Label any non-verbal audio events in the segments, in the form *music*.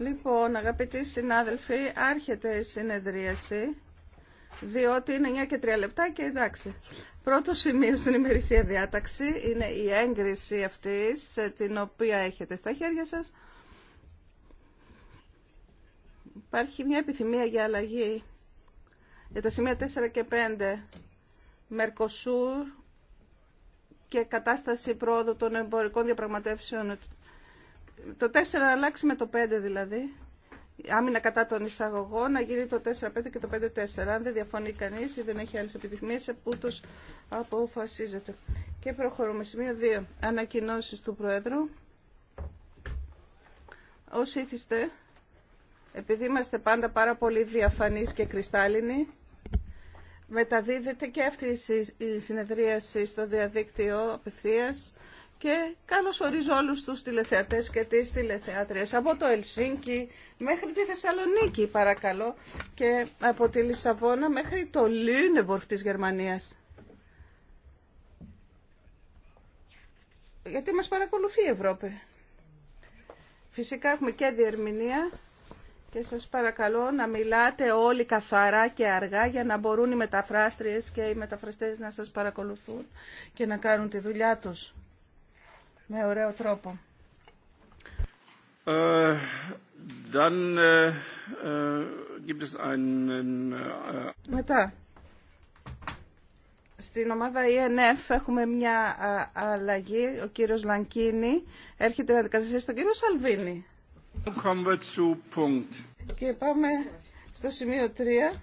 Λοιπόν, αγαπητοί συνάδελφοι, άρχεται η συνεδρίαση, διότι είναι 9 και 3 λεπτά και εντάξει. Πρώτο σημείο στην ημερησία διάταξη είναι η έγκριση αυτής, την οποία έχετε στα χέρια σα. Υπάρχει μια επιθυμία για αλλαγή για τα σημεία 4 και 5. Μερκοσούρ, και κατάσταση πρόοδου των εμπορικών διαπραγματεύσεων το 4 αλλάξει με το 5 δηλαδή. Άμυνα κατά τον εισαγωγό να γίνει το 4-5 και το 5-4. Αν δεν διαφωνεί κανείς ή δεν έχει άλλες επιδεικνύες, ούτως αποφασίζεται. Και προχωρούμε. Σημείο 2. Ανακοινώσεις κανεί η δεν εχει αλλε επιδεικνυες ουτω αποφασιζεται και προχωρουμε σημειο 2 ανακοινώσει του προεδρου οσοι ηθιστε επειδη ειμαστε παντα παρα πολυ διαφανεί και κρυσταλλινοι μεταδιδεται και αυτη η συνεδριαση στο διαδίκτυο απευθείας και καλώς ορίζω όλους τους τηλεθεατές και τις τηλεθεάτριες από το Ελσίνκι μέχρι τη Θεσσαλονίκη παρακαλώ και από τη Λισαβόνα μέχρι το Λίνεμπορχ της Γερμανίας. Γιατί μας παρακολουθεί η Ευρώπη. Φυσικά έχουμε και διερμηνία και σας παρακαλώ να μιλάτε όλοι καθαρά και αργά για να μπορούν οι μεταφράστριες και οι μεταφραστές να σας παρακολουθούν και να κάνουν τη δουλειά τους με ωραίο τρόπο. Ε, ε, ε, Μετά, στην ομάδα ENF έχουμε μια αλλαγή. Ο κύριος Λανκίνη έρχεται να αντικαταστήσει τον κύριο Σαλβίνη. Και πάμε στο σημείο 3.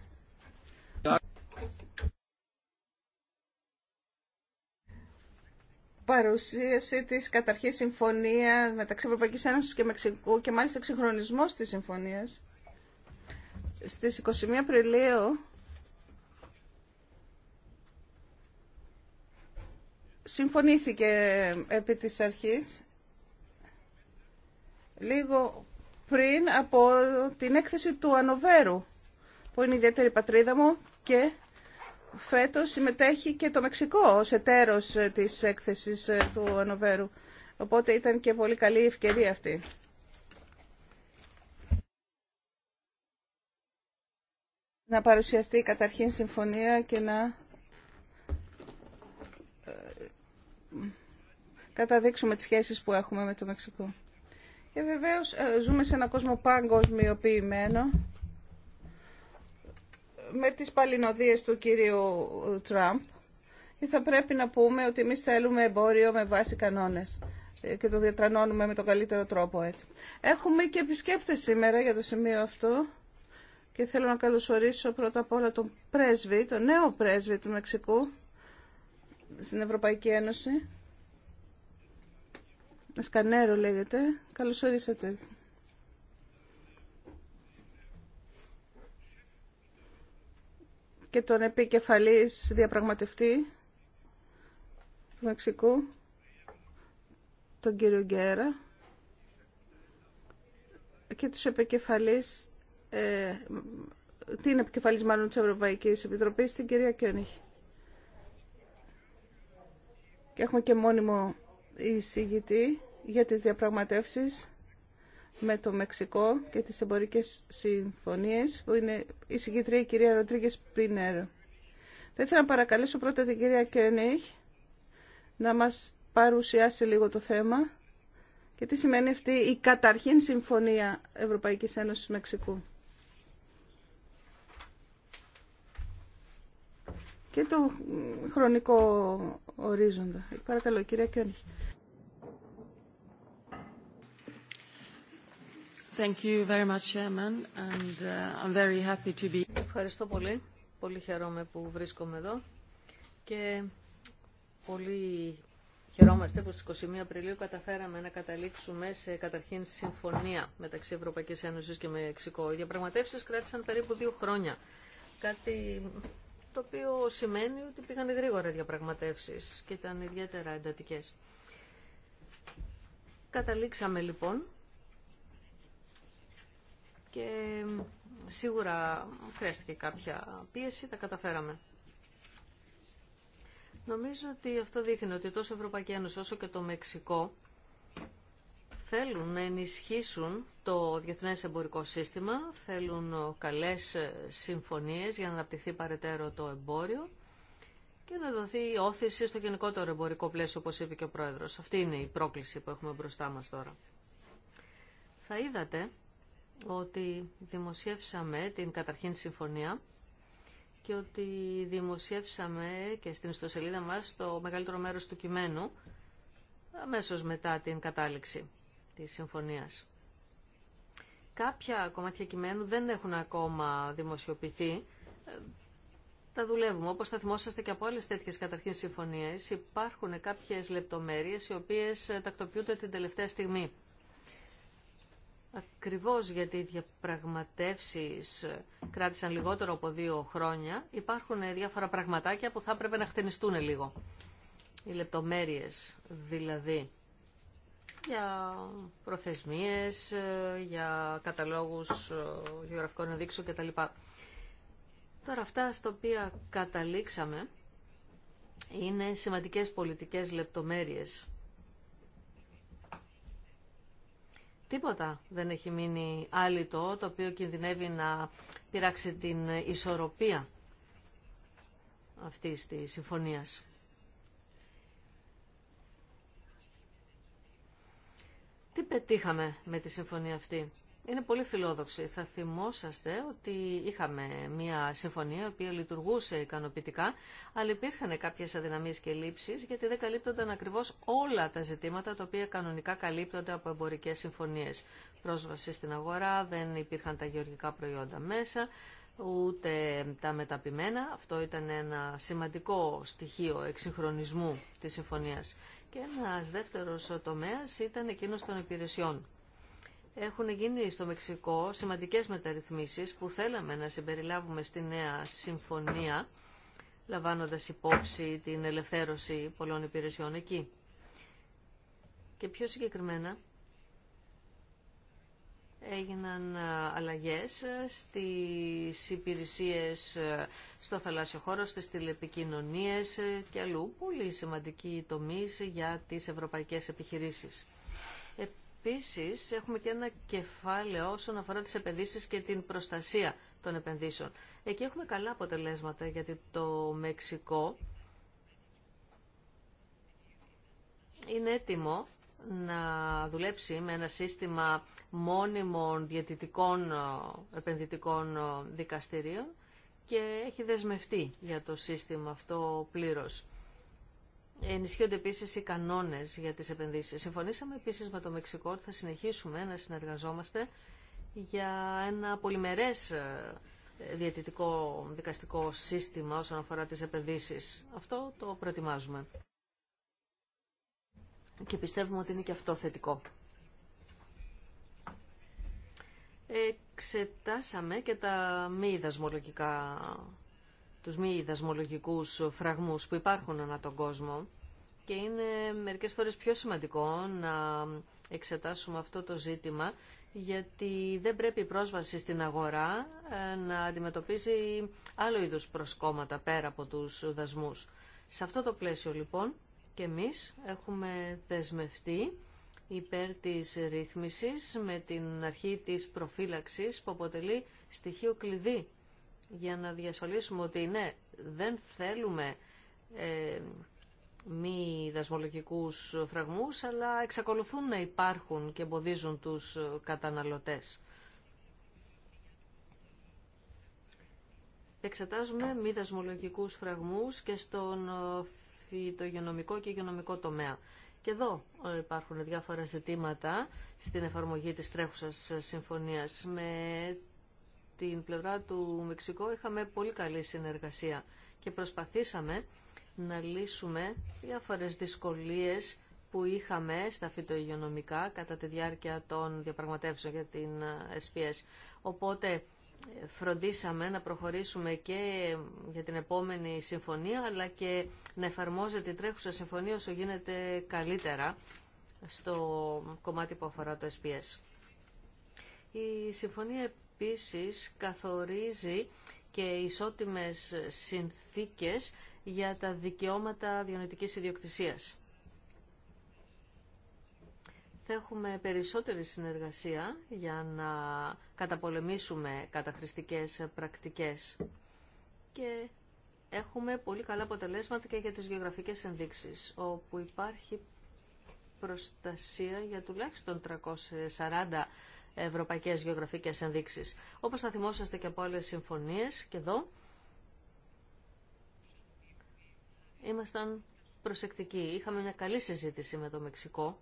παρουσίαση τη καταρχή Συμφωνία μεταξύ Ευρωπαϊκή Ένωση και Μεξικού και μάλιστα εξυγχρονισμό τη συμφωνία. Στις 21 Απριλίου συμφωνήθηκε επί της αρχής λίγο πριν από την έκθεση του Ανοβέρου που είναι η ιδιαίτερη πατρίδα μου και φέτος συμμετέχει και το Μεξικό ως εταίρος ε, της έκθεσης ε, του Ανοβέρου. Οπότε ήταν και πολύ καλή η ευκαιρία αυτή. Να παρουσιαστεί καταρχήν συμφωνία και να ε, καταδείξουμε τις σχέσεις που έχουμε με το Μεξικό. Και βεβαίως ζούμε σε ένα κόσμο παγκοσμιοποιημένο με τις παλινοδίες του κύριου Τραμπ θα πρέπει να πούμε ότι εμεί θέλουμε εμπόριο με βάση κανόνες και το διατρανώνουμε με τον καλύτερο τρόπο έτσι. Έχουμε και επισκέπτες σήμερα για το σημείο αυτό και θέλω να καλωσορίσω πρώτα απ' όλα τον πρέσβη, τον νέο πρέσβη του Μεξικού στην Ευρωπαϊκή Ένωση. Σκανέρο λέγεται. Καλωσορίσατε. και τον επικεφαλής διαπραγματευτή του Μεξικού, τον κύριο Γκέρα και τους επικεφαλής ε, την επικεφαλής μάλλον της Ευρωπαϊκής Επιτροπής, την κυρία Κιονίχη. Και έχουμε και μόνιμο εισηγητή για τις διαπραγματεύσεις με το Μεξικό και τις εμπορικές συμφωνίες που είναι η συγκεκριά η κυρία Ροντρίγκε Πίνερ. Θα ήθελα να παρακαλέσω πρώτα την κυρία Κένιχ να μας παρουσιάσει λίγο το θέμα και τι σημαίνει αυτή η καταρχήν συμφωνία Ευρωπαϊκής Ένωσης Μεξικού. Και το χρονικό ορίζοντα. Παρακαλώ, κυρία Κένιχ. Thank you very much, Chairman, and uh, I'm very happy to be. Ευχαριστώ πολύ. Πολύ χαίρομαι που βρίσκομαι εδώ και πολύ χαιρόμαστε που στις 21 Απριλίου καταφέραμε να καταλήξουμε σε καταρχήν συμφωνία μεταξύ Ευρωπαϊκής Ένωσης και Μεξικό. Οι διαπραγματεύσεις κράτησαν περίπου δύο χρόνια. Κάτι το οποίο σημαίνει ότι πήγαν γρήγορα διαπραγματεύσεις και ήταν ιδιαίτερα εντατικές. Καταλήξαμε λοιπόν και σίγουρα χρειάστηκε κάποια πίεση, τα καταφέραμε. Νομίζω ότι αυτό δείχνει ότι τόσο η Ευρωπαϊκή Ένωση όσο και το Μεξικό θέλουν να ενισχύσουν το διεθνές εμπορικό σύστημα, θέλουν καλές συμφωνίες για να αναπτυχθεί παρετέρω το εμπόριο και να δοθεί όθηση στο γενικότερο εμπορικό πλαίσιο, όπως είπε και ο Πρόεδρος. Αυτή είναι η πρόκληση που έχουμε μπροστά μας τώρα. Θα είδατε ότι δημοσιεύσαμε την καταρχήν συμφωνία και ότι δημοσιεύσαμε και στην ιστοσελίδα μας το μεγαλύτερο μέρος του κειμένου αμέσως μετά την κατάληξη της συμφωνίας. Κάποια κομμάτια κειμένου δεν έχουν ακόμα δημοσιοποιηθεί. Τα δουλεύουμε. Όπως θα θυμόσαστε και από άλλες τέτοιες καταρχήν συμφωνίες, υπάρχουν κάποιες λεπτομέρειες οι οποίες τακτοποιούνται την τελευταία στιγμή ακριβώς γιατί οι διαπραγματεύσεις κράτησαν λιγότερο από δύο χρόνια, υπάρχουν διάφορα πραγματάκια που θα έπρεπε να χτενιστούν λίγο. Οι λεπτομέρειες δηλαδή για προθεσμίες, για καταλόγους ε, γεωγραφικών ενδείξεων κτλ. Τώρα αυτά στο οποία καταλήξαμε είναι σημαντικές πολιτικές λεπτομέρειες Τίποτα δεν έχει μείνει άλυτο, το οποίο κινδυνεύει να πειράξει την ισορροπία αυτή της συμφωνίας. Τι πετύχαμε με τη συμφωνία αυτή είναι πολύ φιλόδοξη. Θα θυμόσαστε ότι είχαμε μια συμφωνία η οποία λειτουργούσε ικανοποιητικά, αλλά υπήρχαν κάποιες αδυναμίες και λήψει γιατί δεν καλύπτονταν ακριβώς όλα τα ζητήματα τα οποία κανονικά καλύπτονται από εμπορικέ συμφωνίες. Πρόσβαση στην αγορά, δεν υπήρχαν τα γεωργικά προϊόντα μέσα, ούτε τα μεταπημένα. Αυτό ήταν ένα σημαντικό στοιχείο εξυγχρονισμού τη συμφωνία. Και ένα δεύτερο τομέα ήταν εκείνο των υπηρεσιών έχουν γίνει στο Μεξικό σημαντικές μεταρρυθμίσεις που θέλαμε να συμπεριλάβουμε στη νέα συμφωνία, λαμβάνοντας υπόψη την ελευθέρωση πολλών υπηρεσιών εκεί. Και πιο συγκεκριμένα έγιναν αλλαγές στις υπηρεσίες στο θαλάσσιο χώρο, στις τηλεπικοινωνίες και αλλού, πολύ σημαντικοί τομείς για τις ευρωπαϊκές επιχειρήσεις. Ε, Επίσης έχουμε και ένα κεφάλαιο όσον αφορά τις επενδύσεις και την προστασία των επενδύσεων. Εκεί έχουμε καλά αποτελέσματα γιατί το Μεξικό είναι έτοιμο να δουλέψει με ένα σύστημα μόνιμων διαιτητικών ε, επενδυτικών ε, δικαστηρίων και έχει δεσμευτεί για το σύστημα αυτό πλήρως. Ενισχύονται επίση οι κανόνε για τι επενδύσει. Συμφωνήσαμε επίση με το Μεξικό ότι θα συνεχίσουμε να συνεργαζόμαστε για ένα πολυμερέ ε, διαιτητικό δικαστικό σύστημα όσον αφορά τις επενδύσεις. Αυτό το προετοιμάζουμε. Και πιστεύουμε ότι είναι και αυτό θετικό. Εξετάσαμε και τα μη δασμολογικά τους μη δασμολογικούς φραγμούς που υπάρχουν ανά τον κόσμο και είναι μερικές φορές πιο σημαντικό να εξετάσουμε αυτό το ζήτημα γιατί δεν πρέπει η πρόσβαση στην αγορά ε, να αντιμετωπίζει άλλο είδους προσκόμματα πέρα από τους δασμούς. Σε αυτό το πλαίσιο λοιπόν και εμείς έχουμε δεσμευτεί υπέρ της ρύθμισης με την αρχή της προφύλαξης που αποτελεί στοιχείο κλειδί για να διασφαλίσουμε ότι ναι, δεν θέλουμε ε, μη δασμολογικούς φραγμούς, αλλά εξακολουθούν να υπάρχουν και εμποδίζουν τους καταναλωτές. Εξετάζουμε μη δασμολογικούς φραγμούς και στον ε, φυτογενομικό και υγειονομικό τομέα. Και εδώ ε, υπάρχουν διάφορα ζητήματα στην εφαρμογή της τρέχουσας συμφωνίας με την πλευρά του Μεξικού είχαμε πολύ καλή συνεργασία και προσπαθήσαμε να λύσουμε διάφορες δυσκολίες που είχαμε στα φυτοϊγειονομικά κατά τη διάρκεια των διαπραγματεύσεων για την ε, SPS. Οπότε ε, φροντίσαμε να προχωρήσουμε και για την επόμενη συμφωνία αλλά και να εφαρμόζεται η τρέχουσα συμφωνία όσο γίνεται καλύτερα στο κομμάτι που αφορά το SPS. Η συμφωνία καθορίζει και ισότιμες συνθήκες για τα δικαιώματα διονυτικής ιδιοκτησίας. Θα έχουμε περισσότερη συνεργασία για να καταπολεμήσουμε καταχρηστικές πρακτικές και έχουμε πολύ καλά αποτελέσματα και για τις γεωγραφικές ενδείξεις, όπου υπάρχει προστασία για τουλάχιστον 340 ευρωπαϊκές γεωγραφικές ενδείξεις. Όπως θα θυμόσαστε και από άλλες συμφωνίες και εδώ, ήμασταν προσεκτικοί. Είχαμε μια καλή συζήτηση με το Μεξικό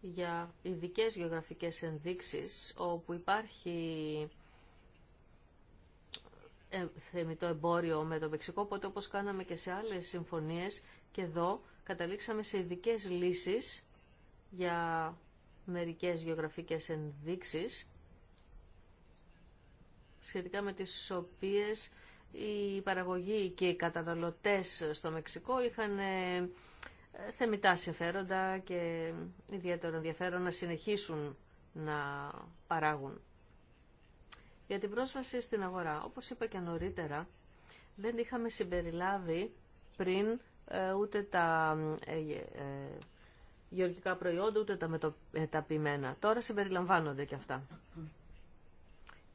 για ειδικέ γεωγραφικές ενδείξεις όπου υπάρχει ε, θεμητό εμπόριο με το Μεξικό, οπότε όπως κάναμε και σε άλλες συμφωνίες και εδώ καταλήξαμε σε ειδικέ λύσεις για μερικές γεωγραφικές ενδείξεις σχετικά με τις οποίες οι παραγωγοί και οι καταναλωτές στο Μεξικό είχαν ε, θεμητά συμφέροντα και ιδιαίτερο ενδιαφέρον να συνεχίσουν να παράγουν. Για την πρόσβαση στην αγορά, όπως είπα και νωρίτερα, δεν είχαμε συμπεριλάβει πριν ε, ούτε τα ε, γεωργικά προϊόντα, ούτε τα μεταποιημένα. Ε, Τώρα συμπεριλαμβάνονται και αυτά.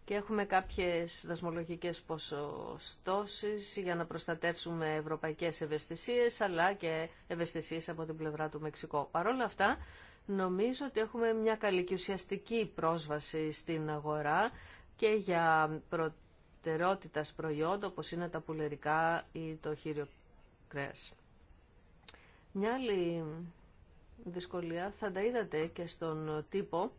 Και έχουμε κάποιες δασμολογικές ποσοστώσεις για να προστατεύσουμε ευρωπαϊκές ευαισθησίες, αλλά και ευαισθησίες από την πλευρά του Μεξικό. Παρ' όλα αυτά, νομίζω ότι έχουμε μια καλή και ουσιαστική πρόσβαση στην αγορά και για προτεραιότητας προϊόντα, όπως είναι τα πουλερικά ή το χείριο κρέας. Μια άλλη δυσκολία θα τα είδατε και στον τύπο.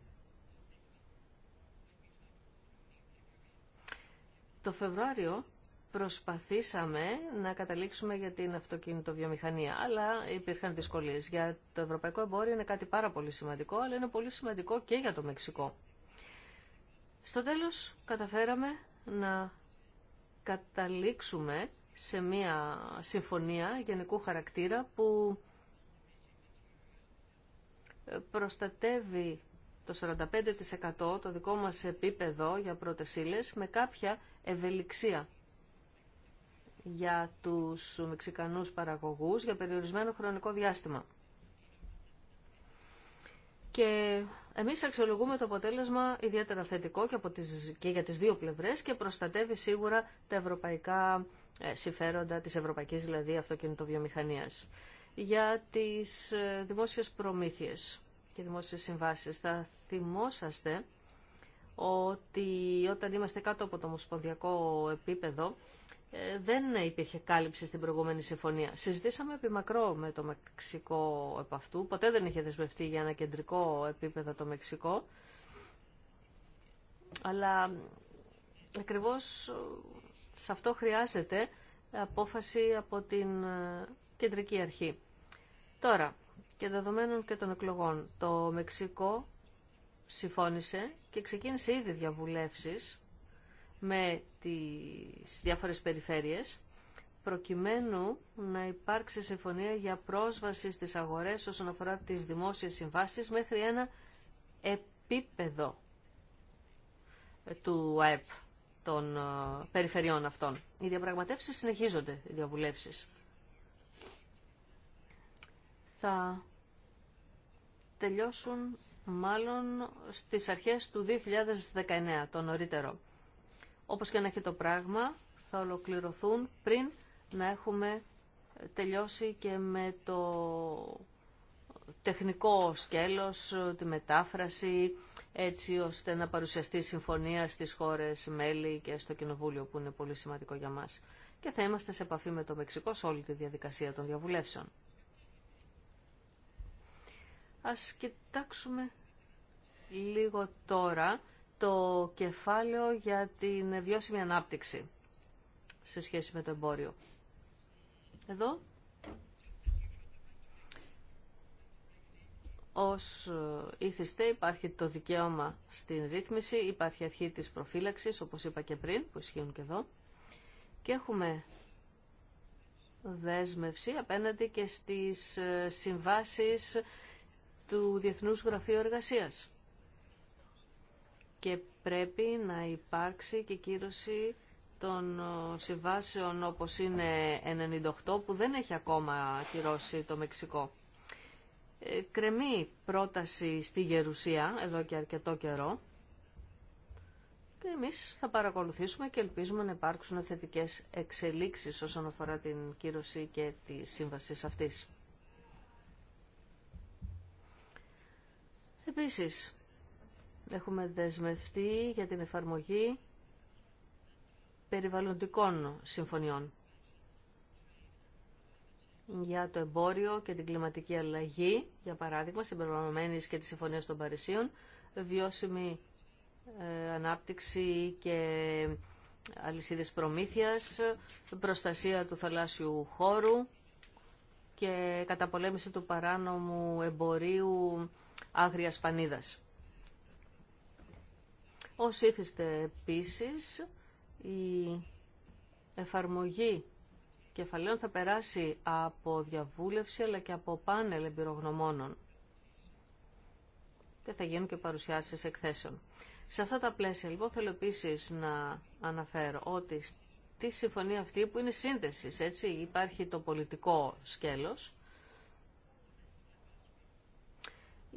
Το Φεβρουάριο προσπαθήσαμε να καταλήξουμε για την αυτοκινητοβιομηχανία, αλλά υπήρχαν δυσκολίες. Για το ευρωπαϊκό εμπόριο είναι κάτι πάρα πολύ σημαντικό, αλλά είναι πολύ σημαντικό και για το Μεξικό. Στο τέλος καταφέραμε να καταλήξουμε σε μια συμφωνία γενικού χαρακτήρα που προστατεύει το 45% το δικό μας επίπεδο για πρώτες ύλες με κάποια ευελιξία για τους Μεξικανούς παραγωγούς για περιορισμένο χρονικό διάστημα. Και εμείς αξιολογούμε το αποτέλεσμα ιδιαίτερα θετικό και, και για τις δύο πλευρές και προστατεύει σίγουρα τα ευρωπαϊκά ε, συμφέροντα της ευρωπαϊκής δηλαδή αυτοκινητοβιομηχανίας για τις ε, δημόσιες προμήθειες και δημόσιες συμβάσεις. Θα θυμόσαστε ότι όταν είμαστε κάτω από το ομοσπονδιακό επίπεδο ε, δεν υπήρχε κάλυψη στην προηγούμενη συμφωνία. Συζητήσαμε επί μακρό με το Μεξικό επ' αυτού. Ποτέ δεν είχε δεσμευτεί για ένα κεντρικό επίπεδο το Μεξικό. Αλλά ακριβώς ε, σε αυτό χρειάζεται απόφαση από την κεντρική αρχή. Τώρα, και δεδομένων και των εκλογών, το Μεξικό συμφώνησε και ξεκίνησε ήδη διαβουλεύσεις με τις διάφορες περιφέρειες προκειμένου να υπάρξει συμφωνία για πρόσβαση στις αγορές όσον αφορά τις δημόσιες συμβάσεις μέχρι ένα επίπεδο ε, του ΑΕΠ των ε, περιφερειών αυτών. Οι διαπραγματεύσεις συνεχίζονται, οι διαβουλεύσεις θα τελειώσουν μάλλον στις αρχές του 2019, το νωρίτερο. Όπως και να έχει το πράγμα, θα ολοκληρωθούν πριν να έχουμε τελειώσει και με το τεχνικό σκέλος, τη μετάφραση, έτσι ώστε να παρουσιαστεί συμφωνία στις χώρες μέλη και στο Κοινοβούλιο που είναι πολύ σημαντικό για μας. Και θα είμαστε σε επαφή με το Μεξικό σε όλη τη διαδικασία των διαβουλεύσεων. Ας κοιτάξουμε λίγο τώρα το κεφάλαιο για την βιώσιμη ανάπτυξη σε σχέση με το εμπόριο. Εδώ, ως ήθιστε υπάρχει το δικαίωμα στην ρύθμιση, υπάρχει αρχή της προφύλαξης, όπως είπα και πριν, που ισχύουν και εδώ, και έχουμε δέσμευση απέναντι και στις ε, συμβάσεις του Διεθνούς Γραφείου Εργασίας. Και πρέπει να υπάρξει και κύρωση των ε, συμβάσεων όπως είναι 98 που δεν έχει ακόμα κυρώσει το Μεξικό. Ε, κρεμεί πρόταση στη Γερουσία εδώ και αρκετό καιρό και εμείς θα παρακολουθήσουμε και ελπίζουμε να υπάρξουν θετικές εξελίξεις όσον αφορά την κύρωση και τη σύμβαση αυτής. Επίσης, έχουμε δεσμευτεί για την εφαρμογή περιβαλλοντικών συμφωνιών για το εμπόριο και την κλιματική αλλαγή, για παράδειγμα, συμπεριλαμβανομένης και τη Συμφωνία των Παρισίων, βιώσιμη ε, ανάπτυξη και αλυσίδες προμήθειας, προστασία του θαλάσσιου χώρου και καταπολέμηση του παράνομου εμπορίου άγριας πανίδας. Ως ήθιστε επίσης, η εφαρμογή κεφαλαίων θα περάσει από διαβούλευση αλλά και από πάνελ εμπειρογνωμόνων και θα γίνουν και παρουσιάσεις εκθέσεων. Σε αυτά τα πλαίσια λοιπόν θέλω επίσης να αναφέρω ότι στη συμφωνία αυτή που είναι σύνδεσης, έτσι, υπάρχει το πολιτικό σκέλος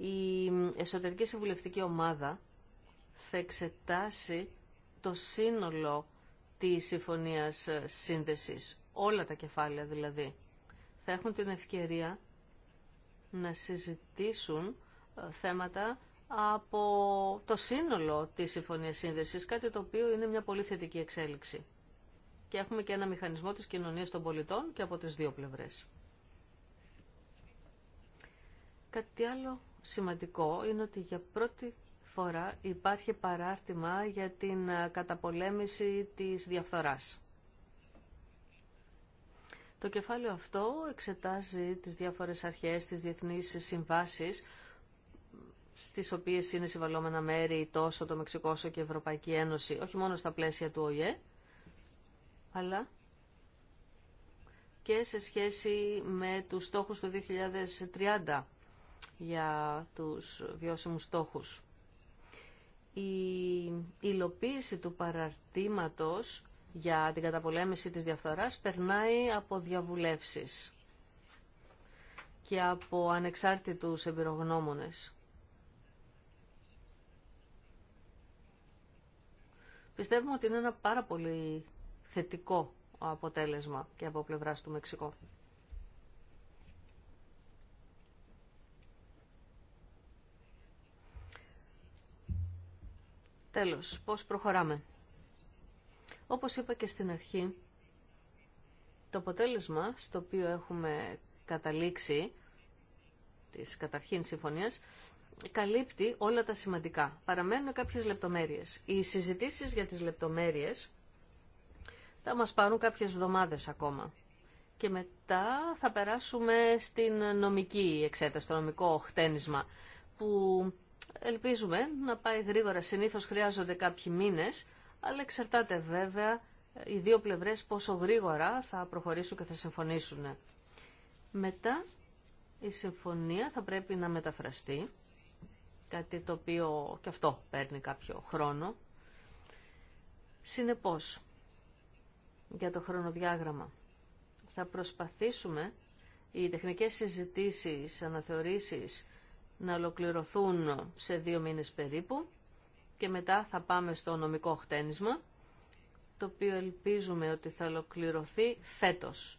η εσωτερική συμβουλευτική ομάδα θα εξετάσει το σύνολο της συμφωνίας ε, σύνδεσης, όλα τα κεφάλαια δηλαδή. Θα έχουν την ευκαιρία να συζητήσουν ε, θέματα από το σύνολο της συμφωνίας σύνδεσης, κάτι το οποίο είναι μια πολύ θετική εξέλιξη. Και έχουμε και ένα μηχανισμό της κοινωνίας των πολιτών και από τις δύο πλευρές. Κάτι άλλο σημαντικό είναι ότι για πρώτη φορά υπάρχει παράρτημα για την ε, καταπολέμηση της διαφθοράς. Το κεφάλαιο αυτό εξετάζει τις διάφορες αρχές, τις διεθνείς συμβάσεις, στις οποίες είναι συμβαλόμενα μέρη τόσο το Μεξικό όσο και η Ευρωπαϊκή Ένωση, όχι μόνο στα πλαίσια του ΟΗΕ, αλλά και σε σχέση με τους στόχους του 2030 για τους βιώσιμους στόχους. Η υλοποίηση του παραρτήματος για την καταπολέμηση της διαφθοράς περνάει από διαβουλεύσεις και από ανεξάρτητους εμπειρογνώμονες. Πιστεύουμε ότι είναι ένα πάρα πολύ θετικό αποτέλεσμα και από πλευράς του Μεξικού. Τέλος, πώς προχωράμε. Όπως είπα και στην αρχή, το αποτέλεσμα στο οποίο έχουμε καταλήξει της καταρχήν συμφωνίας καλύπτει όλα τα σημαντικά. Παραμένουν κάποιες λεπτομέρειες. Οι συζητήσεις για τις λεπτομέρειες θα μας πάρουν κάποιες εβδομάδες ακόμα. Και μετά θα περάσουμε στην νομική εξέταση, στο νομικό χτένισμα, που Ελπίζουμε να πάει γρήγορα. Συνήθως χρειάζονται κάποιοι μήνες, αλλά εξαρτάται βέβαια ε, οι δύο πλευρές πόσο γρήγορα θα προχωρήσουν και θα συμφωνήσουν. Μετά η συμφωνία θα πρέπει να μεταφραστεί, κάτι το οποίο και αυτό παίρνει κάποιο χρόνο. Συνεπώς, για το χρονοδιάγραμμα, θα προσπαθήσουμε οι τεχνικές συζητήσεις, αναθεωρήσεις να ολοκληρωθούν σε δύο μήνες περίπου και μετά θα πάμε στο νομικό χτένισμα, το οποίο ελπίζουμε ότι θα ολοκληρωθεί φέτος.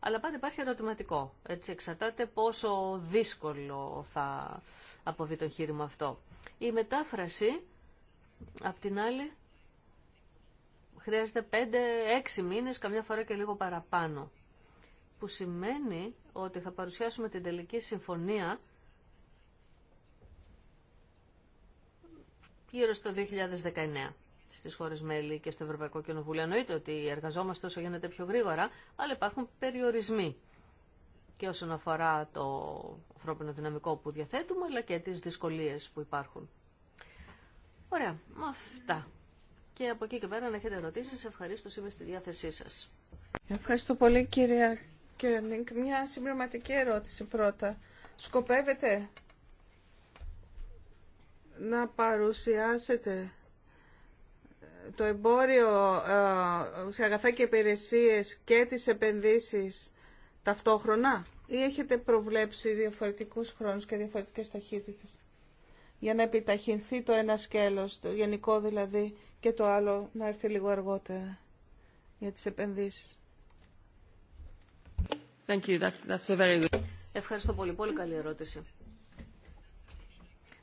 Αλλά πάντα υπάρχει ερωτηματικό. Έτσι εξαρτάται πόσο δύσκολο θα αποβεί το χείρημα αυτό. Η μετάφραση, απ' την άλλη, χρειάζεται 5-6 μήνες, καμιά φορά και λίγο παραπάνω. Που σημαίνει ότι θα παρουσιάσουμε την τελική συμφωνία γύρω στο 2019 Στις χώρες μέλη και στο Ευρωπαϊκό Κοινοβούλιο. Εννοείται ότι εργαζόμαστε όσο γίνεται πιο γρήγορα, αλλά υπάρχουν περιορισμοί και όσον αφορά το ανθρώπινο δυναμικό που διαθέτουμε, αλλά και τις δυσκολίες που υπάρχουν. Ωραία, αυτά. Και από εκεί και πέρα, αν έχετε ερωτήσεις, ευχαρίστω είμαι στη διάθεσή σας. Ευχαριστώ πολύ, κυρία Κερνίκ. Μια συμπληρωματική ερώτηση πρώτα. Σκοπεύετε να παρουσιάσετε το εμπόριο ε, σε αγαθά και υπηρεσίες και τις επενδύσεις ταυτόχρονα ή έχετε προβλέψει διαφορετικούς χρόνους και διαφορετικές ταχύτητες για να επιταχυνθεί το ένα σκέλος, το γενικό δηλαδή, και το άλλο να έρθει λίγο αργότερα για τις επενδύσεις. Thank you. That, that's a very good... Ευχαριστώ πολύ. Πολύ καλή ερώτηση.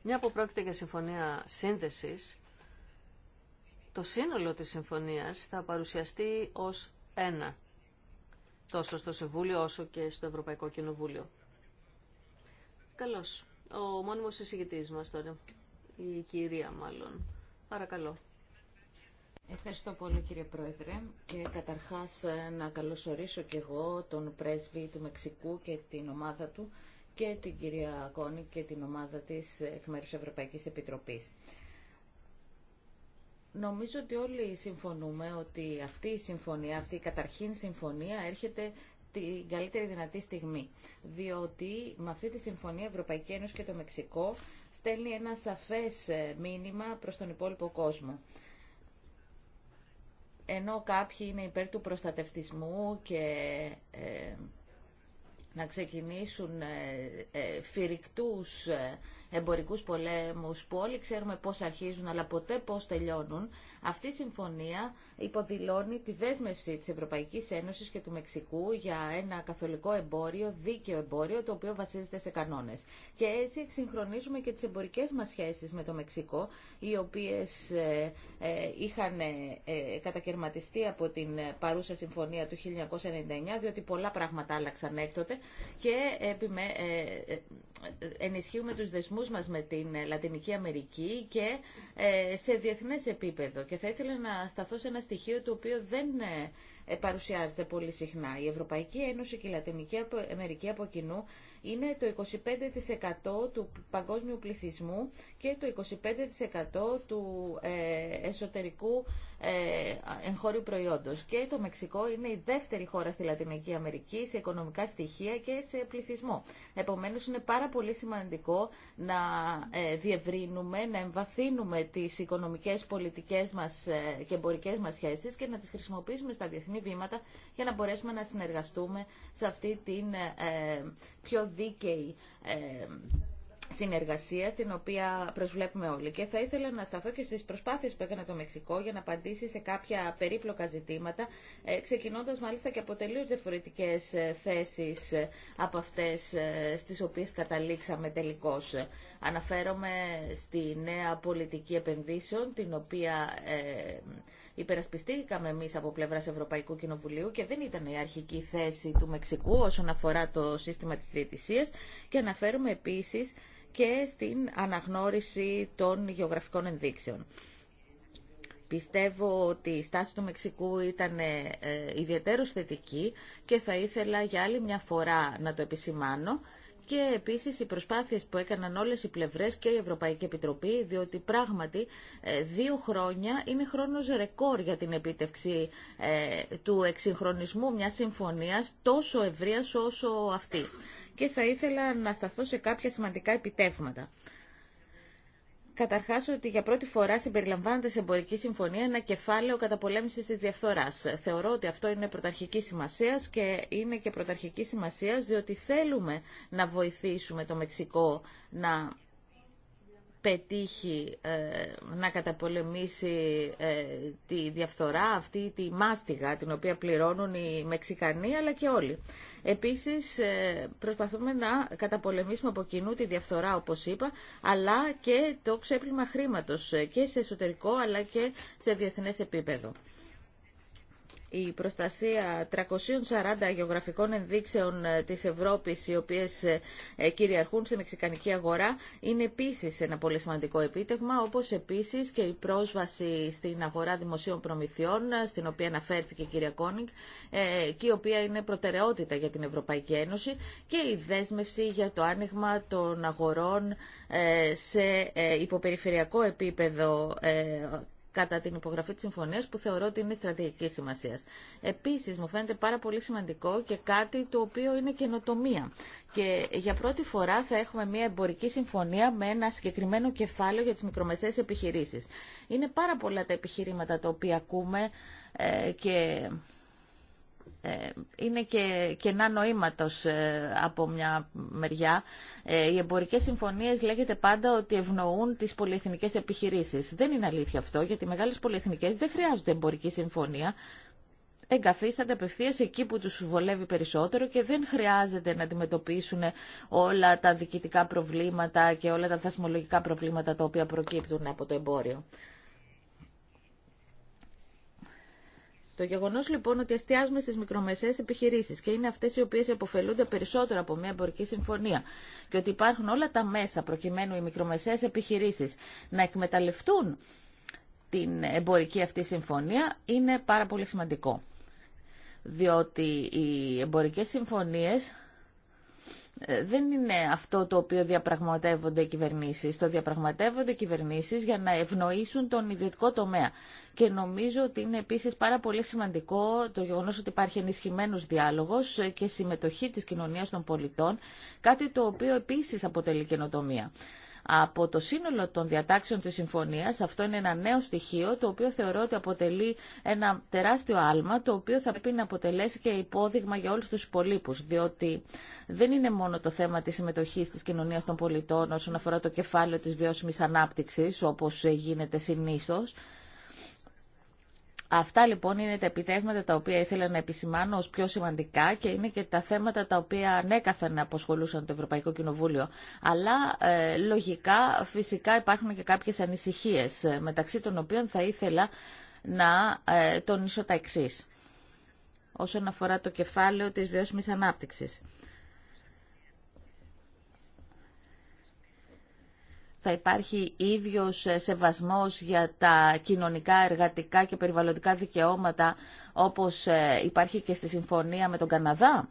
Μια που πρόκειται για συμφωνία σύνδεσης, το σύνολο της συμφωνίας θα παρουσιαστεί ως ένα, τόσο στο Συμβούλιο όσο και στο Ευρωπαϊκό Κοινοβούλιο. Καλώς. Ο μόνιμος εισηγητής μας τώρα, η κυρία μάλλον. Παρακαλώ. Ευχαριστώ πολύ κύριε Πρόεδρε και καταρχάς να καλωσορίσω και εγώ τον πρέσβη του Μεξικού και την ομάδα του και την κυρία Κόνη και την ομάδα της εκ μέρους Ευρωπαϊκής Επιτροπής. Νομίζω ότι όλοι συμφωνούμε ότι αυτή η συμφωνία, αυτή η καταρχήν συμφωνία έρχεται την καλύτερη δυνατή στιγμή. Διότι με αυτή τη συμφωνία η Ευρωπαϊκή Ένωση και το Μεξικό στέλνει ένα σαφές ε, μήνυμα προς τον υπόλοιπο κόσμο. Ενώ κάποιοι είναι υπέρ του προστατευτισμού και ε, να ξεκινήσουν ε, ε, φυρικτούς ε, εμπορικούς πολέμους που όλοι ξέρουμε πώς αρχίζουν αλλά ποτέ πώς τελειώνουν, αυτή η συμφωνία υποδηλώνει τη δέσμευση της Ευρωπαϊκής Ένωσης και του Μεξικού για ένα καθολικό εμπόριο, δίκαιο εμπόριο, το οποίο βασίζεται σε κανόνες. Και έτσι εξυγχρονίζουμε και τις εμπορικές μας σχέσεις με το Μεξικό, οι οποίες είχαν κατακαιρματιστεί από την παρούσα συμφωνία του 1999, διότι πολλά πράγματα άλλαξαν έκτοτε και επιμε... Ε, ε, ενισχύουμε τους δεσμούς μας με την Λατινική Αμερική και ε, σε διεθνές επίπεδο. Και θα ήθελα να σταθώ σε ένα στοιχείο το οποίο δεν παρουσιάζεται πολύ συχνά. Η Ευρωπαϊκή Ένωση και η Λατινική Αμερική από κοινού είναι το 25% του παγκόσμιου πληθυσμού και το 25% του ε, εσωτερικού ε, εγχώριου προϊόντος. Και το Μεξικό είναι η δεύτερη χώρα στη Λατινική Αμερική σε οικονομικά στοιχεία και σε πληθυσμό. Επομένως είναι πάρα πολύ σημαντικό να ε, διευρύνουμε, να εμβαθύνουμε τις οικονομικές πολιτικές μας και εμπορικές μας σχέσεις και να τις χρησιμοποιήσουμε στα διεθνή βήματα για να μπορέσουμε να συνεργαστούμε σε αυτή την πιο δίκαιη ε, συνεργασία στην οποία προσβλέπουμε όλοι. Και θα ήθελα να σταθώ και στις προσπάθειες που έκανε το Μεξικό για να απαντήσει σε κάποια περίπλοκα ζητήματα, ε, ξεκινώντας μάλιστα και από τελείως διαφορετικές ε, θέσεις από αυτές στις οποίες καταλήξαμε τελικώς. Αναφέρομαι στη νέα πολιτική επενδύσεων, την οποία υπερασπιστήκαμε εμεί από πλευρά Ευρωπαϊκού Κοινοβουλίου και δεν ήταν η αρχική θέση του Μεξικού όσον αφορά το σύστημα τη διαιτησία. και αναφέρουμε επίση και στην αναγνώριση των γεωγραφικών ενδείξεων. Πιστεύω ότι η στάση του Μεξικού ήταν ε, ε θετική και θα ήθελα για άλλη μια φορά να το επισημάνω και επίσης οι προσπάθειες που έκαναν όλες οι πλευρές και η Ευρωπαϊκή Επιτροπή, διότι πράγματι ε, δύο χρόνια είναι χρόνος ρεκόρ για την επίτευξη ε, του εξυγχρονισμού μιας συμφωνίας τόσο ευρείας όσο αυτή. Και θα ήθελα να σταθώ σε κάποια σημαντικά επιτεύγματα. Καταρχά, ότι για πρώτη φορά συμπεριλαμβάνεται σε εμπορική συμφωνία ένα κεφάλαιο καταπολέμηση τη διαφθοράς. Θεωρώ ότι αυτό είναι πρωταρχική σημασίας και είναι και πρωταρχική σημασίας διότι θέλουμε να βοηθήσουμε το Μεξικό να πετύχει ε, να καταπολεμήσει ε, τη διαφθορά, αυτή τη μάστιγα την οποία πληρώνουν οι Μεξικανοί αλλά και όλοι. Επίσης ε, προσπαθούμε να καταπολεμήσουμε από κοινού τη διαφθορά όπως είπα αλλά και το ξέπλυμα χρήματος και σε εσωτερικό αλλά και σε διεθνές επίπεδο η προστασία 340 γεωγραφικών ενδείξεων ε, της Ευρώπης οι οποίες ε, ε, κυριαρχούν στη μεξικανική αγορά είναι επίσης ένα πολύ σημαντικό επίτευγμα όπως επίσης και η πρόσβαση στην αγορά δημοσίων προμηθειών στην οποία αναφέρθηκε η κυρία Κόνιγκ και η οποία είναι προτεραιότητα για την Ευρωπαϊκή Ένωση και η δέσμευση για το άνοιγμα των αγορών σε υποπεριφερειακό επίπεδο κατά την υπογραφή της συμφωνίας που θεωρώ ότι είναι στρατηγική σημασία. Επίσης μου φαίνεται πάρα πολύ σημαντικό και κάτι το οποίο είναι καινοτομία. Και για πρώτη φορά θα έχουμε μια εμπορική συμφωνία με ένα συγκεκριμένο κεφάλαιο για τις μικρομεσαίες επιχειρήσεις. Είναι πάρα πολλά τα επιχειρήματα τα οποία ακούμε ε, και ε, είναι και κενά νοήματος ε, από μια μεριά. Ε, οι εμπορικές συμφωνίες λέγεται πάντα ότι ευνοούν τις πολυεθνικές επιχειρήσεις. Δεν είναι αλήθεια αυτό, γιατί οι μεγάλες πολυεθνικές δεν χρειάζονται εμπορική συμφωνία. Εγκαθίστανται απευθεία εκεί που τους βολεύει περισσότερο και δεν χρειάζεται να αντιμετωπίσουν όλα τα διοικητικά προβλήματα και όλα τα θεσμολογικά προβλήματα τα οποία προκύπτουν από το εμπόριο. Το γεγονό λοιπόν ότι εστιάζουμε στις μικρομεσαίες επιχειρήσεις και είναι αυτές οι οποίες αποφελούνται περισσότερο από μια εμπορική συμφωνία και ότι υπάρχουν όλα τα μέσα προκειμένου οι μικρομεσαίες επιχειρήσεις να εκμεταλλευτούν την εμπορική αυτή συμφωνία είναι πάρα πολύ σημαντικό διότι οι εμπορικές συμφωνίες ε, δεν είναι αυτό το οποίο διαπραγματεύονται οι κυβερνήσεις. Το διαπραγματεύονται οι κυβερνήσεις για να ευνοήσουν τον ιδιωτικό τομέα. Και νομίζω ότι είναι επίσης πάρα πολύ σημαντικό το γεγονός ότι υπάρχει ενισχυμένος διάλογος και συμμετοχή της κοινωνίας των πολιτών, κάτι το οποίο επίσης αποτελεί καινοτομία από το σύνολο των διατάξεων της συμφωνίας. Αυτό είναι ένα νέο στοιχείο το οποίο θεωρώ ότι αποτελεί ένα τεράστιο άλμα το οποίο θα πρέπει να αποτελέσει και υπόδειγμα για όλους τους υπολείπους διότι δεν είναι μόνο το θέμα της συμμετοχής της κοινωνίας των πολιτών όσον αφορά το κεφάλαιο της βιώσιμης ανάπτυξης όπως ε, γίνεται συνήθως Αυτά λοιπόν είναι τα επιτέχματα τα οποία ήθελα να επισημάνω ως πιο σημαντικά και είναι και τα θέματα τα οποία ανέκαθεν αποσχολούσαν το Ευρωπαϊκό Κοινοβούλιο. Αλλά ε, λογικά φυσικά υπάρχουν και κάποιες ανησυχίες ε, μεταξύ των οποίων θα ήθελα να ε, τονίσω τα εξή. όσον αφορά το κεφάλαιο της βιώσιμης ανάπτυξης. θα υπάρχει ίδιος ε, σεβασμός για τα κοινωνικά, εργατικά και περιβαλλοντικά δικαιώματα όπως ε, υπάρχει και στη συμφωνία με τον Καναδά.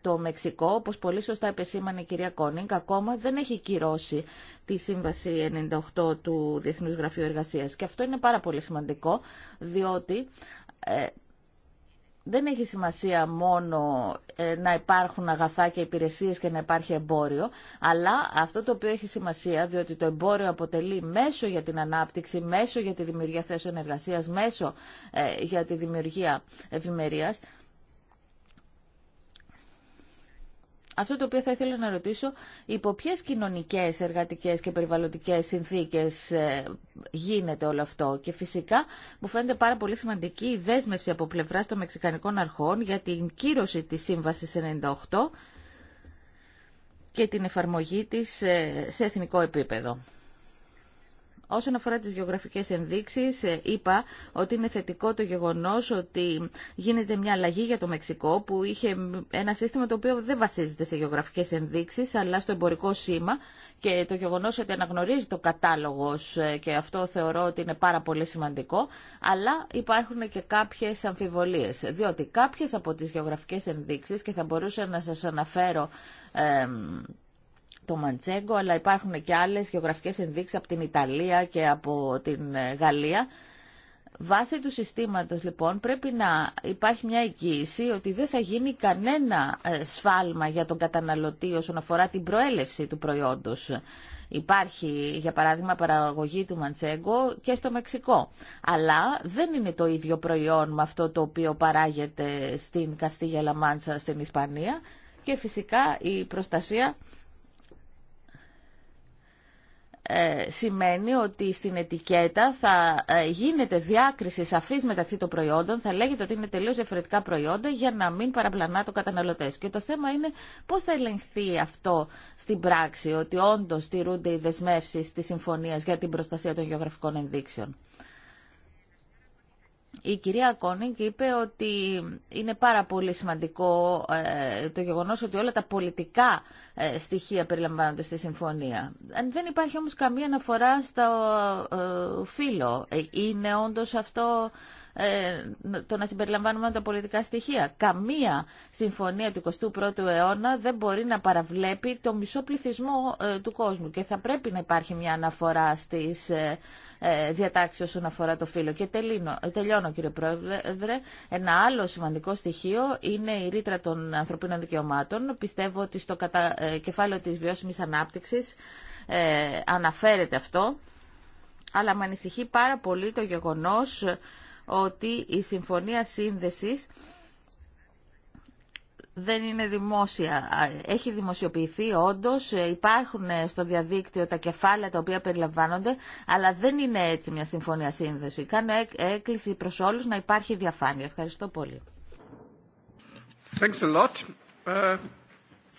Το Μεξικό, όπως πολύ σωστά επεσήμανε η κυρία Κόνιγκ, ακόμα δεν έχει κυρώσει τη Σύμβαση 98 του Διεθνούς Γραφείου Εργασίας. Και αυτό είναι πάρα πολύ σημαντικό, διότι ε, δεν έχει σημασία μόνο ε, να υπάρχουν αγαθά και υπηρεσίες και να υπάρχει εμπόριο, αλλά αυτό το οποίο έχει σημασία, διότι το εμπόριο αποτελεί μέσο για την ανάπτυξη, μέσο για τη δημιουργία θέσεων εργασίας, μέσο ε, για τη δημιουργία ευημερίας, Αυτό το οποίο θα ήθελα να ρωτήσω, υπό ποιε κοινωνικέ, εργατικέ και περιβαλλοντικέ συνθήκε ε, γίνεται όλο αυτό. Και φυσικά μου φαίνεται πάρα πολύ σημαντική η δέσμευση από πλευρά των Μεξικανικών Αρχών για την κύρωση τη Σύμβαση 98 και την εφαρμογή της ε, σε εθνικό επίπεδο. Όσον αφορά τις γεωγραφικές ενδείξεις, ε, είπα ότι είναι θετικό το γεγονός ότι γίνεται μια αλλαγή για το Μεξικό που είχε ένα σύστημα το οποίο δεν βασίζεται σε γεωγραφικές ενδείξεις αλλά στο εμπορικό σήμα και το γεγονός ότι αναγνωρίζει το κατάλογος ε, και αυτό θεωρώ ότι είναι πάρα πολύ σημαντικό αλλά υπάρχουν και κάποιες αμφιβολίες διότι κάποιες από τις γεωγραφικές ενδείξεις και θα μπορούσα να σας αναφέρω ε, το Μαντσέγκο, αλλά υπάρχουν και άλλες γεωγραφικές ενδείξεις από την Ιταλία και από την ε, Γαλλία. Βάσει του συστήματος λοιπόν πρέπει να υπάρχει μια εγγύηση ότι δεν θα γίνει κανένα ε, σφάλμα για τον καταναλωτή όσον αφορά την προέλευση του προϊόντος. Υπάρχει για παράδειγμα παραγωγή του Μαντσέγκο και στο Μεξικό. Αλλά δεν είναι το ίδιο προϊόν με αυτό το οποίο παράγεται στην Καστίγια Λαμάντσα στην Ισπανία και φυσικά η προστασία ε, σημαίνει ότι στην ετικέτα θα ε, γίνεται διάκριση σαφή μεταξύ των προϊόντων, θα λέγεται ότι είναι τελείω διαφορετικά προϊόντα για να μην παραπλανά το καταναλωτέ. Και το θέμα είναι πώς θα ελεγχθεί αυτό στην πράξη, ότι όντως τηρούνται οι δεσμεύσει τη συμφωνία για την προστασία των γεωγραφικών ενδείξεων. Η κυρία Κόνικ είπε ότι είναι πάρα πολύ σημαντικό ε, το γεγονός ότι όλα τα πολιτικά ε, στοιχεία περιλαμβάνονται στη συμφωνία. Δεν υπάρχει όμως καμία αναφορά στο ε, φύλλο. Ε, είναι όντως αυτό ε, το να συμπεριλαμβάνουμε τα πολιτικά στοιχεία. Καμία συμφωνία του 21ου αιώνα δεν μπορεί να παραβλέπει το μισό πληθυσμό ε, του κόσμου και θα πρέπει να υπάρχει μια αναφορά στις ε, διατάξεις όσον αφορά το φύλλο. Και τελειώνω κύριε Πρόεδρε, ένα άλλο σημαντικό στοιχείο είναι η ρήτρα των ανθρωπίνων δικαιωμάτων. Πιστεύω ότι στο κεφάλαιο της βιώσιμης ανάπτυξης αναφέρεται αυτό, αλλά με ανησυχεί πάρα πολύ το γεγονός ότι η Συμφωνία Σύνδεσης δεν είναι δημόσια. Έχει δημοσιοποιηθεί όντως, υπάρχουν στο διαδίκτυο τα κεφάλαια τα οποία περιλαμβάνονται, αλλά δεν είναι έτσι μια συμφωνία σύνδεση. Κάνω έκκληση προς όλους να υπάρχει διαφάνεια. Ευχαριστώ πολύ. Thanks a lot uh,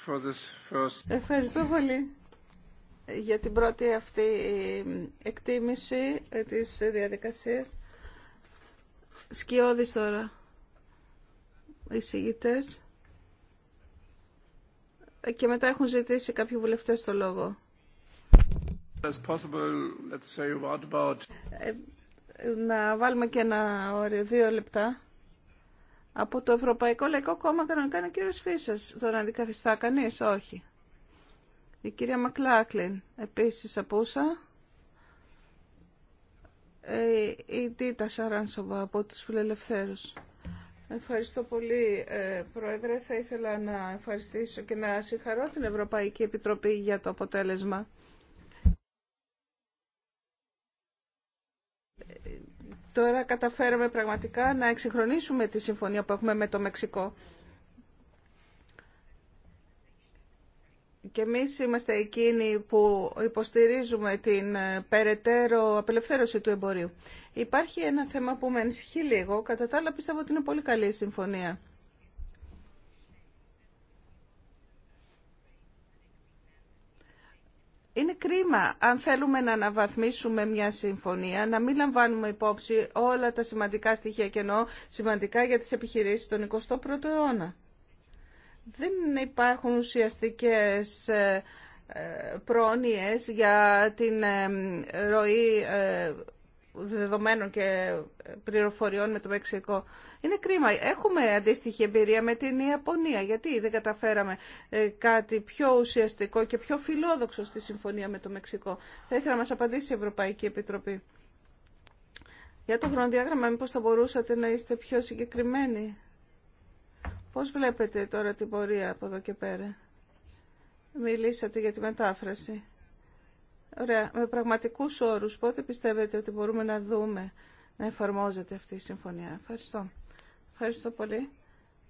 for this first... Ευχαριστώ πολύ για την πρώτη αυτή ε, εκτίμηση ε, της διαδικασίας. Σκιώδης τώρα. συγητές ε, Και μετά έχουν ζητήσει κάποιοι βουλευτές το λόγο. Ε, να βάλουμε και ένα όριο, δύο λεπτά. Από το Ευρωπαϊκό Λαϊκό Κόμμα κανονικά είναι ο κύριος Φίσας. Τον αντικαθιστά κανείς, όχι. Η κυρία Μακλάκλιν, επίσης απούσα. Ε, η Τίτα Σαράνσοβα από τους Φιλελευθέρους. Ευχαριστώ πολύ, ε, Πρόεδρε. Θα ήθελα να ευχαριστήσω και να συγχαρώ την Ευρωπαϊκή Επιτροπή για το αποτέλεσμα. Ε, τώρα καταφέραμε πραγματικά να εξυγχρονίσουμε τη συμφωνία που έχουμε με το Μεξικό. και εμείς είμαστε εκείνοι που υποστηρίζουμε την ε, περαιτέρω απελευθέρωση του εμπορίου. Υπάρχει ένα θέμα που με ανησυχεί λίγο. Κατά τα άλλα πιστεύω ότι είναι πολύ καλή η συμφωνία. Είναι κρίμα αν θέλουμε να αναβαθμίσουμε μια συμφωνία, να μην λαμβάνουμε υπόψη όλα τα σημαντικά στοιχεία και εννοώ σημαντικά για τις επιχειρήσεις των 21ο αιώνα δεν υπάρχουν ουσιαστικές ε, ε, πρόνοιες για την ε, ροή δεδομένων και πληροφοριών με το Μεξικό. Είναι κρίμα. Έχουμε αντίστοιχη εμπειρία με την Ιαπωνία. Γιατί δεν καταφέραμε κάτι πιο ουσιαστικό και πιο φιλόδοξο στη συμφωνία με το Μεξικό. Θα ήθελα να μας απαντήσει η Ευρωπαϊκή Επιτροπή. Για το χρονοδιάγραμμα, μήπως θα μπορούσατε να είστε πιο συγκεκριμένοι. Πώς βλέπετε τώρα την πορεία από εδώ και πέρα. Μιλήσατε για τη μετάφραση. Ωραία. Με πραγματικούς όρους πότε πιστεύετε ότι μπορούμε να δούμε να εφαρμόζεται αυτή η συμφωνία. Ευχαριστώ. Ευχαριστώ πολύ.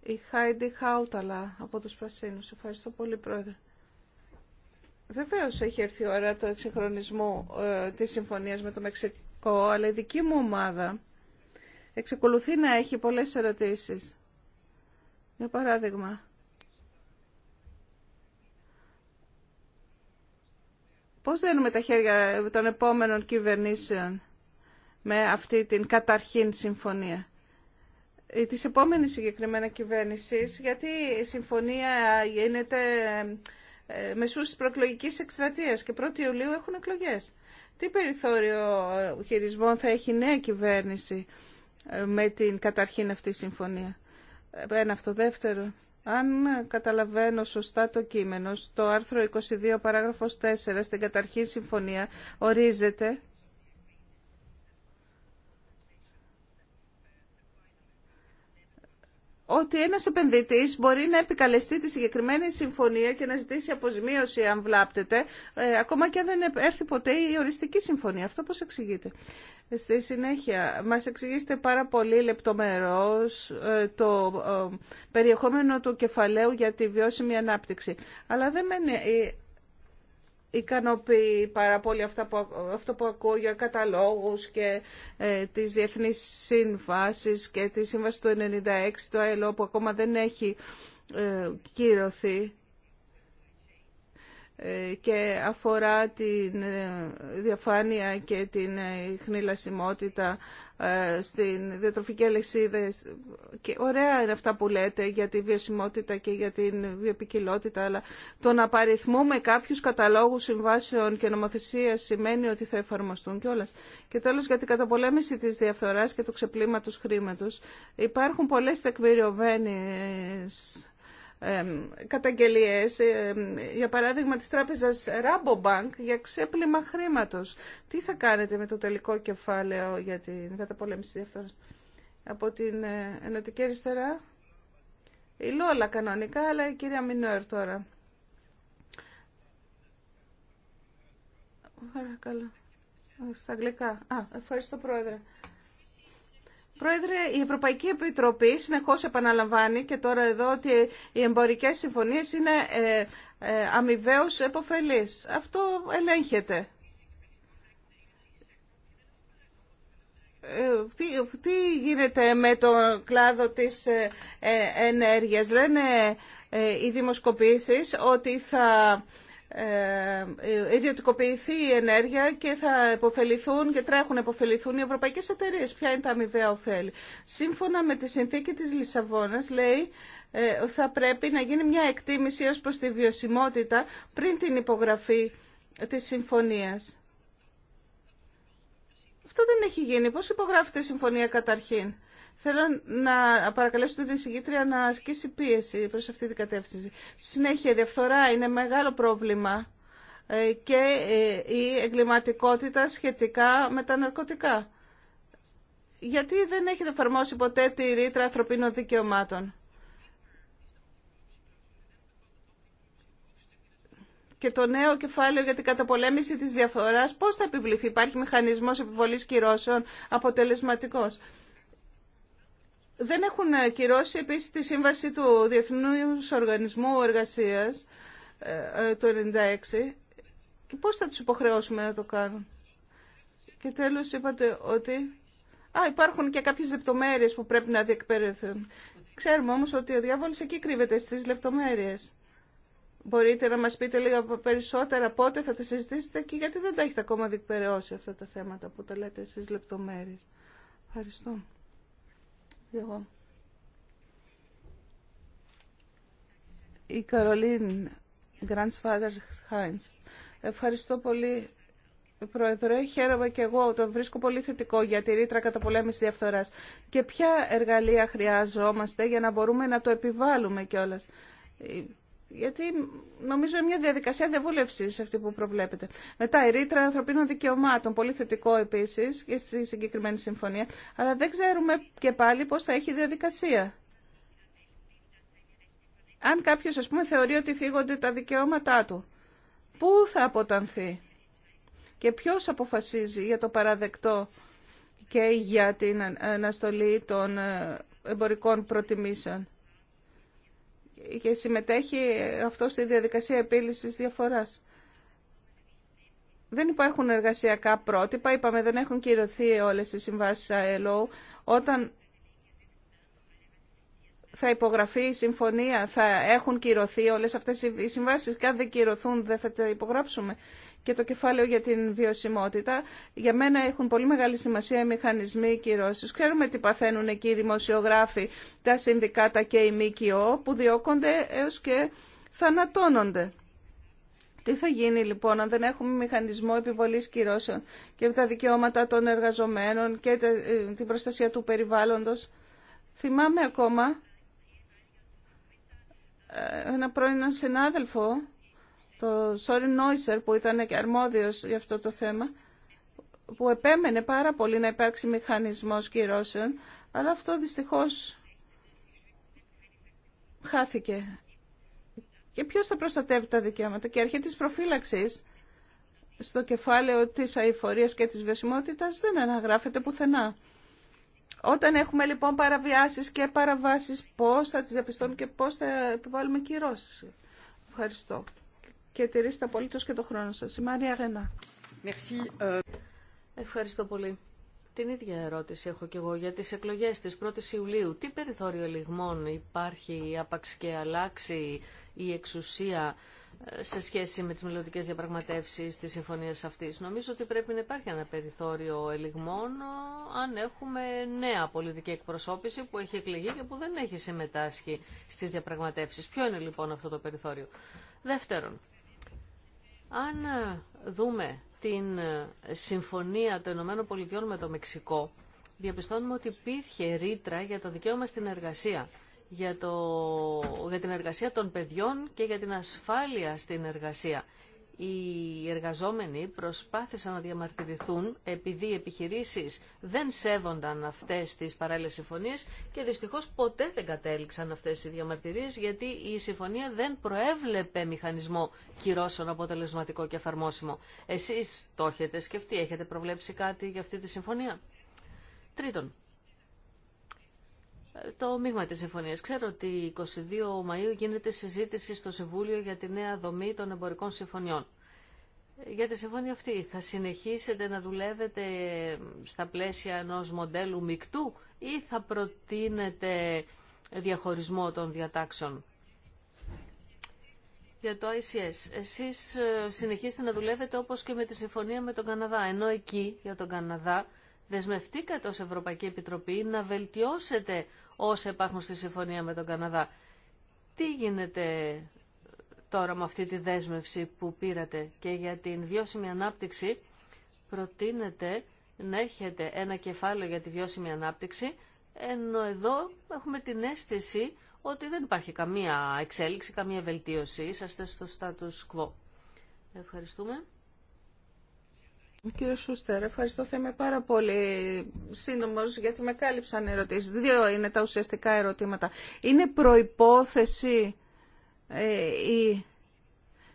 Η Χάιντι Χάουταλα από τους Πρασίνους. Ευχαριστώ πολύ πρόεδρε. Βεβαίως έχει έρθει η ώρα του εξυγχρονισμού ε, της συμφωνίας με το Μεξικό, αλλά η δική μου ομάδα εξεκολουθεί να έχει πολλές ερωτήσεις. Για παράδειγμα, πώς δένουμε τα χέρια των επόμενων κυβερνήσεων με αυτή την καταρχήν συμφωνία ε, τη επόμενη συγκεκριμένα κυβέρνηση, γιατί η συμφωνία γίνεται ε, μεσού τη προεκλογική εκστρατεία και 1η Ιουλίου έχουν εκλογές. Τι περιθώριο ε, χειρισμών θα έχει η ιουλιου εχουν εκλογέ. τι περιθωριο χειρισμων κυβέρνηση με την καταρχήν αυτή συμφωνία. Ένα αυτό δεύτερο. Αν καταλαβαίνω σωστά το κείμενο, στο άρθρο 22 παράγραφος 4 στην καταρχήν συμφωνία ορίζεται ότι ένας επενδυτής μπορεί να επικαλεστεί τη συγκεκριμένη συμφωνία και να ζητήσει αποζημίωση αν βλάπτεται, ε, ακόμα και αν δεν έρθει ποτέ η οριστική συμφωνία. Αυτό πώς εξηγείται. Στη συνέχεια, μας εξηγήσετε πάρα πολύ λεπτομερώς ε, το ε, περιεχόμενο του κεφαλαίου για τη βιώσιμη ανάπτυξη. Αλλά δεν μένει ικανοποιεί πάρα πολύ αυτά αυτό που ακούω για καταλόγους και ε, τις διεθνείς και τη σύμβαση του 96, το ΑΕΛΟ που ακόμα δεν έχει ε, κυρωθεί ε, και αφορά τη ε, διαφάνεια και την χνηλασιμότητα ε, στην διατροφική αλεξίδα. Και ωραία είναι αυτά που λέτε για τη βιωσιμότητα και για την βιοπικιλότητα, αλλά το να παριθμούμε κάποιους καταλόγους συμβάσεων και νομοθεσία σημαίνει ότι θα εφαρμοστούν κιόλα. Και τέλος για την καταπολέμηση της διαφθοράς και του ξεπλήματος χρήματος. Υπάρχουν πολλές τεκμηριωμένες καταγγελίες, για παράδειγμα της τράπεζας Rabobank για ξέπλυμα χρήματος. Τι θα κάνετε με το τελικό κεφάλαιο για την καταπολέμηση αυτών από την ε, Ενωτική Αριστερά. Η Λόλα κανονικά, αλλά η κυρία Μινόερ τώρα. Παρακαλώ. Στα αγγλικά. Α, ευχαριστώ πρόεδρε. Πρόεδρε, η Ευρωπαϊκή Επιτροπή συνεχώς επαναλαμβάνει και τώρα εδώ ότι οι εμπορικές συμφωνίες είναι ε, ε, Αυτό ελέγχεται. Ε, τι, τι γίνεται με το κλάδο της ε, ε ενέργειας. Λένε ε, οι δημοσκοπήσεις ότι θα ε, ιδιωτικοποιηθεί η ενέργεια και θα υποφεληθούν και τρέχουν να υποφεληθούν οι ευρωπαϊκές εταιρείες. Ποια είναι τα αμοιβαία ωφέλη. Σύμφωνα με τη συνθήκη της Λισαβόνας λέει ε, θα πρέπει να γίνει μια εκτίμηση ως προς τη βιωσιμότητα πριν την υπογραφή της συμφωνίας. Αυτό δεν έχει γίνει. Πώς υπογράφεται η συμφωνία καταρχήν. Θέλω να παρακαλέσω την εισηγήτρια να ασκήσει πίεση προς αυτή την κατεύθυνση. Στη συνέχεια, η διαφθορά είναι μεγάλο πρόβλημα ε, και ε, η εγκληματικότητα σχετικά με τα ναρκωτικά. Γιατί δεν έχετε εφαρμόσει ποτέ τη ρήτρα ανθρωπίνων δικαιωμάτων. και το νέο κεφάλαιο για την καταπολέμηση της διαφοράς, πώς θα επιβληθεί, υπάρχει μηχανισμός επιβολής κυρώσεων αποτελεσματικός δεν έχουν κυρώσει επίση τη σύμβαση του Διεθνού Οργανισμού εργασία ε, ε, το 1996 και πώ θα του υποχρεώσουμε να το κάνουν. Και τέλο είπατε ότι α, υπάρχουν και κάποιε λεπτομέρειε που πρέπει να διεκπαιρεθούν. Ξέρουμε όμω ότι ο διάβολο εκεί κρύβεται στι λεπτομέρειε. Μπορείτε να μας πείτε λίγα περισσότερα πότε θα τα συζητήσετε και γιατί δεν τα έχετε ακόμα διεκπαιρεώσει αυτά τα θέματα που τα λέτε στις λεπτομέρειες. Ευχαριστώ εγώ. Η Καρολίν Grandfather Heinz. Ευχαριστώ πολύ. Πρόεδρε, χαίρομαι και εγώ. Το βρίσκω πολύ θετικό για τη ρήτρα κατά πολέμηση διαφθορά. Και ποια εργαλεία χρειάζομαστε για να μπορούμε να το επιβάλλουμε κιόλα γιατί νομίζω είναι μια διαδικασία διαβούλευση αυτή που προβλέπετε. Μετά η ρήτρα ανθρωπίνων δικαιωμάτων, πολύ θετικό επίση και στη συγκεκριμένη συμφωνία, αλλά δεν ξέρουμε και πάλι πώ θα έχει διαδικασία. Αν κάποιο, α πούμε, θεωρεί ότι θίγονται τα δικαιώματά του, πού θα αποτανθεί και ποιο αποφασίζει για το παραδεκτό και για την αναστολή των ε, εμπορικών προτιμήσεων και συμμετέχει αυτό στη διαδικασία επίλυσης διαφοράς. Δεν υπάρχουν εργασιακά πρότυπα, είπαμε δεν έχουν κυρωθεί όλες οι συμβάσεις ILO. Όταν θα υπογραφεί η συμφωνία, θα έχουν κυρωθεί όλες αυτές οι συμβάσεις και αν δεν κυρωθούν δεν θα τα υπογράψουμε και το κεφάλαιο για την βιωσιμότητα. Για μένα έχουν πολύ μεγάλη σημασία οι μηχανισμοί κυρώσει. Ξέρουμε τι παθαίνουν εκεί οι δημοσιογράφοι, τα συνδικάτα και οι ΜΚΟ που διώκονται έως και θανατώνονται. Τι θα γίνει λοιπόν αν δεν έχουμε μηχανισμό επιβολής κυρώσεων και τα δικαιώματα των εργαζομένων και ε, την προστασία του περιβάλλοντος. Θυμάμαι ακόμα ε, ένα πρώην συνάδελφο το Σόριν Νόισερ που ήταν και αρμόδιος για αυτό το θέμα, που επέμενε πάρα πολύ να υπάρξει μηχανισμός κυρώσεων, αλλά αυτό δυστυχώς χάθηκε. Και ποιος θα προστατεύει τα δικαιώματα. Και η αρχή της προφύλαξης στο κεφάλαιο της αηφορίας και της βεσιμότητας δεν αναγράφεται πουθενά. Όταν έχουμε λοιπόν παραβιάσεις και παραβάσεις, πώς θα τις διαπιστώνουμε και πώς θα επιβάλλουμε κυρώσεις. Ευχαριστώ και τηρήστε απολύτως και το χρόνο σας. Η Μαρία Γενά. Ε. Ευχαριστώ πολύ. Την ίδια ερώτηση έχω και εγώ για τις εκλογές της 1ης Ιουλίου. Τι περιθώριο λιγμών υπάρχει άπαξ και αλλάξει η εξουσία ε, σε σχέση με τις μελλοντικές διαπραγματεύσεις της συμφωνίας αυτής. Νομίζω ότι πρέπει να υπάρχει ένα περιθώριο ελιγμών ε, αν έχουμε νέα πολιτική εκπροσώπηση που έχει εκλεγεί και που δεν έχει συμμετάσχει στις διαπραγματεύσεις. Ποιο είναι λοιπόν αυτό το περιθώριο. Δεύτερον, αν ε, δούμε την ε, συμφωνία των Ηνωμένων Πολιτειών με το Μεξικό, διαπιστώνουμε ότι υπήρχε ρήτρα για το δικαίωμα στην εργασία, για, το, για την εργασία των παιδιών και για την ασφάλεια στην εργασία οι εργαζόμενοι προσπάθησαν να διαμαρτυρηθούν επειδή οι επιχειρήσεις δεν σέβονταν αυτές τις παράλληλες συμφωνίες και δυστυχώς ποτέ δεν κατέληξαν αυτές οι διαμαρτυρίες γιατί η συμφωνία δεν προέβλεπε μηχανισμό κυρώσεων αποτελεσματικό και εφαρμόσιμο. Εσείς το έχετε σκεφτεί, έχετε προβλέψει κάτι για αυτή τη συμφωνία. Τρίτον, το μείγμα της συμφωνία. Ξέρω ότι 22 Μαΐου γίνεται συζήτηση στο Συμβούλιο για τη νέα δομή των εμπορικών συμφωνιών. Για τη συμφωνία αυτή θα συνεχίσετε να δουλεύετε στα πλαίσια ενός μοντέλου μικτού ή θα προτείνετε διαχωρισμό των διατάξεων. Για το ICS, εσείς ε, συνεχίσετε να δουλεύετε όπως και με τη συμφωνία με τον Καναδά, ενώ εκεί για τον Καναδά δεσμευτήκατε ως Ευρωπαϊκή Επιτροπή να βελτιώσετε όσα υπάρχουν στη συμφωνία με τον Καναδά. Τι γίνεται τώρα με αυτή τη δέσμευση που πήρατε και για την βιώσιμη ανάπτυξη προτείνεται να έχετε ένα κεφάλαιο για τη βιώσιμη ανάπτυξη, ενώ εδώ έχουμε την αίσθηση ότι δεν υπάρχει καμία εξέλιξη, καμία βελτίωση. Είσαστε στο status quo. Ευχαριστούμε. Κύριε Σούστερ, ευχαριστώ. Θα είμαι πάρα πολύ σύντομο γιατί με κάλυψαν οι ερωτήσει. Δύο είναι τα ουσιαστικά ερωτήματα. Είναι προπόθεση ε, η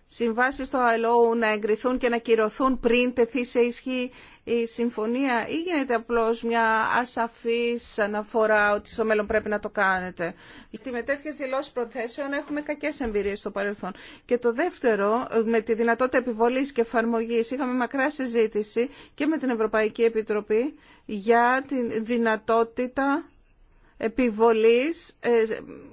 συμβάσεις στο ILO να εγκριθούν και να κυρωθούν πριν τεθεί σε ισχύ η συμφωνία ή γίνεται απλώς μια ασαφής αναφορά ότι στο μέλλον πρέπει να το κάνετε. Γιατί με τέτοιε δηλώσει προθέσεων έχουμε κακές εμπειρίες στο παρελθόν. Και το δεύτερο, με τη δυνατότητα επιβολής και εφαρμογή, είχαμε μακρά συζήτηση και με την Ευρωπαϊκή Επιτροπή για τη δυνατότητα επιβολής ε,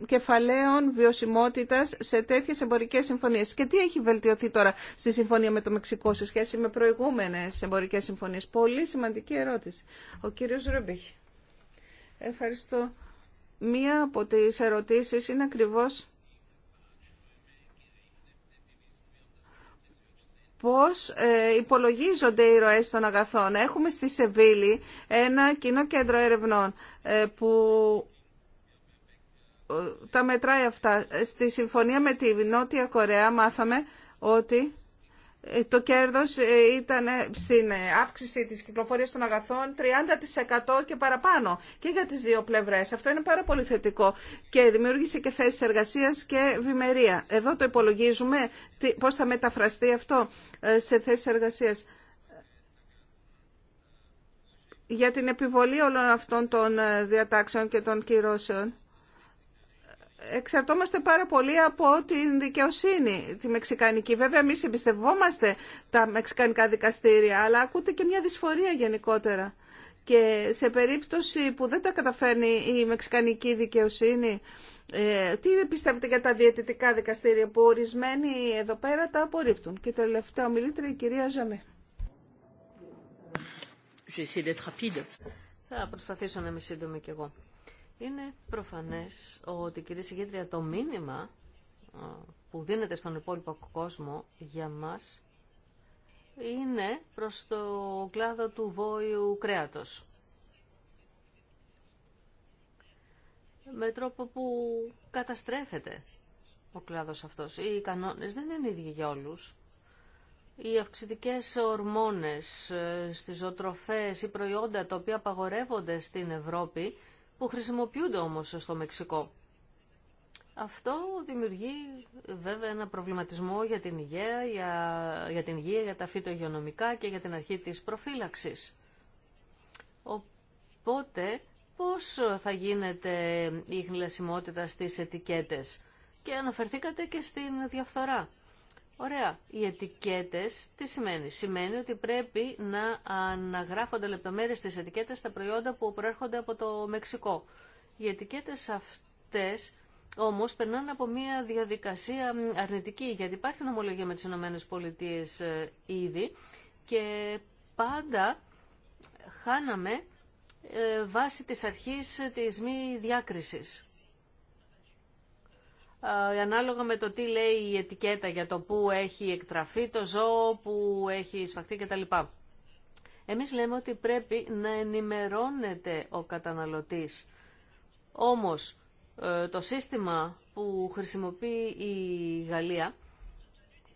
κεφαλαίων βιωσιμότητας σε τέτοιες εμπορικές συμφωνίες. Και τι έχει βελτιωθεί τώρα στη συμφωνία με το Μεξικό σε σχέση με προηγούμενες εμπορικές συμφωνίες. Πολύ σημαντική ερώτηση. Ο κύριος Ρεμπίχη. Ευχαριστώ. Μία από τις ερωτήσεις είναι ακριβώς πώς ε, υπολογίζονται οι ροές των αγαθών. Έχουμε στη Σεβίλη ένα κοινό κέντρο ερευνών ε, που ε, τα μετράει αυτά. Στη συμφωνία με τη Νότια Κορέα μάθαμε ότι το κέρδος ε, ήταν ε, στην ε, αύξηση της κυκλοφορίας των αγαθών 30% και παραπάνω και για τις δύο πλευρές. Αυτό είναι πάρα πολύ θετικό και δημιούργησε και θέσεις εργασίας και βημερία. Εδώ το υπολογίζουμε πώς θα μεταφραστεί αυτό σε θέσεις εργασίας. Για την επιβολή όλων αυτών των διατάξεων και των κυρώσεων εξαρτώμαστε πάρα πολύ από την δικαιοσύνη τη μεξικανική. Βέβαια, εμεί εμπιστευόμαστε τα μεξικανικά δικαστήρια, αλλά ακούτε και μια δυσφορία γενικότερα. Και σε περίπτωση που δεν τα καταφέρνει η μεξικανική δικαιοσύνη, ε, τι πιστεύετε για τα διαιτητικά δικαστήρια που ορισμένοι εδώ πέρα τα απορρίπτουν. Και τελευταία ομιλήτρια η κυρία Ζαμι. Θα προσπαθήσω να είμαι σύντομη κι εγώ. Είναι προφανές ότι κυρία Συγγέντρια το μήνυμα που δίνεται στον υπόλοιπο κόσμο για μας είναι προς το κλάδο του βόηου κρέατος. Με τρόπο που καταστρέφεται ο κλάδος αυτός. Οι κανόνες δεν είναι ίδιοι για όλους. Οι αυξητικές ορμόνες ε, στις ζωοτροφές ή προϊόντα τα οποία απαγορεύονται στην Ευρώπη που χρησιμοποιούνται όμως στο Μεξικό. Αυτό δημιουργεί βέβαια ένα προβληματισμό για την υγεία, για, την υγεία, για τα φυτογειονομικά και για την αρχή της προφύλαξης. Οπότε, πώς θα γίνεται η γνηλασιμότητα στις ετικέτες. Και αναφερθήκατε και στην διαφθορά. Ωραία. Οι ετικέτες τι σημαίνει. Σημαίνει ότι πρέπει να αναγράφονται λεπτομέρειες στι ετικέτες στα προϊόντα που προέρχονται από το Μεξικό. Οι ετικέτες αυτές όμως περνάνε από μια διαδικασία αρνητική γιατί υπάρχει νομολογία με τις ΗΠΑ ε, ήδη και πάντα χάναμε ε, βάσει της αρχής της μη διάκρισης. Ε, ανάλογα με το τι λέει η ετικέτα για το που έχει εκτραφεί το ζώο, που έχει σφαχτεί κτλ. Εμείς λέμε ότι πρέπει να ενημερώνεται ο καταναλωτής. Όμως ε, το σύστημα που χρησιμοποιεί η Γαλλία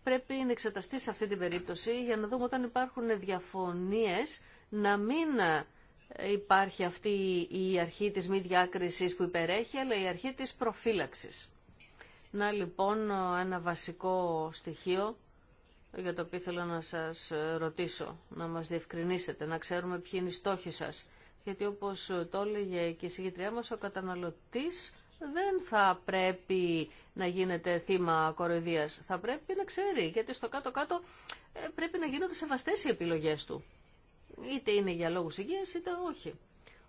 πρέπει να εξεταστεί σε αυτή την περίπτωση για να δούμε όταν υπάρχουν διαφωνίες να μην υπάρχει αυτή η αρχή της μη διάκρισης που υπερέχει αλλά η αρχή της προφύλαξης. Να λοιπόν ένα βασικό στοιχείο για το οποίο θέλω να σας ρωτήσω, να μας διευκρινίσετε, να ξέρουμε ποιοι είναι οι στόχοι σας. Γιατί όπως το έλεγε και η συγκεκριά μας, ο καταναλωτής δεν θα πρέπει να γίνεται θύμα κοροϊδίας. Θα πρέπει να ξέρει, γιατί στο κάτω-κάτω ε, πρέπει να γίνονται σεβαστές οι επιλογές του. Είτε είναι για λόγους υγείας, είτε όχι.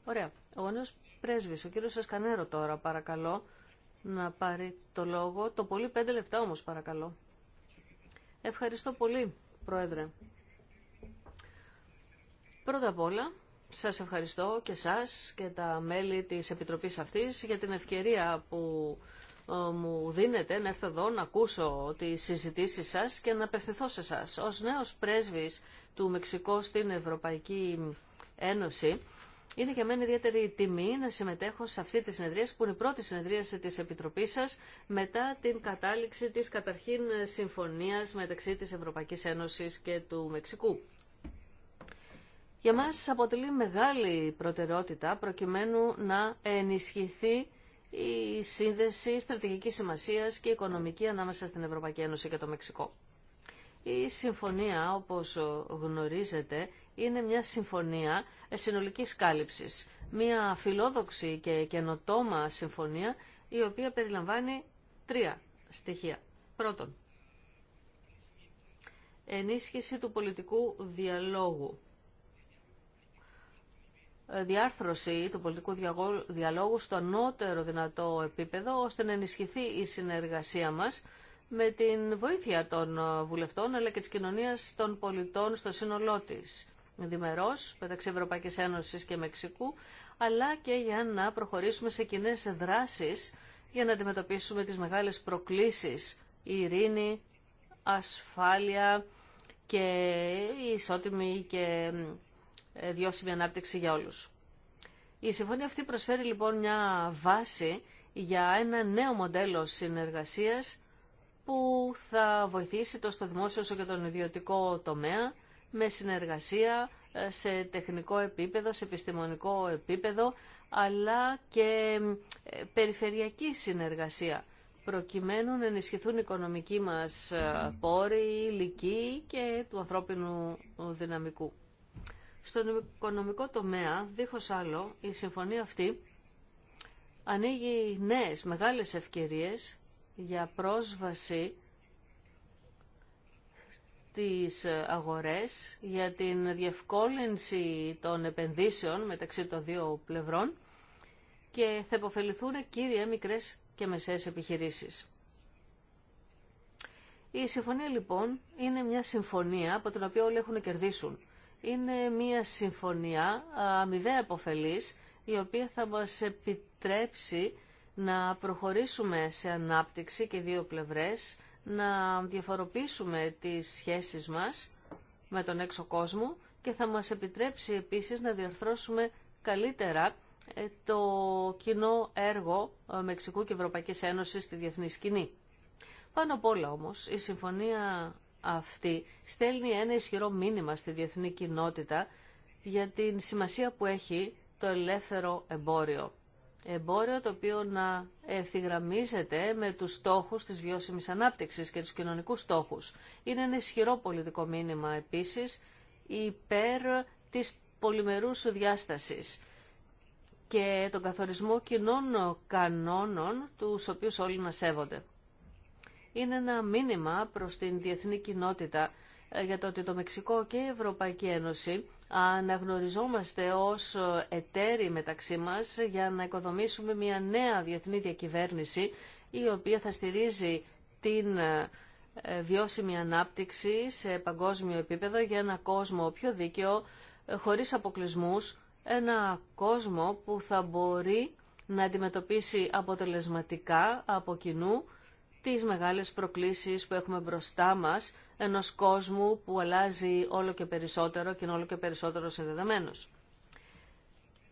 Ωραία. Ο νέος πρέσβης, ο κύριος Σασκανέρο τώρα, παρακαλώ, να πάρει το λόγο. Το πολύ πέντε λεπτά όμως παρακαλώ. Ευχαριστώ πολύ, Πρόεδρε. Πρώτα απ' όλα, σας ευχαριστώ και σας και τα μέλη της Επιτροπής αυτής για την ευκαιρία που ε, μου δίνετε να έρθω εδώ να ακούσω τις συζητήσεις σας και να απευθυνθώ σε σας. Ως νέος πρέσβης του Μεξικού στην Ευρωπαϊκή Ένωση, είναι για μένα ιδιαίτερη τιμή να συμμετέχω σε αυτή τη συνεδρία που είναι η πρώτη συνεδρία τη Επιτροπής σα μετά την κατάληξη της καταρχήν συμφωνία μεταξύ της Ευρωπαϊκής Ένωσης και του Μεξικού. Για μα αποτελεί μεγάλη προτεραιότητα προκειμένου να ενισχυθεί η σύνδεση στρατηγική σημασίας και οικονομική ανάμεσα στην Ευρωπαϊκή Ένωση και το Μεξικό. Η συμφωνία, όπως γνωρίζετε, είναι μια συμφωνία συνολικής κάλυψης. Μια φιλόδοξη και καινοτόμα συμφωνία, η οποία περιλαμβάνει τρία στοιχεία. Πρώτον, ενίσχυση του πολιτικού διαλόγου. Διάρθρωση του πολιτικού διαλόγου στο ανώτερο δυνατό επίπεδο, ώστε να ενισχυθεί η συνεργασία μας με την βοήθεια των ε, βουλευτών αλλά και της κοινωνίας των πολιτών στο σύνολό της. Διμερός, μεταξύ Ευρωπαϊκής Ένωσης και Μεξικού, αλλά και για να προχωρήσουμε σε κοινέ δράσεις για να αντιμετωπίσουμε τις μεγάλες προκλήσεις, η ειρήνη, ασφάλεια και η ισότιμη και διώσιμη ε, ανάπτυξη για όλους. Η συμφωνία αυτή προσφέρει λοιπόν μια βάση για ένα νέο μοντέλο συνεργασίας που θα βοηθήσει το το δημόσιο όσο και τον ιδιωτικό τομέα με συνεργασία ε, σε τεχνικό επίπεδο, σε επιστημονικό επίπεδο, αλλά και ε, περιφερειακή συνεργασία προκειμένου να ενισχυθούν οι οικονομικοί μας ε, πόροι, ηλικοί και του ανθρώπινου δυναμικού. Στον οικονομικό τομέα, δίχως άλλο, η συμφωνία αυτή ανοίγει νέες μεγάλες ευκαιρίες για πρόσβαση στις αγορές για την διευκόλυνση των επενδύσεων μεταξύ των δύο πλευρών και θα υποφεληθούν κύρια μικρές και μεσαίες επιχειρήσεις. Η συμφωνία λοιπόν είναι μια συμφωνία από την οποία όλοι έχουν κερδίσουν. Είναι μια συμφωνία αμοιβαία αποφελής η οποία θα μας επιτρέψει να προχωρήσουμε σε ανάπτυξη και δύο πλευρές, να διαφοροποιήσουμε τις σχέσεις μας με τον έξω κόσμο και θα μας επιτρέψει επίσης να διαρθρώσουμε καλύτερα ε, το κοινό έργο ε, Μεξικού και Ευρωπαϊκής Ένωσης στη διεθνή σκηνή. Πάνω απ' όλα όμως η συμφωνία αυτή στέλνει ένα ισχυρό μήνυμα στη διεθνή κοινότητα για την σημασία που έχει το ελεύθερο εμπόριο εμπόριο το οποίο να ευθυγραμμίζεται με τους στόχους της βιώσιμης ανάπτυξης και τους κοινωνικούς στόχους. Είναι ένα ισχυρό πολιτικό μήνυμα επίσης υπέρ της πολυμερούς διάστασης και τον καθορισμό κοινών κανόνων, του οποίους όλοι να σέβονται. Είναι ένα μήνυμα προς την διεθνή κοινότητα ε, για το ότι το Μεξικό και η Ευρωπαϊκή Ένωση αναγνωριζόμαστε ως εταίροι μεταξύ μας για να οικοδομήσουμε μια νέα διεθνή διακυβέρνηση η οποία θα στηρίζει την ε, βιώσιμη ανάπτυξη σε παγκόσμιο επίπεδο για ένα κόσμο πιο δίκαιο, ε, χωρίς αποκλεισμούς, ένα κόσμο που θα μπορεί να αντιμετωπίσει αποτελεσματικά από κοινού τις μεγάλες προκλήσεις που έχουμε μπροστά μας ενός κόσμου που αλλάζει όλο και περισσότερο και είναι όλο και περισσότερο συνδεδεμένος.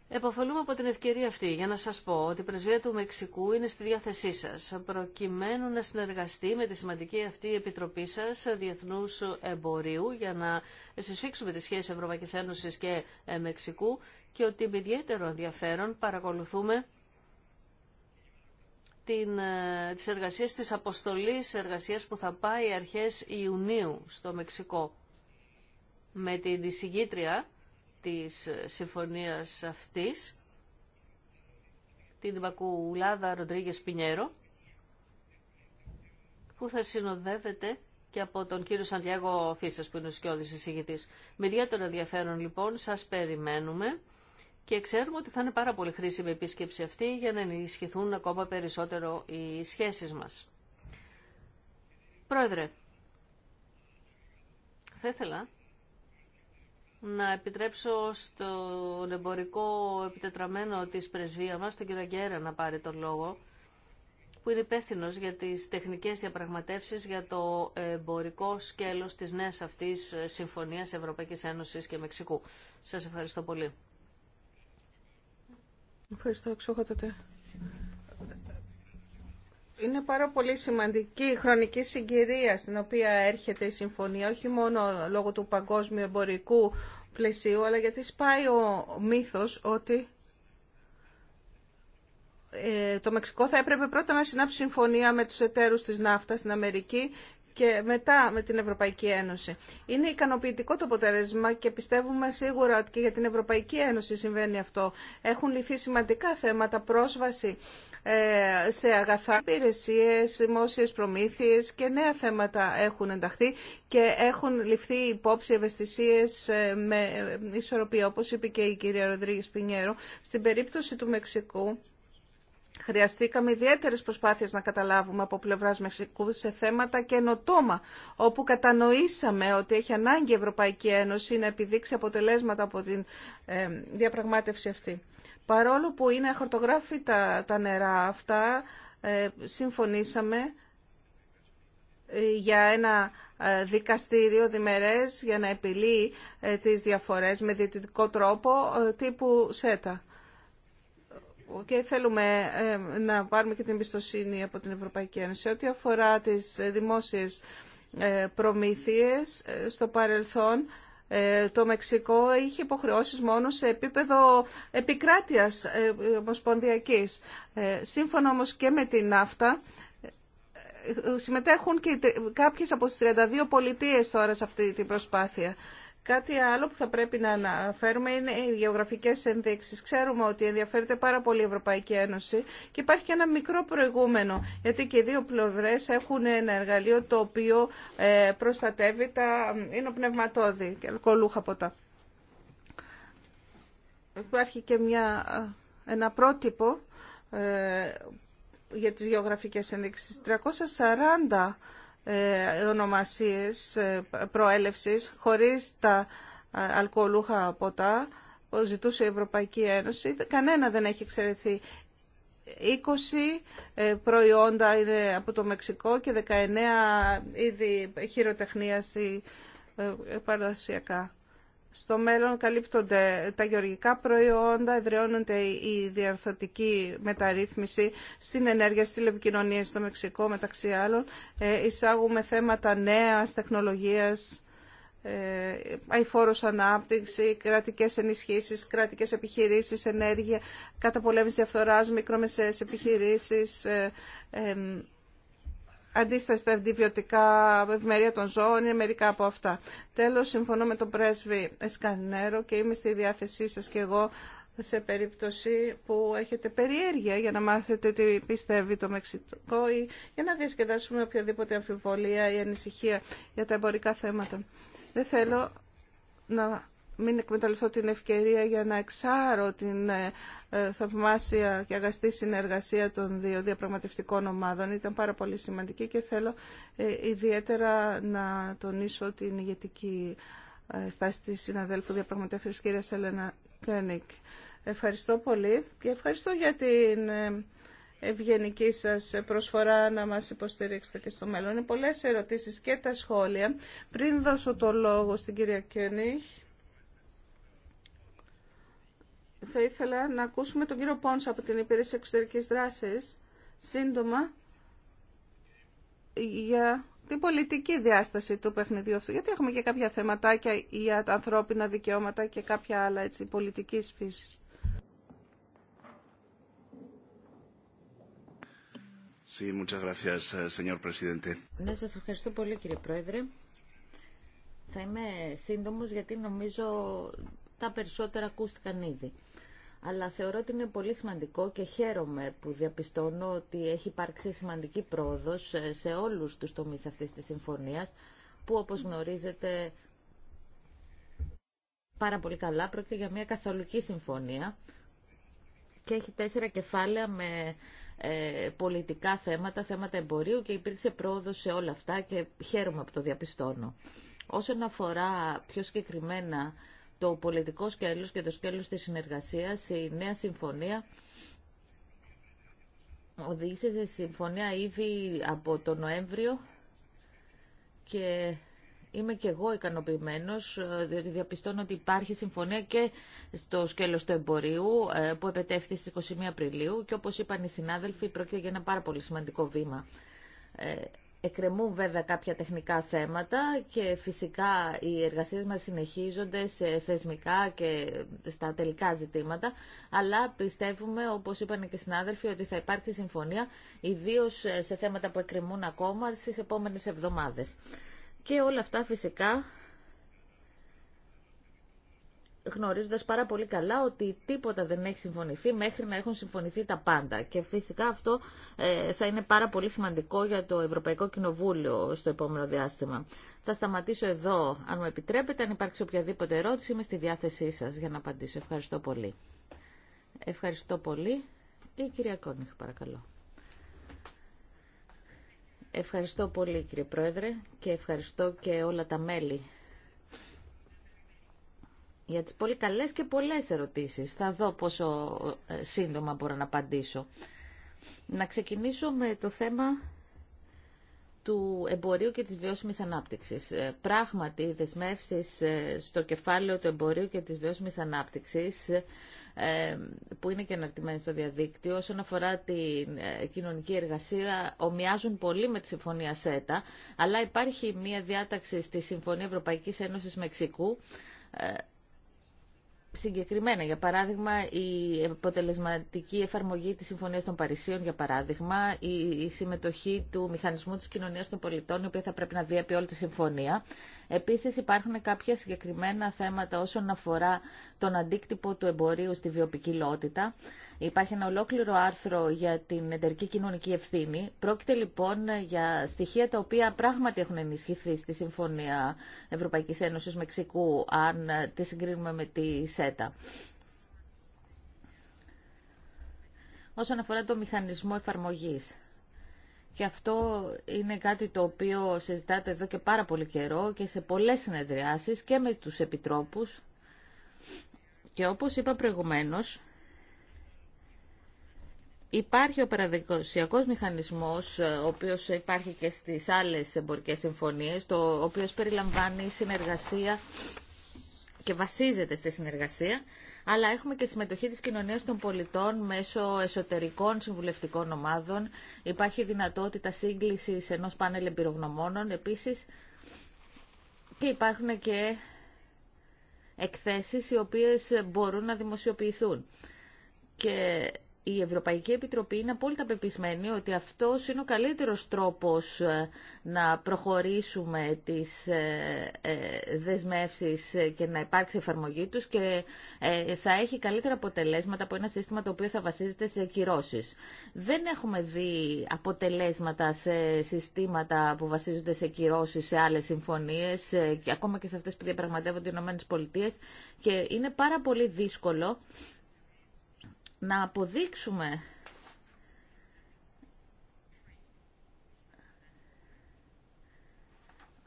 Εποφελούμε από την ευκαιρία αυτή για να σας πω ότι η πρεσβεία του Μεξικού είναι στη διάθεσή σας, προκειμένου να συνεργαστεί με τη σημαντική αυτή επιτροπή σας διεθνούς εμπορίου για να συσφίξουμε τις σχέσεις Ευρωπαϊκής Ένωσης και ε, Μεξικού και ότι με ιδιαίτερο ενδιαφέρον παρακολουθούμε την, ε, τις εργασίες της αποστολής εργασίας που θα πάει αρχές Ιουνίου στο Μεξικό με την εισηγήτρια της ε, συμφωνίας αυτής την Μπακουλάδα Ροντρίγες Πινέρο, που θα συνοδεύεται και από τον κύριο Σαντιάγο Φίσας που είναι ο σκιώδης εισηγητής. Με ιδιαίτερο ενδιαφέρον λοιπόν σας περιμένουμε και ξέρουμε ότι θα είναι πάρα πολύ χρήσιμη η επίσκεψη αυτή για να ενισχυθούν ακόμα περισσότερο οι σχέσεις μας. Πρόεδρε, θα ήθελα να επιτρέψω στον εμπορικό επιτετραμένο της πρεσβεία μας, τον κύριο Αγκέρα, να πάρει τον λόγο, που είναι υπεύθυνο για τις τεχνικές διαπραγματεύσεις για το εμπορικό σκέλος της νέας αυτής Συμφωνίας Ευρωπαϊκής Ένωσης και Μεξικού. Σας ευχαριστώ πολύ. Ευχαριστώ τότε Είναι πάρα πολύ σημαντική η χρονική συγκυρία στην οποία έρχεται η συμφωνία, όχι μόνο λόγω του παγκόσμιου εμπορικού πλαισίου, αλλά γιατί σπάει ο μύθος ότι ε, το Μεξικό θα έπρεπε πρώτα να συνάψει συμφωνία με τους εταίρους της ναύτας στην Αμερική και μετά με την Ευρωπαϊκή Ένωση. Είναι ικανοποιητικό το αποτέλεσμα και πιστεύουμε σίγουρα ότι και για την Ευρωπαϊκή Ένωση συμβαίνει αυτό. Έχουν λυθεί σημαντικά θέματα πρόσβαση ε, σε αγαθά υπηρεσίε, δημόσιε προμήθειες και νέα θέματα έχουν ενταχθεί και έχουν ληφθεί υπόψη ευαισθησίες ε, με ε, ισορροπία, όπως είπε και η κυρία Ροδρίγη Πινιέρο. Στην περίπτωση του Μεξικού, Χρειαστήκαμε ιδιαίτερες προσπάθειες να καταλάβουμε από πλευράς Μεξικού σε θέματα καινοτόμα, όπου κατανοήσαμε ότι έχει ανάγκη η Ευρωπαϊκή Ένωση να επιδείξει αποτελέσματα από την ε, διαπραγμάτευση αυτή. Παρόλο που είναι χορτογράφητα τα νερά αυτά, ε, συμφωνήσαμε ε, για ένα δικαστήριο διμερές για να επιλύει τις διαφορές με διαιτητικό τρόπο τύπου ΣΕΤΑ και θέλουμε ε, να πάρουμε και την εμπιστοσύνη από την Ευρωπαϊκή Ένωση. Ό,τι αφορά τις ε, δημόσιες ε, προμήθειες στο παρελθόν, το Μεξικό είχε υποχρεώσεις μόνο σε επίπεδο επικράτειας ομοσπονδιακής. Σύμφωνα όμως και με την ΑΦΤΑ, συμμετέχουν και κάποιες από τις 32 πολιτείες τώρα σε αυτή την προσπάθεια. Κάτι άλλο που θα πρέπει να αναφέρουμε είναι οι γεωγραφικές ενδείξει. Ξέρουμε ότι ενδιαφέρεται πάρα πολύ η Ευρωπαϊκή Ένωση και υπάρχει και ένα μικρό προηγούμενο, γιατί και οι δύο πλευρέ έχουν ένα εργαλείο το οποίο ε, προστατεύει τα ε, πνευματόδη και αλκοολούχα ποτά. Υπάρχει και μια, ένα πρότυπο ε, για τις γεωγραφικές ενδείξεις. 340 ε, ονομασίες ε, προέλευσης χωρίς τα ε, αλκοολούχα ποτά που ζητούσε η Ευρωπαϊκή Ένωση. Κανένα δεν έχει εξαιρεθεί. 20 προϊόντα είναι από το Μεξικό και 19 είδη χειροτεχνίας ή παραδοσιακά στο μέλλον καλύπτονται τα γεωργικά προϊόντα, εδραιώνονται η διαρθωτική μεταρρύθμιση στην ενέργεια, στις τηλεπικοινωνίες, στο Μεξικό μεταξύ άλλων. Ε, εισάγουμε θέματα νέας τεχνολογίας, ε, αηφόρος ανάπτυξη, κρατικές ενισχύσεις, κρατικές επιχειρήσεις, ενέργεια, καταπολέμηση διαφθοράς, μικρομεσαίες επιχειρήσεις, ε, ε, αντίσταση στα αντιβιωτικά ευημερία των ζώων είναι μερικά από αυτά. Τέλος, συμφωνώ με τον πρέσβη Εσκανέρο και είμαι στη διάθεσή σας και εγώ σε περίπτωση που έχετε περιέργεια για να μάθετε τι πιστεύει το Μεξικό ή για να διασκεδάσουμε οποιαδήποτε αμφιβολία ή ανησυχία για τα εμπορικά θέματα. Δεν θέλω να μην εκμεταλλευτώ την ευκαιρία για να εξάρω την ε, ε, θαυμάσια και αγαστή συνεργασία των δύο διαπραγματευτικών ομάδων. Ήταν πάρα πολύ σημαντική και θέλω ε, ιδιαίτερα να τονίσω την ηγετική στάση της συναδέλφου διαπραγματεύσεως κυρία Ελένα Κένικ. Ευχαριστώ πολύ και ευχαριστώ για την ευγενική σας προσφορά να μας υποστηρίξετε και στο μέλλον. Είναι πολλές ερωτήσεις και τα σχόλια. Πριν δώσω το λόγο στην κυρία Κένιχ, θα ήθελα να ακούσουμε τον κύριο Πόνσα από την Υπηρεσία Εξωτερικής Δράσης σύντομα για την πολιτική διάσταση του παιχνιδιού αυτού. Γιατί έχουμε και κάποια θεματάκια για τα ανθρώπινα δικαιώματα και κάποια άλλα έτσι, πολιτικής φύσης. Sí, eh, ναι, σας ευχαριστώ πολύ κύριε Πρόεδρε. Θα είμαι σύντομος γιατί νομίζω τα περισσότερα ακούστηκαν ήδη αλλά θεωρώ ότι είναι πολύ σημαντικό και χαίρομαι που διαπιστώνω ότι έχει υπάρξει σημαντική πρόοδος ε, σε όλους τους τομείς αυτής της συμφωνίας, που όπως γνωρίζετε πάρα πολύ καλά πρόκειται για μια καθολική συμφωνία και έχει τέσσερα κεφάλαια με ε, πολιτικά θέματα, θέματα εμπορίου και υπήρξε πρόοδο σε όλα αυτά και χαίρομαι που το διαπιστώνω. Όσον αφορά πιο συγκεκριμένα το πολιτικό σκέλος και το σκέλος της συνεργασίας, η νέα συμφωνία οδήγησε σε συμφωνία ήδη από το Νοέμβριο και είμαι και εγώ ικανοποιημένος, ε, διότι διαπιστώνω ότι υπάρχει συμφωνία και στο σκέλος του εμπορίου ε, που επετεύχθη στις 21 Απριλίου και όπως είπαν οι συνάδελφοι πρόκειται για ένα πάρα πολύ σημαντικό βήμα. Ε, Εκκρεμούν βέβαια κάποια τεχνικά θέματα και φυσικά οι εργασίες μας συνεχίζονται σε θεσμικά και στα τελικά ζητήματα, αλλά πιστεύουμε, όπως είπαν και οι συνάδελφοι, ότι θα υπάρξει συμφωνία, ιδίως σε θέματα που εκκρεμούν ακόμα στις επόμενες εβδομάδες. Και όλα αυτά φυσικά γνωρίζοντας πάρα πολύ καλά ότι τίποτα δεν έχει συμφωνηθεί μέχρι να έχουν συμφωνηθεί τα πάντα. Και φυσικά αυτό ε, θα είναι πάρα πολύ σημαντικό για το Ευρωπαϊκό Κοινοβούλιο στο επόμενο διάστημα. Θα σταματήσω εδώ. Αν μου επιτρέπετε, αν υπάρξει οποιαδήποτε ερώτηση, είμαι στη διάθεσή σας για να απαντήσω. Ευχαριστώ πολύ. Ευχαριστώ πολύ. Η κυρία Κόνιχ, παρακαλώ. Ευχαριστώ πολύ κύριε Πρόεδρε και ευχαριστώ και όλα τα μέλη για τις πολύ καλές και πολλές ερωτήσεις. Θα δω πόσο ε, σύντομα μπορώ να απαντήσω. Να ξεκινήσω με το θέμα του εμπορίου και της βιώσιμης ανάπτυξης. Ε, πράγματι, οι δεσμεύσεις ε, στο κεφάλαιο του εμπορίου και της βιώσιμης ανάπτυξης, που είναι και αναρτημένες στο διαδίκτυο, όσον αφορά την κοινωνική εργασία, ομοιάζουν πολύ με τη Συμφωνία ΣΕΤΑ, αλλά υπάρχει μία διάταξη στη Συμφωνία Ευρωπαϊκής Ένωσης Μεξικού, συγκεκριμένα. Για παράδειγμα, η αποτελεσματική εφαρμογή της Συμφωνίας των Παρισίων, για παράδειγμα, η συμμετοχή του Μηχανισμού της Κοινωνίας των Πολιτών, η οποία θα πρέπει να διέπει όλη τη συμφωνία. Επίσης, υπάρχουν κάποια συγκεκριμένα θέματα όσον αφορά τον αντίκτυπο του εμπορίου στη βιοπικιλότητα. Υπάρχει ένα ολόκληρο άρθρο για την εταιρική κοινωνική ευθύνη. Πρόκειται λοιπόν για στοιχεία τα οποία πράγματι έχουν ενισχυθεί στη Συμφωνία Ευρωπαϊκής Ένωσης Μεξικού, αν τη συγκρίνουμε με τη ΣΕΤΑ. Όσον αφορά το μηχανισμό εφαρμογής, και αυτό είναι κάτι το οποίο συζητάτε εδώ και πάρα πολύ καιρό και σε πολλές συνεδριάσεις και με τους επιτρόπους. Και όπως είπα προηγουμένως, Υπάρχει ο παραδοσιακό μηχανισμός, ο οποίο υπάρχει και στις άλλες εμπορικέ συμφωνίε, το οποίο περιλαμβάνει συνεργασία και βασίζεται στη συνεργασία, αλλά έχουμε και συμμετοχή της κοινωνίας των πολιτών μέσω εσωτερικών συμβουλευτικών ομάδων. Υπάρχει δυνατότητα σύγκλησης ενός πάνελ εμπειρογνωμόνων επίσης και υπάρχουν και εκθέσεις οι οποίες μπορούν να δημοσιοποιηθούν. Και η Ευρωπαϊκή Επιτροπή είναι απόλυτα πεπισμένη ότι αυτό είναι ο καλύτερος τρόπος ε, να προχωρήσουμε τις ε, ε, δεσμεύσεις και να υπάρξει εφαρμογή τους και θα έχει καλύτερα αποτελέσματα από ένα σύστημα το οποίο θα βασίζεται σε κυρώσεις. Δεν έχουμε δει αποτελέσματα σε συστήματα που βασίζονται σε κυρώσεις σε άλλες συμφωνίες και ακόμα και σε αυτές που διαπραγματεύονται οι ΗΠΑ και είναι πάρα πολύ δύσκολο να αποδείξουμε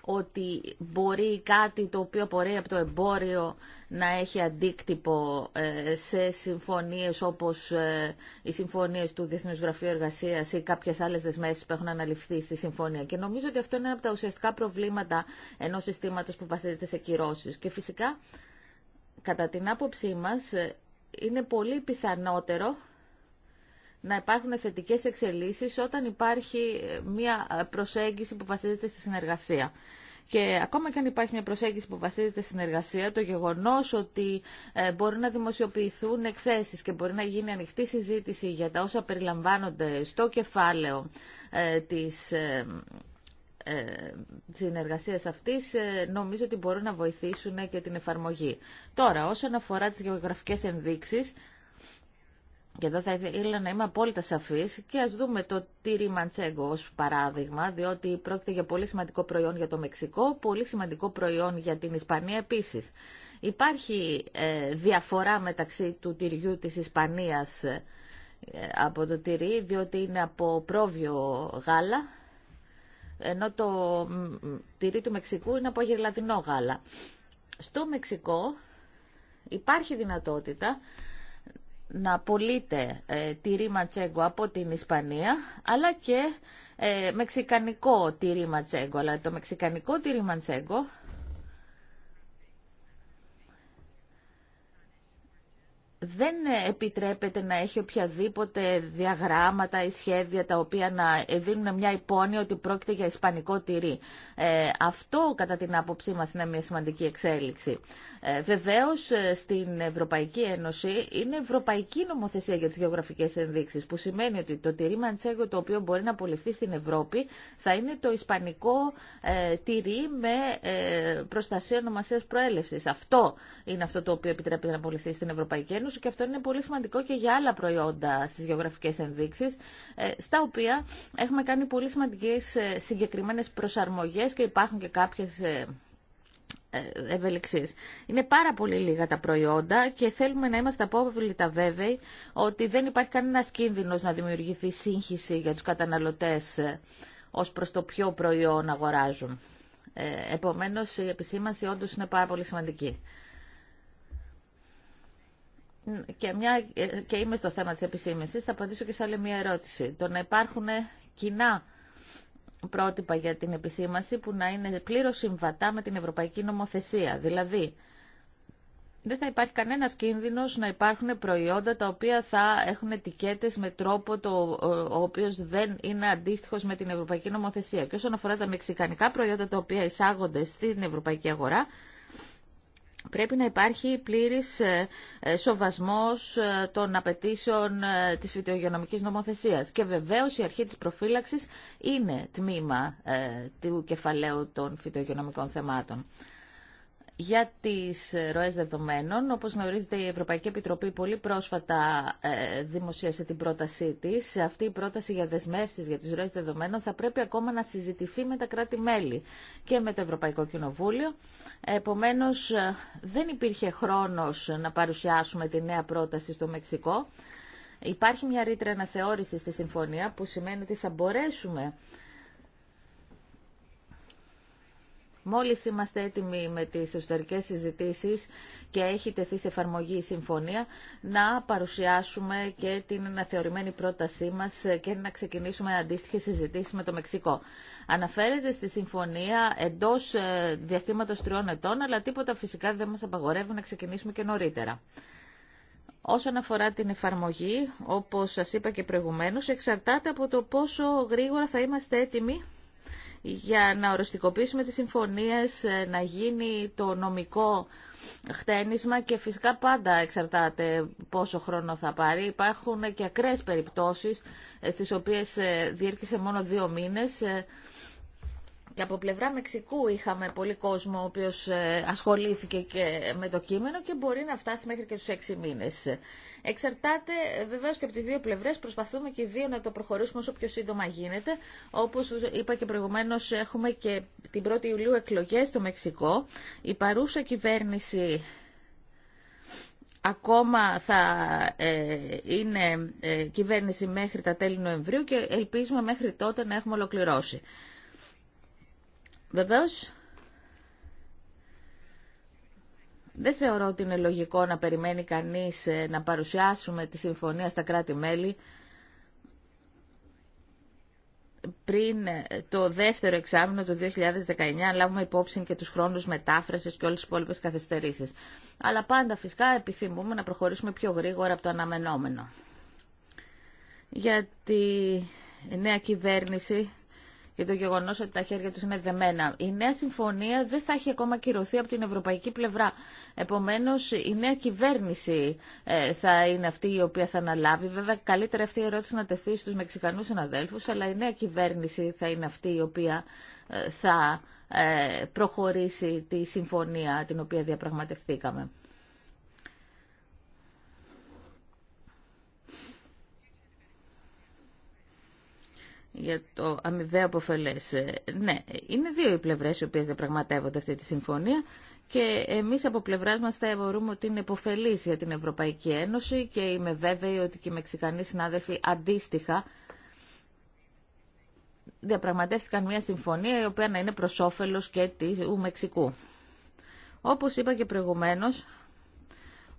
ότι μπορεί κάτι το οποίο μπορεί από το εμπόριο να έχει αντίκτυπο ε, σε συμφωνίες όπως ε, οι συμφωνίες του Διεθνούς Γραφείου Εργασίας ή κάποιες άλλες δεσμεύσεις που έχουν αναλυφθεί στη συμφωνία. Και νομίζω ότι αυτό είναι ένα από τα ουσιαστικά προβλήματα ενός συστήματος που βασίζεται σε κυρώσεις. Και φυσικά, κατά την άποψή μας, είναι πολύ πιθανότερο να υπάρχουν θετικές εξελίσεις όταν υπάρχει ε, μια ε, προσέγγιση που βασίζεται στη συνεργασία. Και ακόμα και αν υπάρχει μια προσέγγιση που βασίζεται στη συνεργασία, το γεγονό ότι ε, μπορεί να δημοσιοποιηθούν εκθέσει και μπορεί να γίνει ανοιχτή συζήτηση για τα όσα περιλαμβάνονται στο κεφάλαιο τη ε, συνεργασίας αυτής ε, νομίζω ότι μπορούν να βοηθήσουν και την εφαρμογή. Τώρα, όσον αφορά τις γεωγραφικές ενδείξεις, και εδώ θα ήθελα να είμαι απόλυτα σαφής και ας δούμε το τύρι μαντσέγκο ως παράδειγμα, διότι πρόκειται για πολύ σημαντικό προϊόν για το Μεξικό, πολύ σημαντικό προϊόν για την Ισπανία επίσης. Υπάρχει ε, διαφορά μεταξύ του τυριού της Ισπανίας από το τυρί, διότι είναι από πρόβιο γάλα ενώ το τυρί του Μεξικού είναι από γελαδινό γάλα. Στο Μεξικό υπάρχει δυνατότητα να πωλείται ε, τυρί ματσέγκο από την Ισπανία, αλλά και ε, μεξικανικό τυρί ματσέγκο. Αλλά το μεξικανικό τυρί ματσέγκο δεν επιτρέπεται να έχει οποιαδήποτε διαγράμματα ή σχέδια τα οποία να δίνουν μια υπόνοια ότι πρόκειται για ισπανικό τυρί. Ε, αυτό κατά την άποψή μας είναι μια σημαντική εξέλιξη. Ε, βεβαίως ε, στην Ευρωπαϊκή Ένωση είναι ευρωπαϊκή νομοθεσία για τις γεωγραφικές ενδείξεις που σημαίνει ότι το τυρί Μαντσέγκο το οποίο μπορεί να απολυθεί στην Ευρώπη θα είναι το ισπανικό ε, τυρί με προστασία ονομασίας προέλευσης. Αυτό είναι αυτό το οποίο επιτρέπεται να απολυθεί στην Ευρωπαϊκή Ένωση και αυτό είναι πολύ σημαντικό και για άλλα προϊόντα στις γεωγραφικές ενδείξεις, ε, στα οποία έχουμε κάνει πολύ σημαντικές ε, συγκεκριμένες προσαρμογές και υπάρχουν και κάποιες ε, ευελιξίες. Είναι πάρα πολύ λίγα τα προϊόντα και θέλουμε να είμαστε απόβλητα βέβαιοι ότι δεν υπάρχει κανένα κίνδυνος να δημιουργηθεί σύγχυση για τους καταναλωτές ως προς το ποιο προϊόν αγοράζουν. Επομένως, η επισήμανση όντως είναι πάρα πολύ σημαντική. Και, είμαι στο θέμα της επισήμησης, θα απαντήσω και σε άλλη μια ερώτηση. Το να υπάρχουν κοινά πρότυπα για την επισήμαση που να είναι πλήρως συμβατά με την Ευρωπαϊκή Νομοθεσία. Δηλαδή, δεν θα υπάρχει κανένας κίνδυνος να υπάρχουν προϊόντα τα οποία θα έχουν ετικέτες με τρόπο το, ο οποίος δεν είναι αντίστοιχος με την Ευρωπαϊκή Νομοθεσία. Και όσον αφορά τα μεξικανικά προϊόντα τα οποία εισάγονται στην Ευρωπαϊκή αγορά, πρέπει να υπάρχει πλήρης ε, ε, σοβασμός ε, των απαιτήσεων της φυτογειονομικής νομοθεσίας. Και βεβαίως η αρχή της προφύλαξης είναι τμήμα του κεφαλαίου των φυτογειονομικών θεμάτων για τις ε, ροές δεδομένων. Όπως γνωρίζετε η Ευρωπαϊκή Επιτροπή πολύ πρόσφατα ε, δημοσίευσε την πρότασή της. Αυτή η πρόταση για δεσμεύσεις για τις ροές δεδομένων θα πρέπει ακόμα να συζητηθεί με τα κράτη-μέλη και με το Ευρωπαϊκό Κοινοβούλιο. Επομένως ε, δεν υπήρχε χρόνος να παρουσιάσουμε τη νέα πρόταση στο Μεξικό. Υπάρχει μια ρήτρα αναθεώρηση στη συμφωνία που σημαίνει ότι θα μπορέσουμε Μόλις είμαστε έτοιμοι με τις εσωτερικές συζητήσεις και έχει τεθεί σε εφαρμογή η συμφωνία, να παρουσιάσουμε και την αναθεωρημένη πρότασή μας και να ξεκινήσουμε αντίστοιχες συζητήσεις με το Μεξικό. Αναφέρεται στη συμφωνία εντός ε, διαστήματος τριών ετών, αλλά τίποτα φυσικά δεν μας απαγορεύει να ξεκινήσουμε και νωρίτερα. Όσον αφορά την εφαρμογή, όπως σας είπα και προηγουμένως, εξαρτάται από το πόσο γρήγορα θα είμαστε έτοιμοι για να οριστικοποιήσουμε τις συμφωνίες, ε, να γίνει το νομικό χτένισμα και φυσικά πάντα εξαρτάται πόσο χρόνο θα πάρει. Υπάρχουν και ακραίες περιπτώσεις ε, στις οποίες ε, διέρχησε μόνο δύο μήνες. Και από πλευρά Μεξικού είχαμε πολύ κόσμο ο οποίος ασχολήθηκε και με το κείμενο και μπορεί να φτάσει μέχρι και τους έξι μήνες. Εξαρτάται ε, βεβαίω και από τι δύο πλευρέ. Προσπαθούμε και οι δύο να το προχωρήσουμε όσο πιο σύντομα γίνεται. Όπω είπα και προηγουμένω, έχουμε και την 1η Ιουλίου εκλογέ στο Μεξικό. Η παρούσα κυβέρνηση ακόμα θα ε, είναι ε, κυβέρνηση μέχρι τα τέλη Νοεμβρίου και ελπίζουμε μέχρι τότε να έχουμε ολοκληρώσει. Βεβαίως, Δεν θεωρώ ότι είναι λογικό να περιμένει κανείς ε, να παρουσιάσουμε τη συμφωνία στα κράτη-μέλη πριν ε, το δεύτερο εξάμεινο του 2019 λάβουμε υπόψη και τους χρόνους μετάφρασης και όλες τις υπόλοιπε καθυστερήσεις. Αλλά πάντα φυσικά επιθυμούμε να προχωρήσουμε πιο γρήγορα από το αναμενόμενο. Γιατί η νέα κυβέρνηση για το γεγονό ότι τα χέρια του είναι δεμένα. Η νέα συμφωνία δεν θα έχει ακόμα κυρωθεί από την ευρωπαϊκή πλευρά. Επομένω, η νέα κυβέρνηση ε, θα είναι αυτή η οποία θα αναλάβει. Βέβαια, καλύτερα αυτή η ερώτηση να τεθεί στου Μεξικανού συναδέλφου, αλλά η νέα κυβέρνηση θα είναι αυτή η οποία ε, θα ε, προχωρήσει τη συμφωνία την οποία διαπραγματευθήκαμε. για το αμοιβαίο αποφελέ. Ε, ναι, είναι δύο οι πλευρές οι οποίες διαπραγματεύονται αυτή τη συμφωνία και εμείς από πλευράς μας θεωρούμε ότι είναι υποφελή για την Ευρωπαϊκή Ένωση και είμαι βέβαιη ότι και οι Μεξικανοί συνάδελφοι αντίστοιχα διαπραγματεύτηκαν μια συμφωνία η οποία να είναι προ όφελο και του Μεξικού. Όπω είπα και προηγουμένω.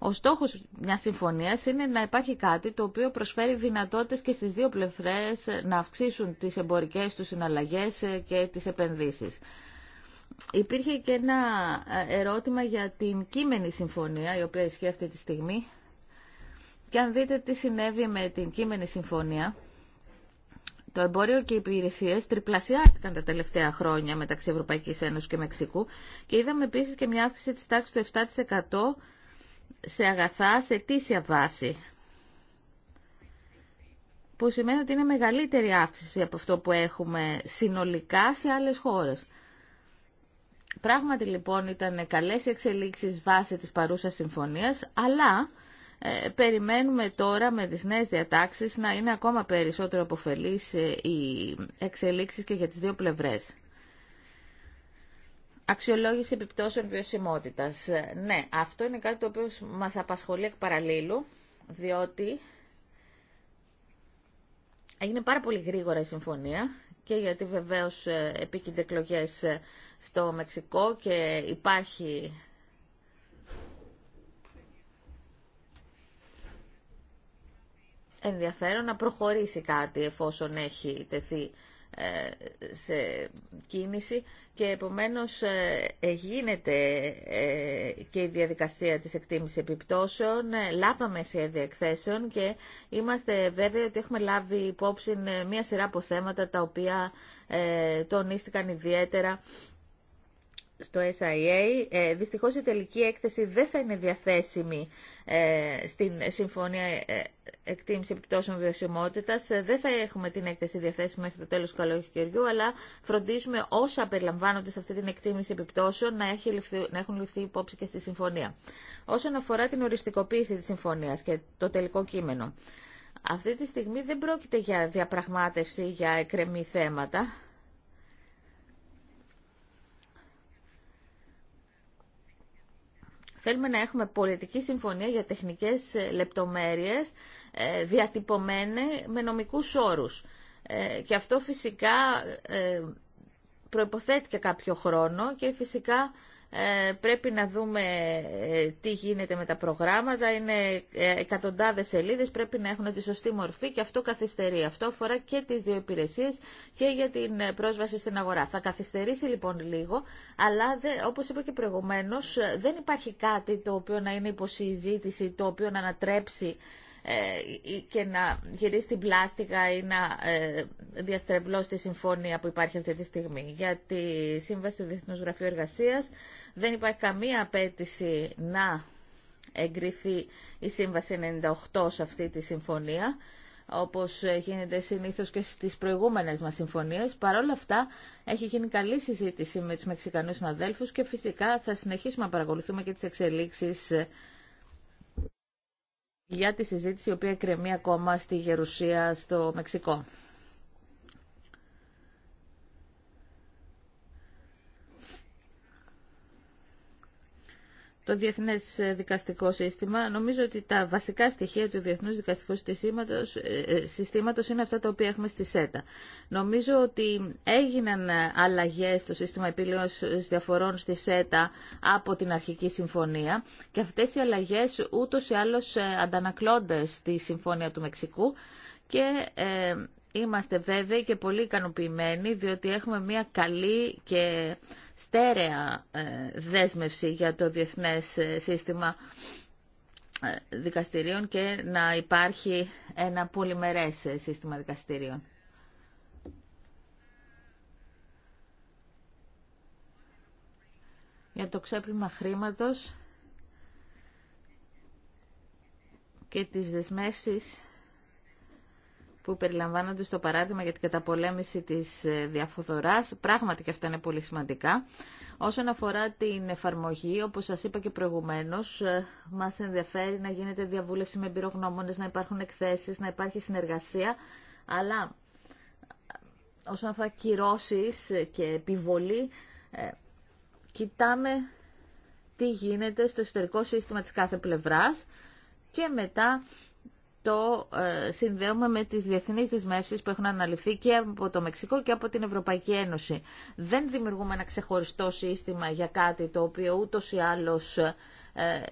Ο στόχο μια συμφωνία είναι να υπάρχει κάτι το οποίο προσφέρει δυνατότητε και στι δύο πλευρέ να αυξήσουν τι εμπορικέ του συναλλαγές και τι επενδύσει. Υπήρχε και ένα ερώτημα για την κείμενη συμφωνία, η οποία ισχύει αυτή τη στιγμή. Και αν δείτε τι συνέβη με την κείμενη συμφωνία, το εμπόριο και οι υπηρεσίε τριπλασιάστηκαν τα τελευταία χρόνια μεταξύ Ευρωπαϊκή Ένωση και Μεξικού και είδαμε επίση και μια αύξηση τη τάξη του 7% σε αγαθά σε τήσια βάση που σημαίνει ότι είναι μεγαλύτερη αύξηση από αυτό που έχουμε συνολικά σε άλλες χώρες. Πράγματι λοιπόν ήταν καλές οι εξελίξεις βάσει της παρούσας συμφωνίας, αλλά ε, περιμένουμε τώρα με τις νέες διατάξεις να είναι ακόμα περισσότερο αποφελείς ε, οι εξελίξεις και για τις δύο πλευρές. Αξιολόγηση επιπτώσεων βιωσιμότητα. Ε, ναι, αυτό είναι κάτι το οποίο μας απασχολεί εκ παραλίλου, διότι έγινε πάρα πολύ γρήγορα η συμφωνία και γιατί βεβαίως ε, επίκυνται εκλογέ ε, στο Μεξικό και υπάρχει ενδιαφέρον να προχωρήσει κάτι εφόσον έχει τεθεί ε, σε κίνηση και επομένως ε, γίνεται ε, και η διαδικασία της εκτίμησης επιπτώσεων. Λάβαμε σχέδια εκθέσεων και είμαστε βέβαιοι ότι έχουμε λάβει υπόψη μια σειρά από θέματα τα οποία τονίστηκαν ιδιαίτερα στο SIA. Ε, δυστυχώς η τελική έκθεση δεν θα είναι διαθέσιμη ε, στην Συμφωνία ε, Εκτίμηση Επιπτώσεων Βιωσιμότητας. Ε, δεν θα έχουμε την έκθεση διαθέσιμη μέχρι το τέλος του καλοκαιριού, αλλά φροντίζουμε όσα περιλαμβάνονται σε αυτή την εκτίμηση επιπτώσεων να, έχει ληφθεί, να έχουν ληφθεί υπόψη και στη Συμφωνία. Όσον αφορά την οριστικοποίηση της Συμφωνίας και το τελικό κείμενο, αυτή τη στιγμή δεν πρόκειται για διαπραγμάτευση για εκρεμή θέματα. Θέλουμε να έχουμε πολιτική συμφωνία για τεχνικές ε, λεπτομέρειες ε, διατυπωμένε με νομικούς όρους. Ε, και αυτό φυσικά προϋποθέτει και κάποιο χρόνο και φυσικά ε, πρέπει να δούμε ε, τι γίνεται με τα προγράμματα. Είναι ε, εκατοντάδες σελίδες, πρέπει να έχουν τη σωστή μορφή και αυτό καθυστερεί. Αυτό αφορά και τις δύο υπηρεσίες και για την πρόσβαση στην αγορά. Θα καθυστερήσει λοιπόν λίγο, αλλά δε, όπως είπα και προηγουμένως δεν υπάρχει κάτι το οποίο να είναι υποσυζήτηση, το οποίο να ανατρέψει ε, και να γυρίσει την πλάστικα ή να ε, διαστρεβλώσει τη συμφωνία που υπάρχει αυτή τη στιγμή. Για τη Σύμβαση του Διεθνούς Γραφείου Εργασίας δεν υπάρχει καμία απέτηση να εγκριθεί η Σύμβαση 98 σε αυτή τη συμφωνία όπως γίνεται συνήθως και στις προηγούμενες μας συμφωνίες. Παρ' όλα αυτά έχει γίνει καλή συζήτηση με τους Μεξικανούς συναδέλφους και φυσικά θα συνεχίσουμε να παρακολουθούμε και τις εξελίξεις ε, για τη συζήτηση η οποία κρεμεί ακόμα στη Γερουσία στο Μεξικό. το διεθνές ε, δικαστικό σύστημα. Νομίζω ότι τα βασικά στοιχεία του διεθνούς δικαστικού συστήματος, ε, ε, είναι αυτά τα οποία έχουμε στη ΣΕΤΑ. Νομίζω ότι έγιναν αλλαγές στο σύστημα επίλυσης διαφορών στη ΣΕΤΑ από την αρχική συμφωνία και αυτές οι αλλαγές ούτως ή άλλως αντανακλώνται στη Συμφωνία του Μεξικού και Είμαστε βέβαιοι και πολύ ικανοποιημένοι διότι έχουμε μια καλή και στέρεα ε, δέσμευση για το διεθνές ε, σύστημα ε, δικαστηρίων και να υπάρχει ένα πολυμερές σύστημα δικαστηρίων. Για το ξέπλυμα χρήματος και τις δεσμεύσεις που περιλαμβάνονται στο παράδειγμα για την καταπολέμηση της ε, διαφοδοράς. Πράγματι και αυτά είναι πολύ σημαντικά. Όσον αφορά την εφαρμογή, όπως σας είπα και προηγουμένως, ε, μας ενδιαφέρει να γίνεται διαβούλευση με εμπειρογνώμονες, να υπάρχουν εκθέσεις, να υπάρχει συνεργασία, αλλά ε, όσον αφορά κυρώσεις και επιβολή, κοιτάμε τι γίνεται στο ιστορικό σύστημα της κάθε πλευράς και μετά το ε, συνδέουμε με τις διεθνείς δεσμεύσεις που έχουν αναλυθεί και από το Μεξικό και από την Ευρωπαϊκή Ένωση. Δεν δημιουργούμε ένα ξεχωριστό σύστημα για κάτι το οποίο ούτως ή άλλως ε,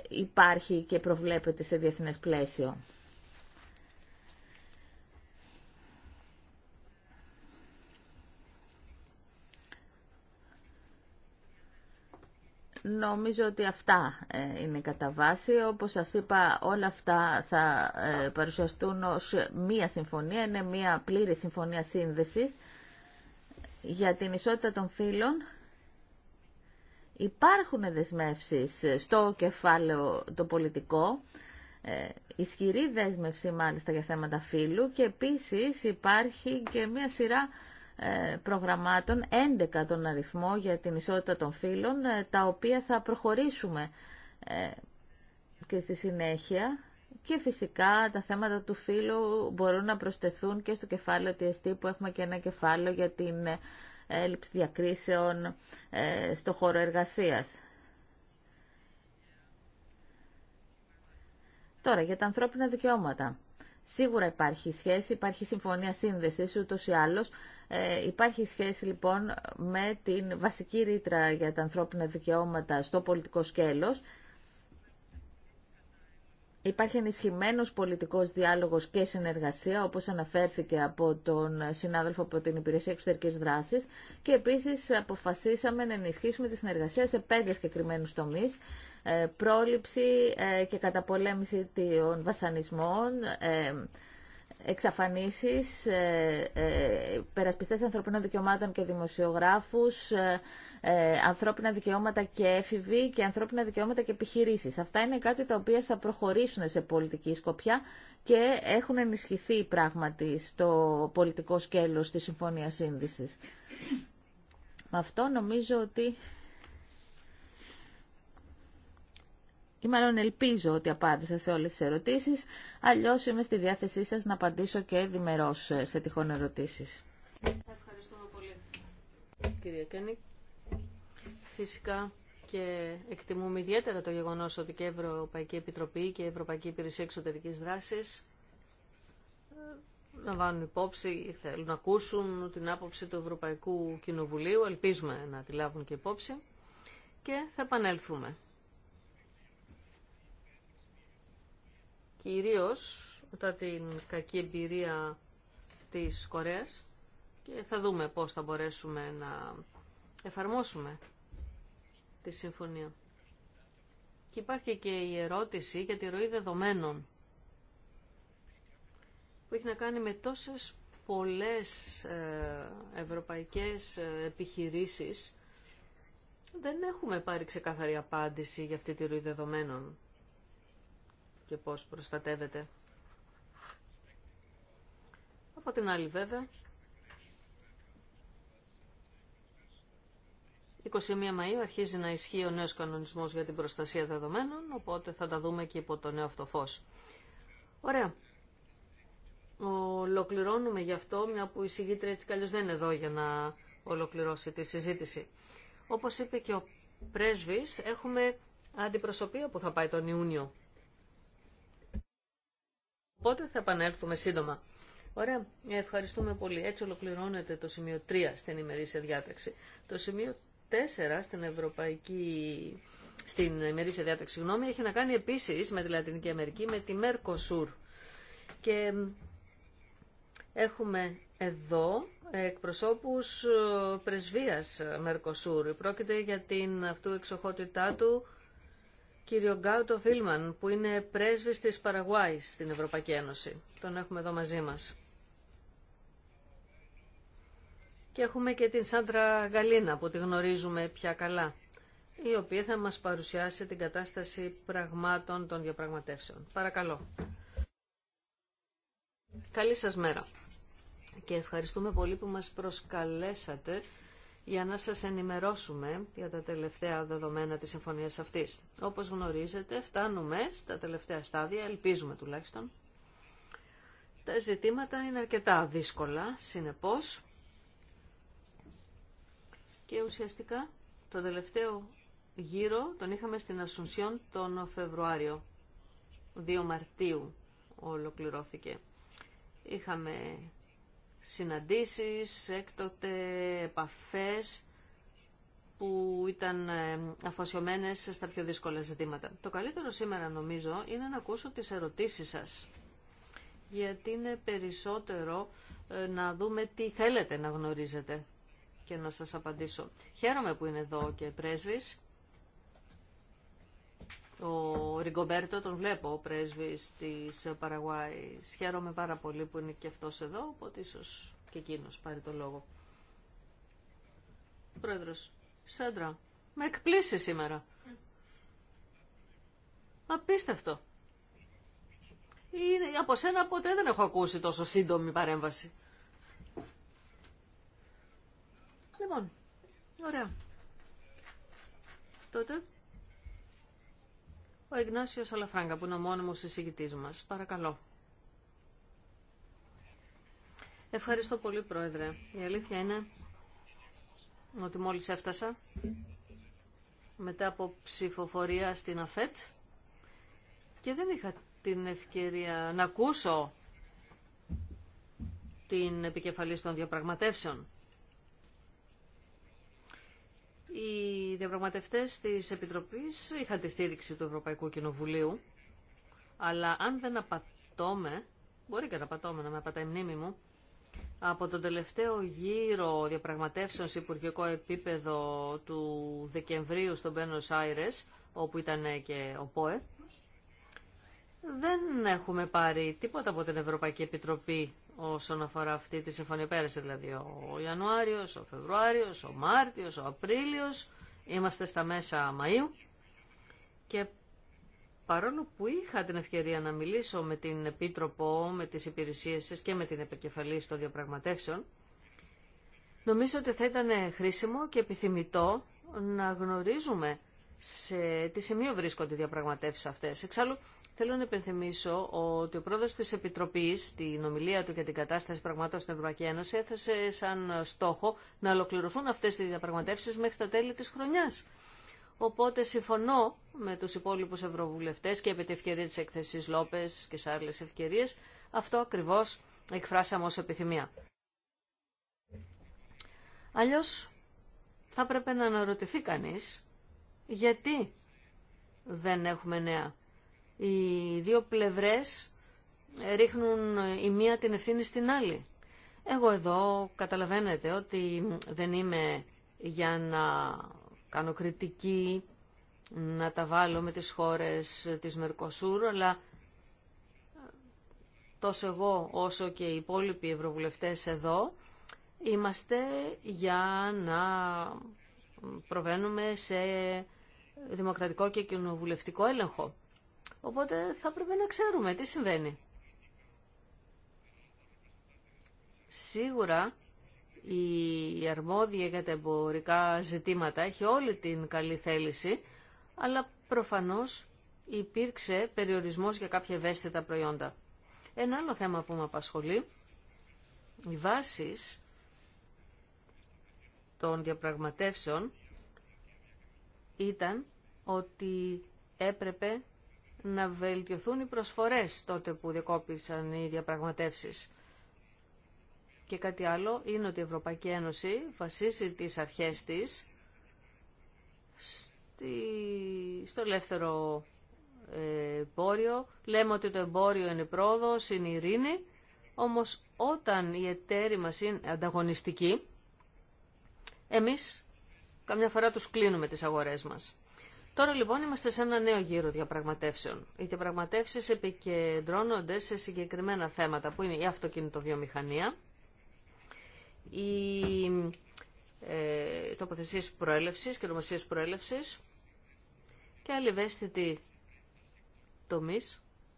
υπάρχει και προβλέπεται σε διεθνές πλαίσιο. Νομίζω ότι αυτά ε, είναι κατά βάση. Όπως σας είπα, όλα αυτά θα ε, παρουσιαστούν ως μία συμφωνία. Είναι μία πλήρη συμφωνία σύνδεσης για την ισότητα των φύλων. Υπάρχουν δεσμεύσεις στο κεφάλαιο το πολιτικό, ε, ισχυρή δέσμευση μάλιστα για θέματα φύλου και επίσης υπάρχει και μία σειρά ε, προγραμμάτων, 11 τον αριθμό για την ισότητα των φύλων, ε, τα οποία θα προχωρήσουμε ε, και στη συνέχεια. Και φυσικά τα θέματα του φύλου μπορούν να προσθεθούν και στο κεφάλαιο TST που έχουμε και ένα κεφάλαιο για την έλλειψη διακρίσεων στο χώρο εργασίας. Τώρα, για τα ανθρώπινα δικαιώματα. Σίγουρα υπάρχει σχέση, υπάρχει συμφωνία σύνδεσης ούτως ή άλλως. Ε, υπάρχει σχέση λοιπόν με την βασική ρήτρα για τα ανθρώπινα δικαιώματα στο πολιτικό σκέλος. Υπάρχει ενισχυμένο πολιτικός διάλογος και συνεργασία, όπως αναφέρθηκε από τον συνάδελφο από την Υπηρεσία Εξωτερικής Δράσης και επίσης αποφασίσαμε να ενισχύσουμε τη συνεργασία σε πέντε συγκεκριμένου τομείς ε, πρόληψη ε, και καταπολέμηση των βασανισμών, ε, εξαφανίσεις, περασπιστές ανθρωπίνων δικαιωμάτων και δημοσιογράφους, ανθρώπινα δικαιώματα και έφηβοι και ανθρώπινα δικαιώματα και επιχειρήσεις. Αυτά είναι κάτι τα οποία θα προχωρήσουν σε πολιτική σκοπιά και έχουν ενισχυθεί πράγματι στο πολιτικό σκέλος της Συμφωνίας Σύνδεσης. Με αυτό νομίζω ότι ή μάλλον ελπίζω ότι απάντησα σε όλες τις ερωτήσεις, αλλιώς είμαι στη διάθεσή σας να απαντήσω και διμερώς σε τυχόν ερωτήσεις. Ευχαριστούμε πολύ, κυρία Κένη. Φυσικά και εκτιμούμε ιδιαίτερα το γεγονός ότι και η Ευρωπαϊκή Επιτροπή και η Ευρωπαϊκή Υπηρεσία Εξωτερικής Δράσης ε, βάλουν υπόψη, ή θέλουν να ακούσουν την άποψη του Ευρωπαϊκού Κοινοβουλίου, ελπίζουμε να τη λάβουν και υπόψη και θα επανέλθουμε κυρίως μετά την κακή εμπειρία της Κορέας και θα δούμε πώς θα μπορέσουμε να εφαρμόσουμε τη συμφωνία. Και υπάρχει και η ερώτηση για τη ροή δεδομένων που έχει να κάνει με τόσες πολλές ε, ευρωπαϊκές ε, επιχειρήσεις δεν έχουμε πάρει ξεκαθαρή απάντηση για αυτή τη ροή δεδομένων και πώς προστατεύεται. Από την άλλη βέβαια, 21 Μαΐου αρχίζει να ισχύει ο νέος κανονισμός για την προστασία δεδομένων, οπότε θα τα δούμε και υπό το νέο αυτό φως. Ωραία. Ολοκληρώνουμε γι' αυτό, μια που η συγγήτρια έτσι καλώς δεν είναι εδώ για να ολοκληρώσει τη συζήτηση. Όπως είπε και ο πρέσβης, έχουμε αντιπροσωπεία που θα πάει τον Ιούνιο Οπότε θα επανέλθουμε σύντομα. Ωραία, ευχαριστούμε πολύ. Έτσι ολοκληρώνεται το σημείο 3 στην ημερήσια διάταξη. Το σημείο 4 στην Ευρωπαϊκή στην ημερήσια διάταξη γνώμη έχει να κάνει επίσης με τη Λατινική Αμερική, με τη Mercosur. Και έχουμε εδώ εκπροσώπους ε, πρεσβείας Mercosur. Πρόκειται για την αυτού εξοχότητά του κύριο Γκάουτο Βίλμαν, που είναι πρέσβης της Παραγουάης στην Ευρωπαϊκή Ένωση. Τον έχουμε εδώ μαζί μας. Και έχουμε και την Σάντρα Γαλίνα, που τη γνωρίζουμε πια καλά, η οποία θα μας παρουσιάσει την κατάσταση πραγμάτων των διαπραγματεύσεων. Παρακαλώ. Καλή σας μέρα. Και ευχαριστούμε πολύ που μας προσκαλέσατε για να σας ενημερώσουμε για τα τελευταία δεδομένα της συμφωνίας αυτής. Όπως γνωρίζετε, φτάνουμε στα τελευταία στάδια, ελπίζουμε τουλάχιστον. Τα ζητήματα είναι αρκετά δύσκολα, συνεπώς. Και ουσιαστικά, το τελευταίο γύρο τον είχαμε στην Ασουνσιόν τον Φεβρουάριο. 2 Μαρτίου ολοκληρώθηκε. Είχαμε συναντήσεις, έκτοτε επαφές που ήταν ε, αφοσιωμένες στα πιο δύσκολα ζητήματα. Το καλύτερο σήμερα νομίζω είναι να ακούσω τις ερωτήσεις σας, γιατί είναι περισσότερο ε, να δούμε τι θέλετε να γνωρίζετε και να σας απαντήσω. Χαίρομαι που είναι εδώ και πρέσβης ο Ριγκομπέρτο τον βλέπω, ο πρέσβης της Παραγουάη. Χαίρομαι πάρα πολύ που είναι και αυτός εδώ, οπότε ίσως και εκείνος πάρει το λόγο. Πρόεδρος, Σέντρα, με εκπλήσει σήμερα. Απίστευτο. Είναι, από σένα ποτέ δεν έχω ακούσει τόσο σύντομη παρέμβαση. Λοιπόν, ωραία. Τότε ο Ιγνάσιο Αλαφράγκα που είναι ο μόνιμο εισηγητής μα. Παρακαλώ. Ευχαριστώ πολύ Πρόεδρε. Η αλήθεια είναι ότι μόλις έφτασα μετά από ψηφοφορία στην ΑΦΕΤ και δεν είχα την ευκαιρία να ακούσω την επικεφαλής των διαπραγματεύσεων. Οι διαπραγματευτές της Επιτροπής είχαν τη στήριξη του Ευρωπαϊκού Κοινοβουλίου, αλλά αν δεν απατώμε, μπορεί και να απατώμε να με απατάει μνήμη μου, από τον τελευταίο γύρο διαπραγματεύσεων σε υπουργικό επίπεδο του Δεκεμβρίου στον Πένο, Άιρες, όπου ήταν και ο ΠΟΕ, δεν έχουμε πάρει τίποτα από την Ευρωπαϊκή Επιτροπή όσον αφορά αυτή τη συμφωνία. Πέρασε δηλαδή ο Ιανουάριος, ο Φεβρουάριος, ο Μάρτιος, ο Απρίλιος. Είμαστε στα μέσα Μαΐου και παρόλο που είχα την ευκαιρία να μιλήσω με την Επίτροπο, με τις υπηρεσίες σας και με την επικεφαλής των διαπραγματεύσεων, νομίζω ότι θα ήταν χρήσιμο και επιθυμητό να γνωρίζουμε σε τι σημείο βρίσκονται οι διαπραγματεύσεις αυτές. Εξάλλου, Θέλω να υπενθυμίσω ότι ο πρόεδρος της Επιτροπής, στην ομιλία του για την κατάσταση πραγμάτων στην Ευρωπαϊκή Ένωση, έθεσε σαν στόχο να ολοκληρωθούν αυτές οι διαπραγματεύσεις μέχρι τα τέλη της χρονιάς. Οπότε συμφωνώ με τους υπόλοιπους ευρωβουλευτές και επί τη ευκαιρία της εκθεσής Λόπες και σε άλλες ευκαιρίες. Αυτό ακριβώς εκφράσαμε ως επιθυμία. Αλλιώς θα πρέπει να αναρωτηθεί κανείς γιατί δεν έχουμε νέα οι δύο πλευρές ρίχνουν η μία την ευθύνη στην άλλη. Εγώ εδώ καταλαβαίνετε ότι δεν είμαι για να κάνω κριτική, να τα βάλω με τις χώρες της Μερκοσούρ, αλλά τόσο εγώ όσο και οι υπόλοιποι ευρωβουλευτές εδώ είμαστε για να προβαίνουμε σε δημοκρατικό και κοινοβουλευτικό έλεγχο. Οπότε θα πρέπει να ξέρουμε τι συμβαίνει. Σίγουρα η αρμόδια για τα εμπορικά ζητήματα έχει όλη την καλή θέληση, αλλά προφανώς υπήρξε περιορισμός για κάποια ευαίσθητα προϊόντα. Ένα άλλο θέμα που με απασχολεί, οι βάσεις των διαπραγματεύσεων ήταν ότι έπρεπε να βελτιωθούν οι προσφορές τότε που διακόπησαν οι διαπραγματεύσεις. Και κάτι άλλο είναι ότι η Ευρωπαϊκή Ένωση βασίζει τις αρχές της στο ελεύθερο ε, εμπόριο. Λέμε ότι το εμπόριο είναι πρόοδος, είναι ειρήνη, όμως όταν οι εταίροι μας είναι ανταγωνιστικοί, εμείς καμιά φορά τους κλείνουμε τις αγορές μας. Τώρα λοιπόν είμαστε σε ένα νέο γύρο διαπραγματεύσεων. Οι διαπραγματεύσει επικεντρώνονται σε συγκεκριμένα θέματα που είναι η αυτοκινητοβιομηχανία, οι ε, τοποθεσίε προέλευση και ονομασίε προέλευση και άλλοι ευαίσθητοι τομεί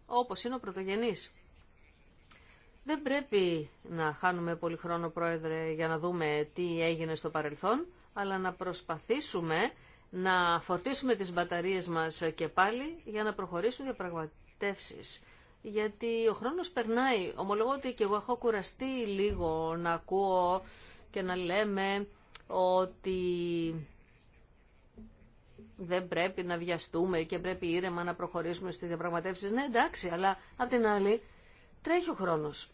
όπω είναι ο πρωτογενή. Δεν πρέπει να χάνουμε πολύ χρόνο, Πρόεδρε, για να δούμε τι έγινε στο παρελθόν, αλλά να προσπαθήσουμε να φορτίσουμε τις μπαταρίες μας και πάλι για να προχωρήσουν διαπραγματεύσεις. Γιατί ο χρόνος περνάει. Ομολογώ ότι και εγώ έχω κουραστεί λίγο να ακούω και να λέμε ότι δεν πρέπει να βιαστούμε και πρέπει ήρεμα να προχωρήσουμε στις διαπραγματεύσεις. Ναι, εντάξει, αλλά απ' την άλλη τρέχει ο χρόνος.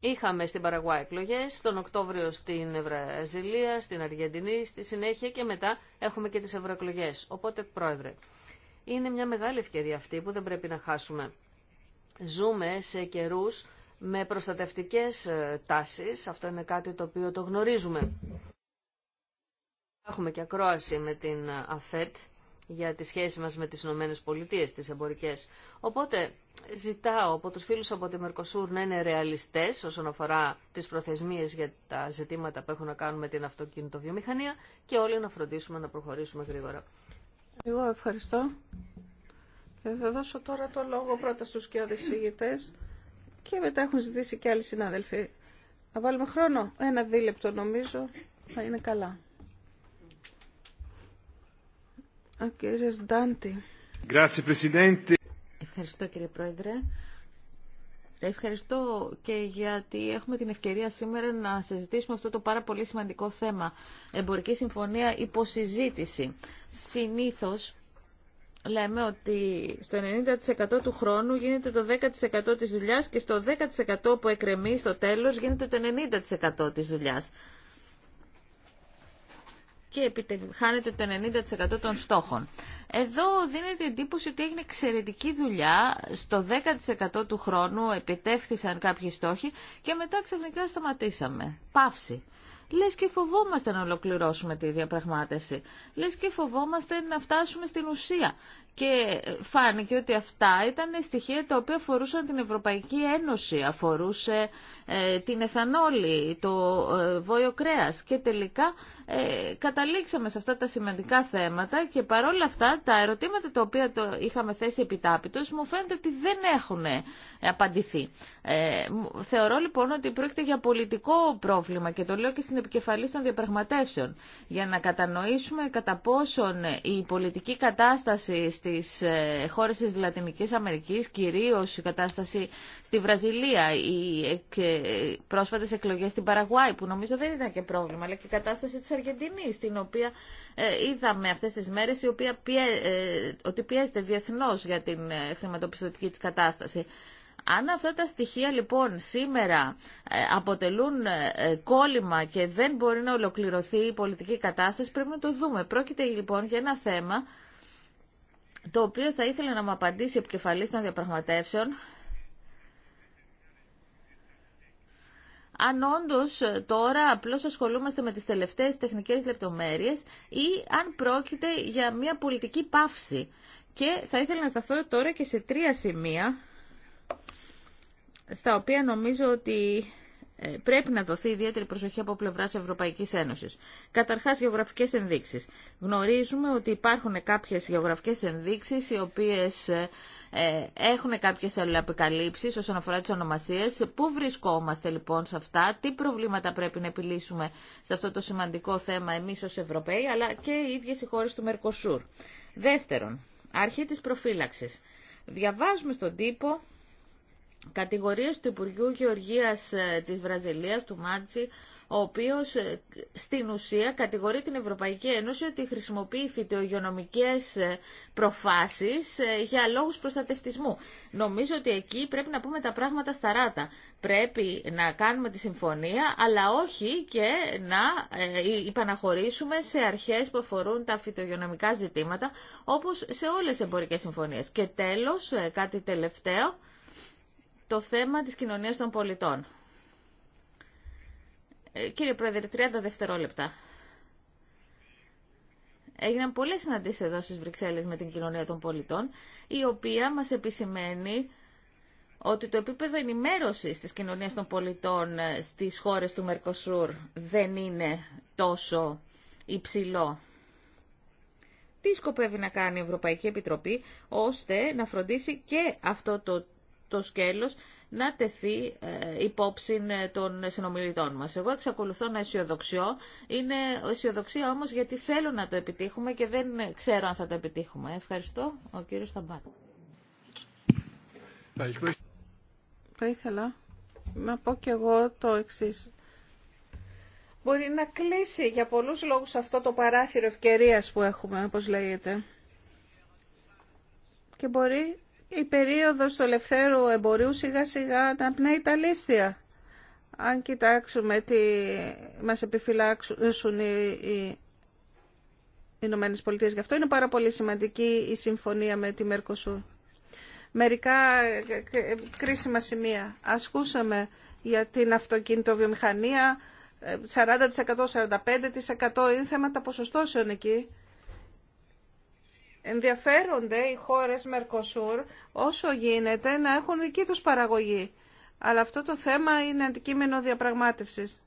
Είχαμε στην Παραγουά εκλογέ, τον Οκτώβριο στην Βραζιλία, στην Αργεντινή, στη συνέχεια και μετά έχουμε και τις ευρωεκλογέ. Οπότε, Πρόεδρε, είναι μια μεγάλη ευκαιρία αυτή που δεν πρέπει να χάσουμε. Ζούμε σε καιρού με προστατευτικές ε, τάσεις, αυτό είναι κάτι το οποίο το γνωρίζουμε. Έχουμε και ακρόαση με την ε, ΑΦΕΤ για τη σχέση μας με τις Ηνωμένε Πολιτείε, τις εμπορικές. Οπότε ζητάω από τους φίλους από τη Μερκοσούρ να είναι ρεαλιστές όσον αφορά τις προθεσμίες για τα ζητήματα που έχουν να κάνουν με την αυτοκινητοβιομηχανία και όλοι να φροντίσουμε να προχωρήσουμε γρήγορα. Εγώ ευχαριστώ. Ε, θα δώσω τώρα το λόγο πρώτα στους και οδησίγητες και μετά έχουν ζητήσει και άλλοι συνάδελφοι. Να βάλουμε χρόνο. Ένα δίλεπτο νομίζω θα είναι καλά. Ευχαριστώ κύριε Πρόεδρε. Ευχαριστώ και γιατί έχουμε την ευκαιρία σήμερα να συζητήσουμε αυτό το πάρα πολύ σημαντικό θέμα. Εμπορική συμφωνία υποσυζήτηση. Συνήθως λέμε ότι στο 90% του χρόνου γίνεται το 10% της δουλειάς και στο 10% που εκρεμεί στο τέλος γίνεται το 90% της δουλειάς και χάνεται το 90% των στόχων. Εδώ δίνεται εντύπωση ότι έγινε εξαιρετική δουλειά, στο 10% του χρόνου επιτεύχθησαν κάποιοι στόχοι και μετά ξαφνικά σταματήσαμε. Παύση. Λες και φοβόμαστε να ολοκληρώσουμε τη διαπραγμάτευση. Λες και φοβόμαστε να φτάσουμε στην ουσία. Και φάνηκε ότι αυτά ήταν στοιχεία τα οποία αφορούσαν την Ευρωπαϊκή Ένωση, αφορούσε ε, την εθανόλη, το ε, βόλιο κρέας και τελικά ε, καταλήξαμε σε αυτά τα σημαντικά θέματα και παρόλα αυτά τα ερωτήματα τα οποία το είχαμε θέσει επιτάπητος μου φαίνεται ότι δεν έχουν απαντηθεί. Θεωρώ λοιπόν ότι πρόκειται για πολιτικό πρόβλημα και το λέω και στην επικεφαλή των διαπραγματεύσεων για να κατανοήσουμε κατά πόσον η πολιτική κατάσταση στις χώρες της Λατινικής Αμερικής, κυρίως η κατάσταση στη Βραζιλία, οι πρόσφατες εκλογές στην Παραγουάη, που νομίζω δεν ήταν και πρόβλημα, αλλά και η κατάσταση της Αργεντινής, την οποία ε, είδαμε αυτές τις μέρες, η οποία πιέ, ε, ότι πιέζεται διεθνώς για την ε, χρηματοπιστωτική της κατάσταση. Αν αυτά τα στοιχεία λοιπόν σήμερα αποτελούν κόλλημα και δεν μπορεί να ολοκληρωθεί η πολιτική κατάσταση, πρέπει να το δούμε. Πρόκειται λοιπόν για ένα θέμα το οποίο θα ήθελα να μου απαντήσει επικεφαλής των διαπραγματεύσεων αν όντω ε, τώρα απλώ ασχολούμαστε με τις τελευταίε τεχνικές λεπτομέρειες ή αν πρόκειται για μια πολιτική παύση. Και θα ήθελα να σταθώ τώρα και σε τρία σημεία στα οποία νομίζω ότι ε, πρέπει να δοθεί ιδιαίτερη προσοχή από πλευρά Ευρωπαϊκή Ένωση. Καταρχά, γεωγραφικέ ενδείξει. Γνωρίζουμε ότι υπάρχουν κάποιε γεωγραφικέ ενδείξει οι οποίε ε, ε, Έχουν κάποιες αλληλεπικαλύψεις όσον αφορά τις ονομασίες. Πού βρισκόμαστε λοιπόν σε αυτά, τι προβλήματα πρέπει να επιλύσουμε σε αυτό το σημαντικό θέμα εμείς ως Ευρωπαίοι, αλλά και οι ίδιες οι χώρες του Μερκοσούρ. Δεύτερον, αρχή της προφύλαξης. Διαβάζουμε στον τύπο κατηγορίες του Υπουργείου Γεωργίας ε, της Βραζιλίας, του Μάτζη, ο οποίος ε, στην ουσία κατηγορεί την Ευρωπαϊκή Ένωση ότι χρησιμοποιεί φυτογειονομικές ε, προφάσεις ε, για λόγους προστατευτισμού. Νομίζω ότι εκεί πρέπει να πούμε τα πράγματα στα ράτα. Πρέπει να κάνουμε τη συμφωνία, αλλά όχι και να υπαναχωρήσουμε σε αρχές που αφορούν τα φυτογειονομικά ζητήματα, όπως σε όλες τις εμπορικές συμφωνίες. Και τέλος, κάτι τελευταίο, το θέμα της κοινωνίας των πολιτών. Ε, κύριε Πρόεδρε, 30 δευτερόλεπτα. Έγιναν πολλές συναντήσεις εδώ στις Βρυξέλλες με την κοινωνία των πολιτών, η οποία μας επισημαίνει ότι το επίπεδο ενημέρωση της κοινωνίας των πολιτών ε, στις χώρες του Μερκοσούρ δεν είναι τόσο υψηλό. Τι σκοπεύει να κάνει η Ευρωπαϊκή Επιτροπή ώστε να φροντίσει και αυτό το, το σκέλος να τεθεί ε, υπόψη ε, των συνομιλητών μας. Εγώ εξακολουθώ να αισιοδοξιώ. Είναι αισιοδοξία όμως γιατί θέλω να το επιτύχουμε και δεν ξέρω αν θα το επιτύχουμε. Ευχαριστώ. Ο κύριος Σταμπάν. Θα ήθελα να πω και εγώ το εξής. Μπορεί να κλείσει για πολλούς λόγους αυτό το παράθυρο ευκαιρίας που έχουμε, όπως λέγεται. Και μπορεί η περίοδος του ελευθέρου εμπορίου σιγά σιγά αναπνέει τα λίστια. Αν κοιτάξουμε τι μας επιφυλάξουν οι Ηνωμένε Πολιτείε. Γι' αυτό είναι πάρα πολύ σημαντική η συμφωνία με τη μέρκοσού. Μερικά κρίσιμα σημεία. Ασκούσαμε για την αυτοκινητοβιομηχανία 40%, ε, 45% είναι θέματα ποσοστώσεων εκεί ενδιαφέρονται οι χώρες Μερκοσούρ όσο γίνεται να έχουν δική τους παραγωγή. Αλλά αυτό το θέμα είναι αντικείμενο διαπραγμάτευσης.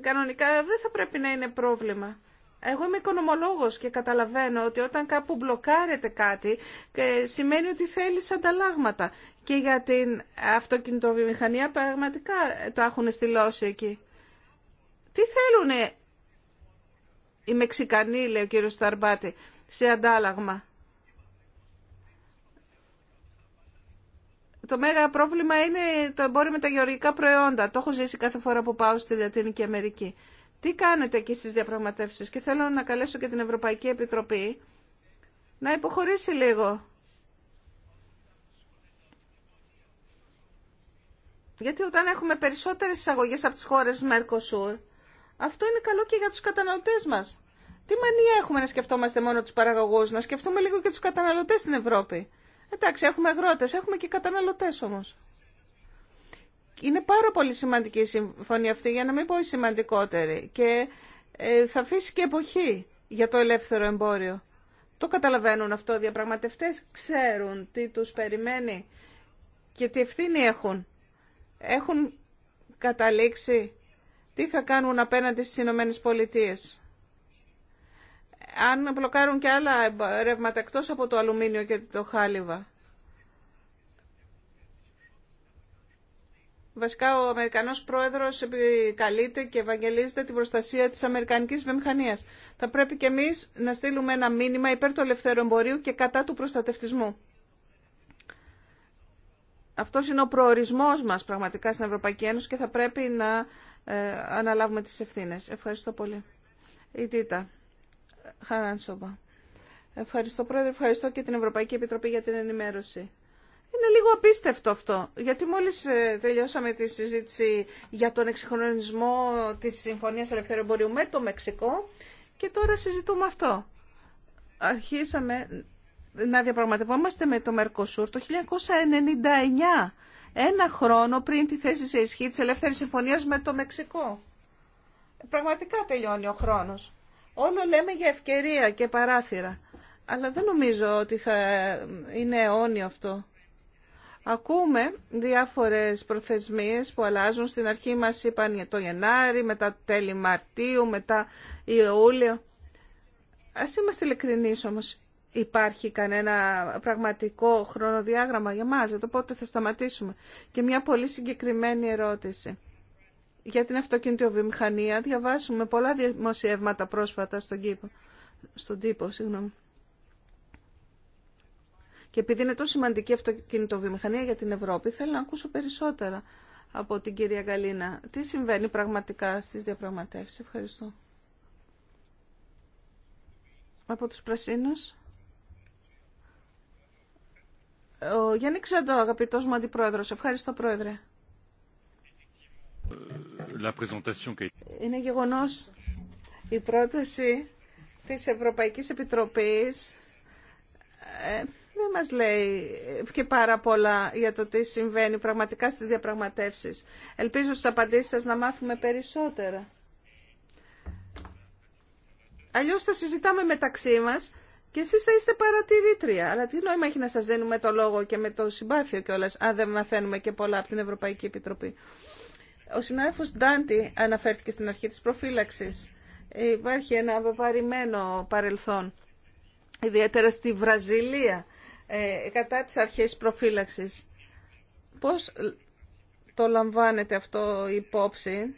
Κανονικά δεν θα πρέπει να είναι πρόβλημα. Εγώ είμαι οικονομολόγος και καταλαβαίνω ότι όταν κάπου μπλοκάρεται κάτι ε, σημαίνει ότι θέλεις ανταλλάγματα. Και για την αυτοκινητοβιομηχανία πραγματικά το έχουν στυλώσει εκεί. Τι θέλουνε οι Μεξικανοί, λέει ο κύριο Σταρμπάτη, σε αντάλλαγμα. Το μέγα πρόβλημα είναι το εμπόριο με τα γεωργικά προϊόντα. Το έχω ζήσει κάθε φορά που πάω στη Λατινική Αμερική. Τι κάνετε εκεί στις διαπραγματεύσεις και θέλω να καλέσω και την Ευρωπαϊκή Επιτροπή να υποχωρήσει λίγο. Γιατί όταν έχουμε περισσότερες εισαγωγές από τις χώρες Σουρ, αυτό είναι καλό και για τους καταναλωτές μας. Τι μανία έχουμε να σκεφτόμαστε μόνο τους παραγωγούς, να σκεφτούμε λίγο και τους καταναλωτές στην Ευρώπη. Εντάξει, έχουμε αγρότες, έχουμε και καταναλωτές όμως. Είναι πάρα πολύ σημαντική η συμφωνία αυτή, για να μην πω η σημαντικότερη. Και ε, θα αφήσει και εποχή για το ελεύθερο εμπόριο. Το καταλαβαίνουν αυτό. Οι διαπραγματευτές ξέρουν τι τους περιμένει και τι ευθύνη έχουν. Έχουν καταλήξει τι θα κάνουν απέναντι στις Ηνωμένε Πολιτείες. Αν μπλοκάρουν και άλλα ρεύματα εκτός από το αλουμίνιο και το χάλιβα. Βασικά ο Αμερικανός πρόεδρος επικαλείται και ευαγγελίζεται την προστασία της Αμερικανικής βιομηχανίας. Θα πρέπει και εμείς να στείλουμε ένα μήνυμα υπέρ του ελευθέρου εμπορίου και κατά του προστατευτισμού. Αυτός είναι ο προορισμός μας πραγματικά στην Ευρωπαϊκή Ένωση και θα πρέπει να ε, αναλάβουμε τις ευθύνες. Ευχαριστώ πολύ. Η Τίτα Χαράνσοβα. Ευχαριστώ Πρόεδρε, ευχαριστώ και την Ευρωπαϊκή Επιτροπή για την ενημέρωση. Είναι λίγο απίστευτο αυτό, γιατί μόλις ε, τελειώσαμε τη συζήτηση για τον εξυγχρονισμό της Συμφωνίας Ελευθερίου Εμπορίου με το Μεξικό και τώρα συζητούμε αυτό. Αρχίσαμε να διαπραγματευόμαστε με το Μερκοσούρ το 1999 ένα χρόνο πριν τη θέση σε ισχύ της ελεύθερη συμφωνίας με το Μεξικό. Πραγματικά τελειώνει ο χρόνος. Όλο λέμε για ευκαιρία και παράθυρα. Αλλά δεν νομίζω ότι θα είναι αιώνιο αυτό. Ακούμε διάφορες προθεσμίες που αλλάζουν. Στην αρχή μας είπαν το Γενάρη, μετά τέλη Μαρτίου, μετά Ιούλιο. Ας είμαστε ειλικρινείς όμως υπάρχει κανένα πραγματικό χρονοδιάγραμμα για μας, για το πότε θα σταματήσουμε. Και μια πολύ συγκεκριμένη ερώτηση. Για την αυτοκινητοβιομηχανία διαβάσουμε πολλά δημοσιεύματα πρόσφατα στον, κήπο, στον τύπο. Συγγνώμη. Και επειδή είναι τόσο σημαντική η αυτοκινητοβιομηχανία για την Ευρώπη, θέλω να ακούσω περισσότερα από την κυρία Γκαλίνα. Τι συμβαίνει πραγματικά στις διαπραγματεύσεις. Ευχαριστώ. Από τους πρασίνους. Ο Γιάννη Ξαντώ, αγαπητός μου αντιπρόεδρο. Ευχαριστώ, Πρόεδρε. Είναι γεγονό η πρόταση της Ευρωπαϊκής Επιτροπής ε, δεν μας λέει και πάρα πολλά για το τι συμβαίνει πραγματικά στις διαπραγματεύσεις. Ελπίζω στις απαντήσεις να μάθουμε περισσότερα. Αλλιώς θα συζητάμε μεταξύ μας και εσεί θα είστε παρατηρήτρια. Αλλά τι νόημα έχει να σα δίνουμε το λόγο και με το συμπάθειο κιόλα, αν δεν μαθαίνουμε και πολλά από την Ευρωπαϊκή Επιτροπή. Ο συνάδελφο Ντάντι αναφέρθηκε στην αρχή τη προφύλαξη. Υπάρχει ένα βεβαρημένο παρελθόν, ιδιαίτερα στη Βραζιλία, ε, κατά τις αρχές προφύλαξης. Πώς το λαμβάνετε αυτό υπόψη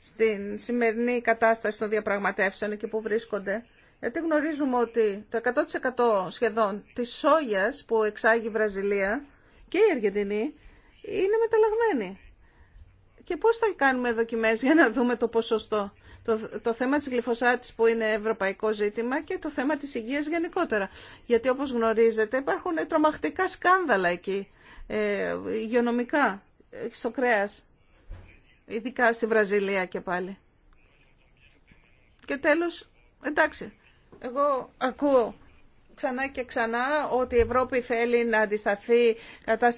στην σημερινή κατάσταση των διαπραγματεύσεων και που βρίσκονται γιατί γνωρίζουμε ότι το 100% σχεδόν τη σόγιας που εξάγει η Βραζιλία και η Αργεντινή είναι μεταλλαγμένη. Και πώς θα κάνουμε δοκιμές για να δούμε το ποσοστό. Το, το θέμα της γλυφοσάτης που είναι ευρωπαϊκό ζήτημα και το θέμα της υγείας γενικότερα. Γιατί όπως γνωρίζετε υπάρχουν τρομακτικά σκάνδαλα εκεί, ε, υγειονομικά, στο κρέας, ειδικά στη Βραζιλία και πάλι. Και τέλος, εντάξει, εγώ ακούω ξανά και ξανά ότι η Ευρώπη θέλει να αντισταθεί κατά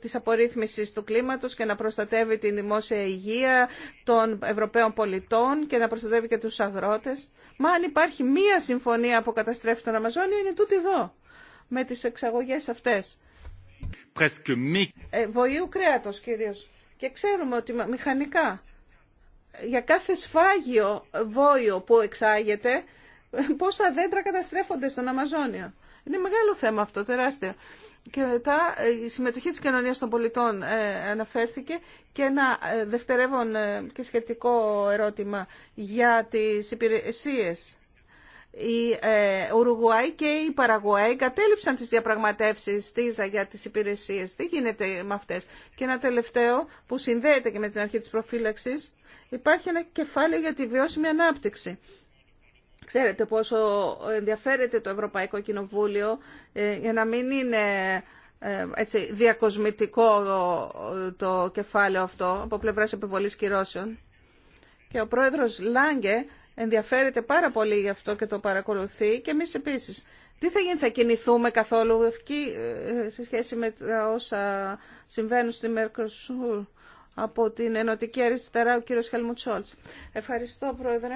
της απορρίθμισης του κλίματος και να προστατεύει την δημόσια υγεία των Ευρωπαίων πολιτών και να προστατεύει και τους αγρότες. Μα αν υπάρχει μία συμφωνία που καταστρέφει τον Αμαζόνιο είναι τούτη εδώ, με τις εξαγωγές αυτές. Ε, βοηού κρέατος κυρίως. Και ξέρουμε ότι μηχανικά για κάθε σφάγιο βόιο που εξάγεται πόσα δέντρα καταστρέφονται στον Αμαζόνιο. Είναι μεγάλο θέμα αυτό, τεράστιο. Και μετά ε, η συμμετοχή της κοινωνίας των πολιτών ε, αναφέρθηκε και ένα ε, δευτερεύον και σχετικό ερώτημα για τις υπηρεσίες. Η ε, Ουρουγουάη και η Παραγουάη κατέληψαν τις διαπραγματεύσεις της για τις υπηρεσίες. Τι γίνεται με αυτές. Και ένα τελευταίο που συνδέεται και με την αρχή της προφύλαξης. Υπάρχει ένα κεφάλαιο για τη βιώσιμη ανάπτυξη. Ξέρετε πόσο ενδιαφέρεται το Ευρωπαϊκό Κοινοβούλιο ε, για να μην είναι ε, έτσι, διακοσμητικό ε, το κεφάλαιο αυτό από πλευράς επιβολής κυρώσεων. Και ο πρόεδρος Λάγκε ενδιαφέρεται πάρα πολύ γι' αυτό και το παρακολουθεί και εμείς επίσης. Τι θα γίνει, θα κινηθούμε καθόλου ευκεί, σε σχέση με τα όσα συμβαίνουν στη Μέρκοσουρ από την Ενωτική Αριστερά, ο κύριος Χελμουτσόλτς. Ευχαριστώ, Πρόεδρε.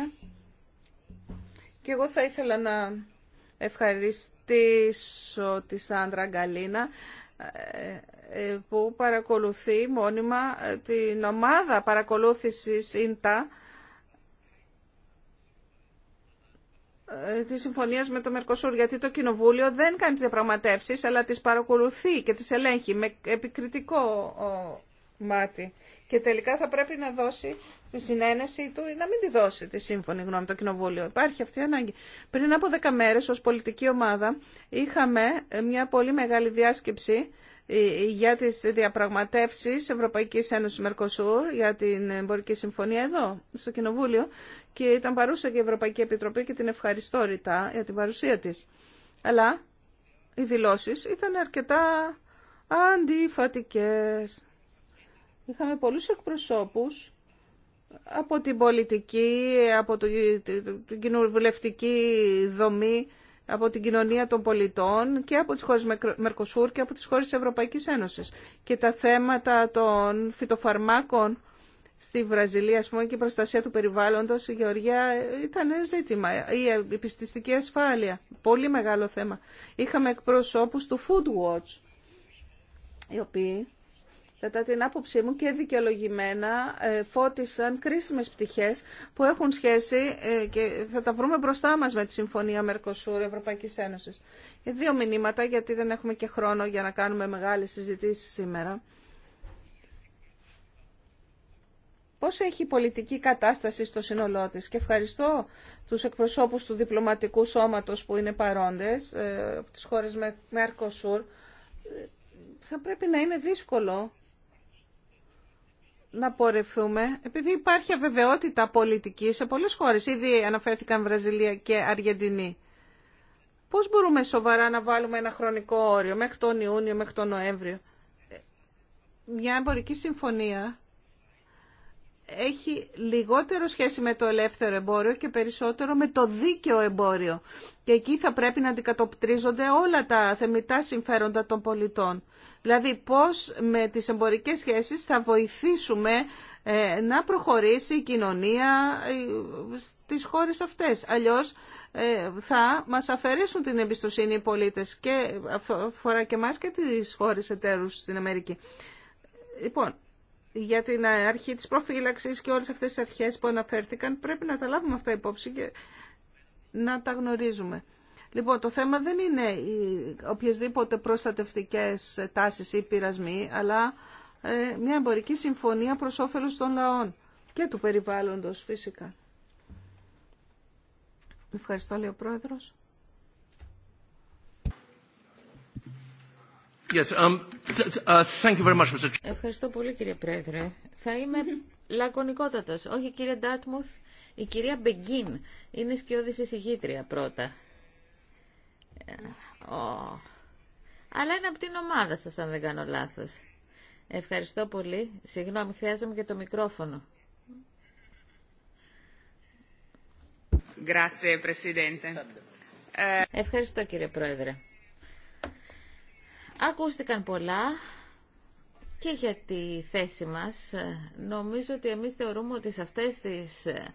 Και εγώ θα ήθελα να ευχαριστήσω τη Σάντρα Γκαλίνα ε, ε, που παρακολουθεί μόνιμα ε, την ομάδα παρακολούθησης ΙΝΤΑ τη συμφωνία με το Μερκοσούρ, γιατί το Κοινοβούλιο δεν κάνει τι διαπραγματεύσει, αλλά τι παρακολουθεί και τι ελέγχει με επικριτικό μάτι και τελικά θα πρέπει να δώσει τη συνένεση του ή να μην τη δώσει τη σύμφωνη γνώμη το Κοινοβούλιο. Υπάρχει αυτή η ανάγκη. Πριν από δέκα μέρες ως πολιτική ομάδα είχαμε μια πολύ μεγάλη διάσκεψη ε, για τι διαπραγματεύσεις Ευρωπαϊκής Ένωση Μερκοσούρ για την εμπορική συμφωνία εδώ, στο Κοινοβούλιο και ήταν παρούσα και η Ευρωπαϊκή Επιτροπή και την ευχαριστώ ρητά για την παρουσία τη. Αλλά οι δηλώσει ήταν αρκετά αντιφατικές. Είχαμε πολλούς εκπροσώπους από την πολιτική, από την κοινοβουλευτική δομή, από την κοινωνία των πολιτών και από τις χώρες Μερκοσούρ και από τις χώρες της Ευρωπαϊκής Ένωσης. Και τα θέματα των φυτοφαρμάκων στη Βραζιλία, ας πούμε, και η προστασία του περιβάλλοντος, η Γεωργία ήταν ζήτημα. Η επιστηστική ασφάλεια, πολύ μεγάλο θέμα. Είχαμε εκπροσώπους του Food Watch, οι οποίοι κατά την άποψή μου και δικαιολογημένα ε, φώτισαν κρίσιμες πτυχές που έχουν σχέση ε, και θα τα βρούμε μπροστά μας με τη Συμφωνία Μερκοσούρ Ευρωπαϊκής Ένωσης. Ε, δύο μηνύματα γιατί δεν έχουμε και χρόνο για να κάνουμε μεγάλες συζητήσεις σήμερα. Πώς έχει η πολιτική κατάσταση στο σύνολό της και ευχαριστώ τους εκπροσώπους του διπλωματικού σώματος που είναι παρόντες από τις χώρες Μερκοσούρ θα πρέπει να είναι δύσκολο να πορευθούμε, επειδή υπάρχει αβεβαιότητα πολιτική σε πολλές χώρες, ήδη αναφέρθηκαν Βραζιλία και Αργεντινή. Πώς μπορούμε σοβαρά να βάλουμε ένα χρονικό όριο μέχρι τον Ιούνιο, μέχρι τον Νοέμβριο. Ε, μια εμπορική συμφωνία έχει λιγότερο σχέση με το ελεύθερο εμπόριο και περισσότερο με το δίκαιο εμπόριο. Και εκεί θα πρέπει να αντικατοπτρίζονται όλα τα θεμητά συμφέροντα των πολιτών. Δηλαδή πώς με τις εμπορικές σχέσεις θα βοηθήσουμε ε, να προχωρήσει η κοινωνία ε, στις χώρες αυτές. Αλλιώς ε, θα μας αφαιρέσουν την εμπιστοσύνη οι πολίτες και αφορά και εμάς και τις χώρες εταίρους στην Αμερική. Λοιπόν, για την αρχή της προφύλαξης και όλες αυτές τις αρχές που αναφέρθηκαν πρέπει να τα λάβουμε αυτά υπόψη και να τα γνωρίζουμε. Λοιπόν, το θέμα δεν είναι οι οποιασδήποτε προστατευτικές τάσεις ή πειρασμοί, αλλά ε, μια εμπορική συμφωνία προς όφελος των λαών και του περιβάλλοντος φυσικά. Ευχαριστώ, λέει ο Πρόεδρος. Ευχαριστώ πολύ κύριε Πρόεδρε. Θα είμαι λακωνικότατο. Όχι κύριε Ντάτμουθ, η κυρία Μπεγκίν είναι σκιώδη εισηγήτρια πρώτα. Ε, Αλλά είναι από την ομάδα σας αν δεν κάνω λάθος. Ευχαριστώ πολύ. Συγγνώμη, χρειάζομαι και το μικρόφωνο. Ε, Ευχαριστώ κύριε Πρόεδρε. Ακούστηκαν πολλά και για τη θέση μας. Νομίζω ότι εμείς θεωρούμε ότι σε αυτές τις ε,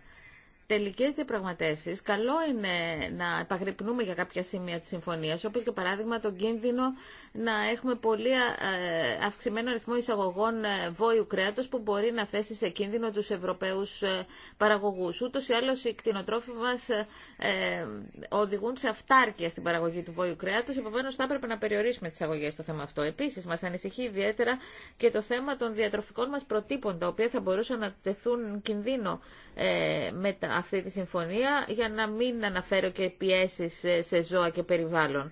τελικές διαπραγματεύσεις, καλό είναι να επαγρυπνούμε για κάποια σημεία της συμφωνίας, όπως για παράδειγμα τον κίνδυνο να έχουμε πολύ ε, αυξημένο αριθμό εισαγωγών ε, βόηου κρέατος που μπορεί να θέσει σε κίνδυνο τους Ευρωπαίους ε, παραγωγούς. Ούτως ή άλλως οι κτηνοτρόφοι μας οδηγούν σε αυτάρκεια στην παραγωγή του βόηου κρέατος, επομένως θα έπρεπε να περιορίσουμε τις αγωγές στο θέμα αυτό. Επίσης, μας ανησυχεί ιδιαίτερα και το θέμα των διατροφικών μας προτύπων, τα οποία θα μπορούσαν να τεθούν κινδύνο με αυτή τη συμφωνία για να μην αναφέρω και πιέσεις σε ζώα και περιβάλλον.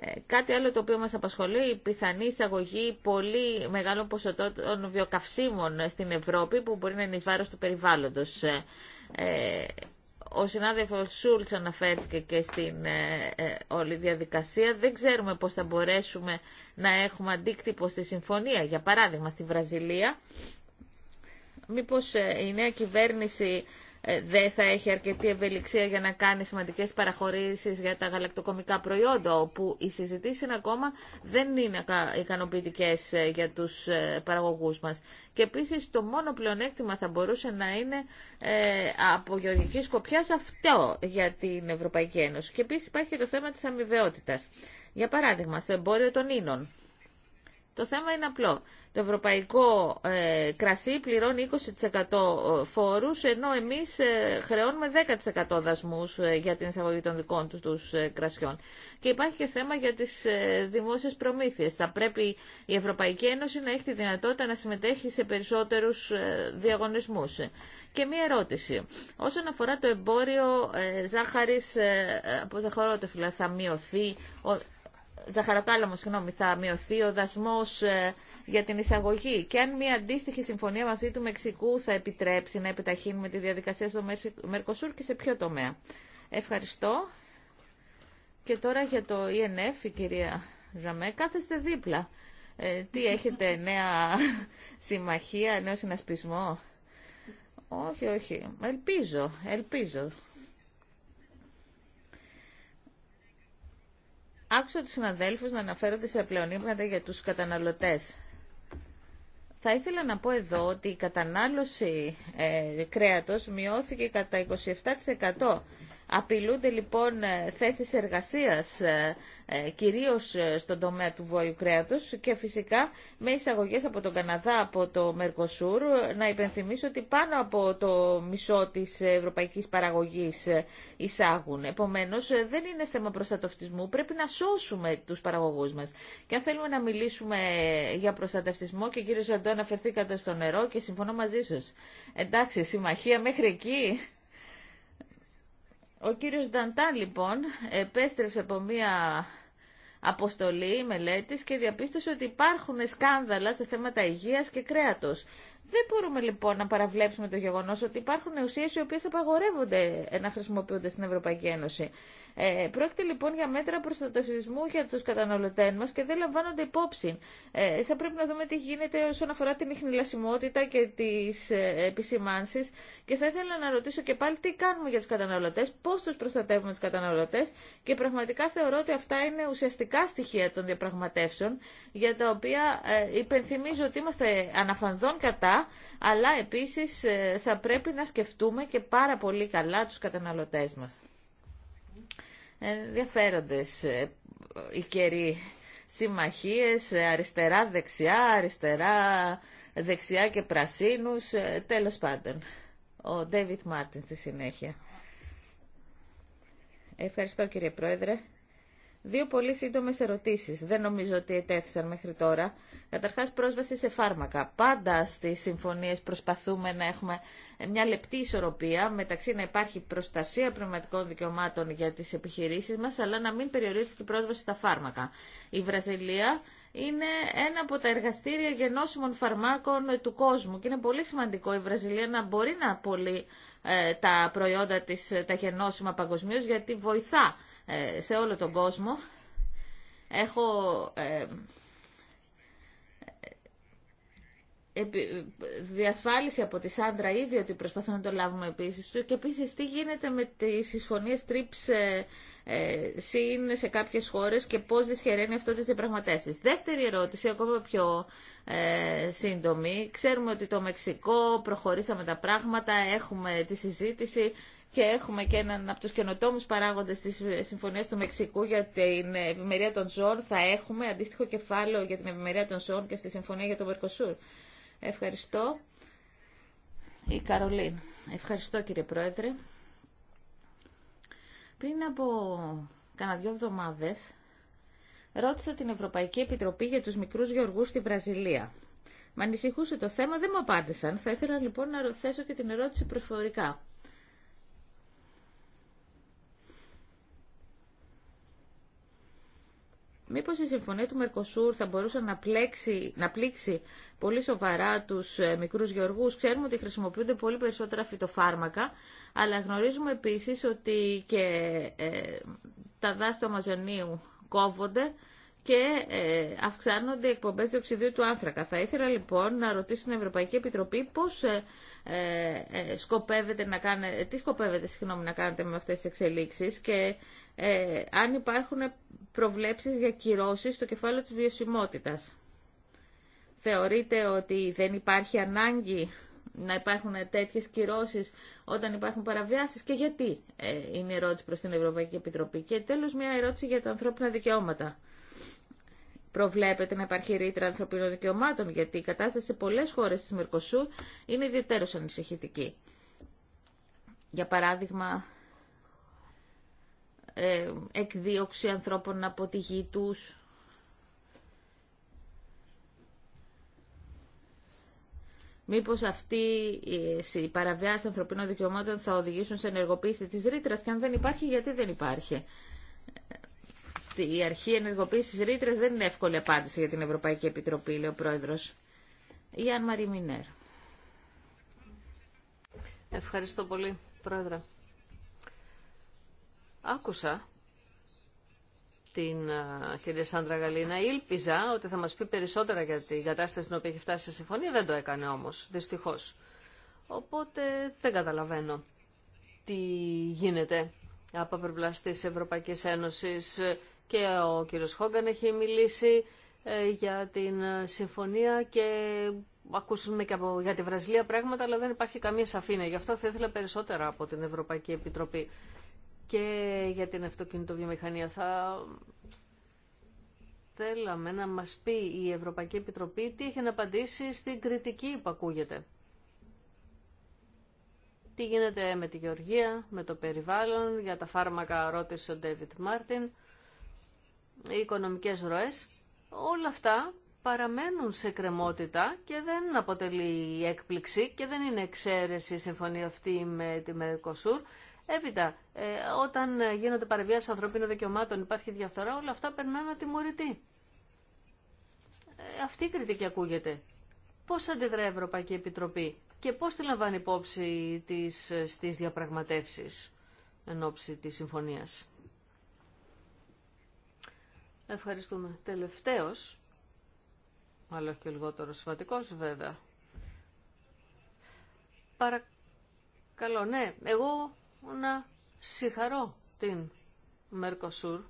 Ε, κάτι άλλο το οποίο μας απασχολεί, η πιθανή εισαγωγή πολύ μεγάλων ποσοτών βιοκαυσίμων στην Ευρώπη που μπορεί να είναι εις βάρος του περιβάλλοντος. Ε, ε, ο συνάδελφος Σούλτς αναφέρθηκε και στην όλη διαδικασία. Δεν ξέρουμε πώς θα μπορέσουμε να έχουμε αντίκτυπο στη συμφωνία. Για παράδειγμα, στη Βραζιλία, μήπως η νέα κυβέρνηση ε, δεν θα έχει αρκετή ευελιξία για να κάνει σημαντικές παραχωρήσεις για τα γαλακτοκομικά προϊόντα, όπου οι συζητήσεις ακόμα δεν είναι ικανοποιητικέ ε, για τους ε, παραγωγούς μας. Και επίσης το μόνο πλεονέκτημα θα μπορούσε να είναι από γεωργική σκοπιά αυτό για την Ευρωπαϊκή Ένωση. Και επίσης υπάρχει και το θέμα της αμοιβαιότητας. Για παράδειγμα, στο εμπόριο των ίνων. Το θέμα είναι απλό. Το ευρωπαϊκό ε, κρασί πληρώνει 20% ε, φόρους, ενώ εμείς ε, χρεώνουμε 10% δασμούς για την εισαγωγή των δικών τους τους κρασιών. Και υπάρχει και θέμα για τις δημόσιες προμήθειες. Θα πρέπει η Ευρωπαϊκή Ένωση να έχει τη δυνατότητα να συμμετέχει σε περισσότερους διαγωνισμούς. Και μία ερώτηση. Όσον αφορά το εμπόριο ζάχαρης από ζαχαρότεφυλα, θα μειωθεί... Ο ζαχαροκάλαμο, συγγνώμη, θα μειωθεί ο δασμός ε, για την εισαγωγή και αν μια αντίστοιχη συμφωνία με αυτή του Μεξικού θα επιτρέψει να επιταχύνουμε τη διαδικασία στο Μερκοσούρ και σε ποιο τομέα. Ευχαριστώ. Και τώρα για το ENF, η κυρία Ζαμέ, κάθεστε δίπλα. Ε, τι έχετε, νέα *laughs* συμμαχία, νέο συνασπισμό. Όχι, όχι. Ελπίζω, ελπίζω. Άκουσα του συναδέλφους να αναφέρονται σε πλεονήματα για τους καταναλωτές. Θα ήθελα να πω εδώ ότι η κατανάλωση ε, κρέατος μειώθηκε κατά 27% Απειλούνται λοιπόν ε, θέσεις εργασίας ε, ε, κυρίως στον τομέα του βόλου και φυσικά με εισαγωγές από τον Καναδά, από το Μερκοσούρ. Να υπενθυμίσω ότι πάνω από το μισό της ευρωπαϊκής παραγωγής εισάγουν. Επομένως δεν είναι θέμα προστατευτισμού, πρέπει να σώσουμε τους παραγωγούς μας. Και αν θέλουμε να μιλήσουμε για προστατευτισμό και κύριε Ζαντώ αναφερθήκατε στο νερό και συμφωνώ μαζί σας. Εντάξει, συμμαχία μέχρι εκεί ο κύριος Νταντάν λοιπόν επέστρεψε από μία αποστολή μελέτης και διαπίστωσε ότι υπάρχουν σκάνδαλα σε θέματα υγείας και κρέατος. Δεν μπορούμε λοιπόν να παραβλέψουμε το γεγονός ότι υπάρχουν ουσίες οι οποίες απαγορεύονται να χρησιμοποιούνται στην Ευρωπαϊκή Ένωση. Ε, πρόκειται λοιπόν για μέτρα προστατευτισμού για του καταναλωτέ μα και δεν λαμβάνονται υπόψη. Ε, θα πρέπει να δούμε τι γίνεται όσον αφορά την ειχνηλασιμότητα και τι ε, επισημάνσεις και θα ήθελα να ρωτήσω και πάλι τι κάνουμε για του καταναλωτέ, πώ του προστατεύουμε του καταναλωτέ, και πραγματικά θεωρώ ότι αυτά είναι ουσιαστικά στοιχεία των διαπραγματεύσεων για τα οποία ε, υπενθυμίζω ότι είμαστε αναφανδόν κατά αλλά επίσης ε, θα πρέπει να σκεφτούμε και πάρα πολύ καλά του καταναλωτέ μα ενδιαφέροντες ε, οι καιροί συμμαχίες, ε, αριστερά-δεξιά, αριστερά-δεξιά και πρασίνους, ε, τέλος πάντων. Ο Ντέιβιτ Μάρτιν στη συνέχεια. Ευχαριστώ κύριε Πρόεδρε. Δύο πολύ σύντομες ερωτήσεις. Δεν νομίζω ότι ετέθησαν μέχρι τώρα. Καταρχάς πρόσβαση σε φάρμακα. Πάντα στις συμφωνίες προσπαθούμε να έχουμε μια λεπτή ισορροπία μεταξύ να υπάρχει προστασία πνευματικών δικαιωμάτων για τις επιχειρήσεις μας, αλλά να μην περιορίζεται η πρόσβαση στα φάρμακα. Η Βραζιλία είναι ένα από τα εργαστήρια γενώσιμων φαρμάκων του κόσμου και είναι πολύ σημαντικό η Βραζιλία να μπορεί να απολύει ε, τα προϊόντα της, ε, τα γενώσιμα παγκοσμίω γιατί βοηθά ε, σε όλο τον κόσμο. Έχω... διασφάλιση από τη Σάντρα ήδη ότι προσπαθούμε να το λάβουμε επίσης του και επίσης τι γίνεται με τις συμφωνίες TRIPS ε, ε, συν σε κάποιες χώρες και πώς δυσχεραίνει αυτό τις διαπραγματεύσεις. Δεύτερη ερώτηση, ακόμα πιο ε, σύντομη. Ξέρουμε ότι το Μεξικό προχωρήσαμε τα πράγματα, έχουμε τη συζήτηση και έχουμε και έναν από τους καινοτόμους παράγοντες της Συμφωνίας του Μεξικού για την ευημερία των ζώων. Θα έχουμε αντίστοιχο κεφάλαιο για την ευημερία των ζώων και στη Συμφωνία για το Μερκοσούρ. Ευχαριστώ. Η Καρολίν. Ευχαριστώ κύριε Πρόεδρε. Πριν από κανένα δύο εβδομάδες ρώτησα την Ευρωπαϊκή Επιτροπή για τους μικρούς γεωργούς στη Βραζιλία. Με ανησυχούσε το θέμα, δεν μου απάντησαν. Θα ήθελα λοιπόν να θέσω και την ερώτηση προφορικά. Μήπως η συμφωνία του Μερκοσούρ θα μπορούσε να, πλέξει, να πλήξει πολύ σοβαρά τους ε, μικρούς γεωργούς. Ξέρουμε ότι χρησιμοποιούνται πολύ περισσότερα φυτοφάρμακα, αλλά γνωρίζουμε επίσης ότι και ε, τα δάση του Αμαζονίου κόβονται και ε, αυξάνονται οι εκπομπές διοξιδίου του άνθρακα. Θα ήθελα λοιπόν να ρωτήσω την Ευρωπαϊκή Επιτροπή πώς σκοπεύετε να κάνετε, τι σκοπεύετε να κάνετε με αυτές τις εξελίξεις και ε, αν υπάρχουν προβλέψεις για κυρώσεις στο κεφάλαιο της βιωσιμότητας. Θεωρείτε ότι δεν υπάρχει ανάγκη να υπάρχουν τέτοιες κυρώσεις όταν υπάρχουν παραβιάσεις και γιατί ε, είναι η ερώτηση προς την Ευρωπαϊκή Επιτροπή. Και τέλος μια ερώτηση για τα ανθρώπινα δικαιώματα. Προβλέπεται να υπάρχει ρήτρα ανθρωπίνων δικαιωμάτων γιατί η κατάσταση σε πολλές χώρες της Μερκοσού είναι ιδιαίτερως ανησυχητική. Για παράδειγμα, ε, εκδίωξη ανθρώπων από τη γη τους. Μήπως αυτοί ε, οι παραβιάση ανθρωπίνων δικαιωμάτων θα οδηγήσουν σε ενεργοποίηση της ρήτρα και αν δεν υπάρχει γιατί δεν υπάρχει. Ε, η αρχή ενεργοποίησης ρήτρα δεν είναι εύκολη απάντηση για την Ευρωπαϊκή Επιτροπή, λέει ο Πρόεδρος. Ιάν Μινέρ Ευχαριστώ πολύ, Πρόεδρε. Άκουσα την κυρία Σάντρα Γαλίνα. Ήλπιζα ότι θα μας πει περισσότερα για την κατάσταση στην οποία έχει φτάσει η συμφωνία. Δεν το έκανε όμως, δυστυχώς. Οπότε δεν καταλαβαίνω τι γίνεται από πλευρά τη Ευρωπαϊκή Ένωση και ο κύριο Χόγκαν έχει μιλήσει ε, για την ε, συμφωνία και ακούσουμε και από, για τη Βραζιλία πράγματα, αλλά δεν υπάρχει καμία σαφήνεια. Γι' αυτό θα ήθελα περισσότερα από την Ευρωπαϊκή Επιτροπή και για την αυτοκινητοβιομηχανία. Θα θέλαμε να μας πει η Ευρωπαϊκή Επιτροπή τι έχει να απαντήσει στην κριτική που ακούγεται. Τι γίνεται με τη γεωργία, με το περιβάλλον, για τα φάρμακα ρώτησε ο Ντέβιτ Μάρτιν, οι οικονομικές ροές. Όλα αυτά παραμένουν σε κρεμότητα και δεν αποτελεί έκπληξη και δεν είναι εξαίρεση η συμφωνία αυτή με τη Μερικοσούρ... Έπειτα, ε, όταν γίνονται παρεμβιάσεις ανθρωπίνων δικαιωμάτων, υπάρχει διαφθορά, όλα αυτά περνάνε ατιμωρητή. Ε, αυτή η κριτική ακούγεται. Πώ αντιδρά η Ευρωπαϊκή Επιτροπή και πώ τη λαμβάνει υπόψη στι διαπραγματεύσει διαπραγματεύσεις εν ώψη τη συμφωνίας. Ευχαριστούμε. τελευταίο, αλλά όχι και λιγότερο σημαντικό βέβαια. Παρακαλώ, ναι, εγώ να συγχαρώ την Μερκοσούρ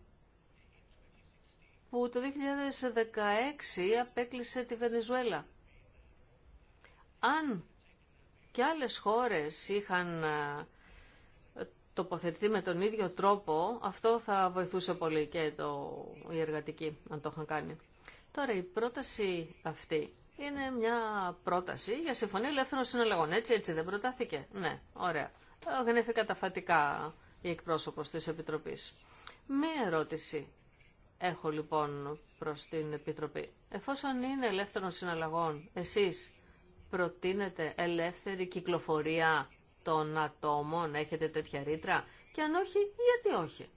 που το 2016 απέκλεισε τη Βενεζουέλα. Αν και άλλες χώρες είχαν ε, τοποθετηθεί με τον ίδιο τρόπο, αυτό θα βοηθούσε πολύ και το, οι εργατικοί, αν το είχαν κάνει. Τώρα η πρόταση αυτή είναι μια πρόταση για συμφωνία ελεύθερων συναλλαγών. Έτσι, έτσι δεν προτάθηκε. Ναι, ωραία γνέφει ε, καταφατικά η εκπρόσωπος της Επιτροπής. Μία ερώτηση έχω λοιπόν προς την Επιτροπή. Εφόσον είναι ελεύθερων συναλλαγών, εσείς προτείνετε ελεύθερη κυκλοφορία των ατόμων, έχετε τέτοια ρήτρα και αν όχι, γιατί όχι.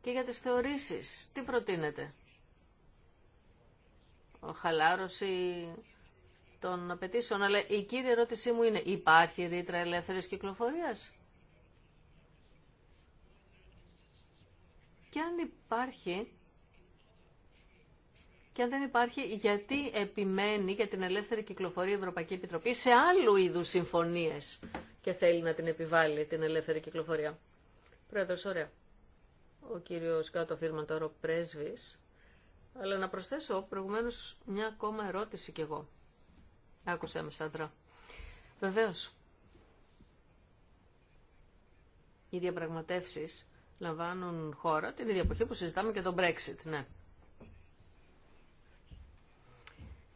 Και για τις θεωρήσεις, τι προτείνετε. Χαλάρωση των απαιτήσεων, αλλά η κύρια ερώτησή μου είναι υπάρχει ρήτρα ελεύθερης κυκλοφορίας. Και αν υπάρχει, και αν δεν υπάρχει, γιατί επιμένει για την ελεύθερη κυκλοφορία η Ευρωπαϊκή Επιτροπή σε άλλου είδους συμφωνίες και θέλει να την επιβάλλει την ελεύθερη κυκλοφορία. Πρόεδρος, ωραία. Ο κύριος Κάτω φύρμα τώρα πρέσβης. Αλλά να προσθέσω προηγουμένως μια ακόμα ερώτηση κι εγώ. Άκουσα με Σάντρα. Βεβαίως, οι διαπραγματεύσει λαμβάνουν χώρα την ίδια εποχή που συζητάμε και τον Brexit, ναι.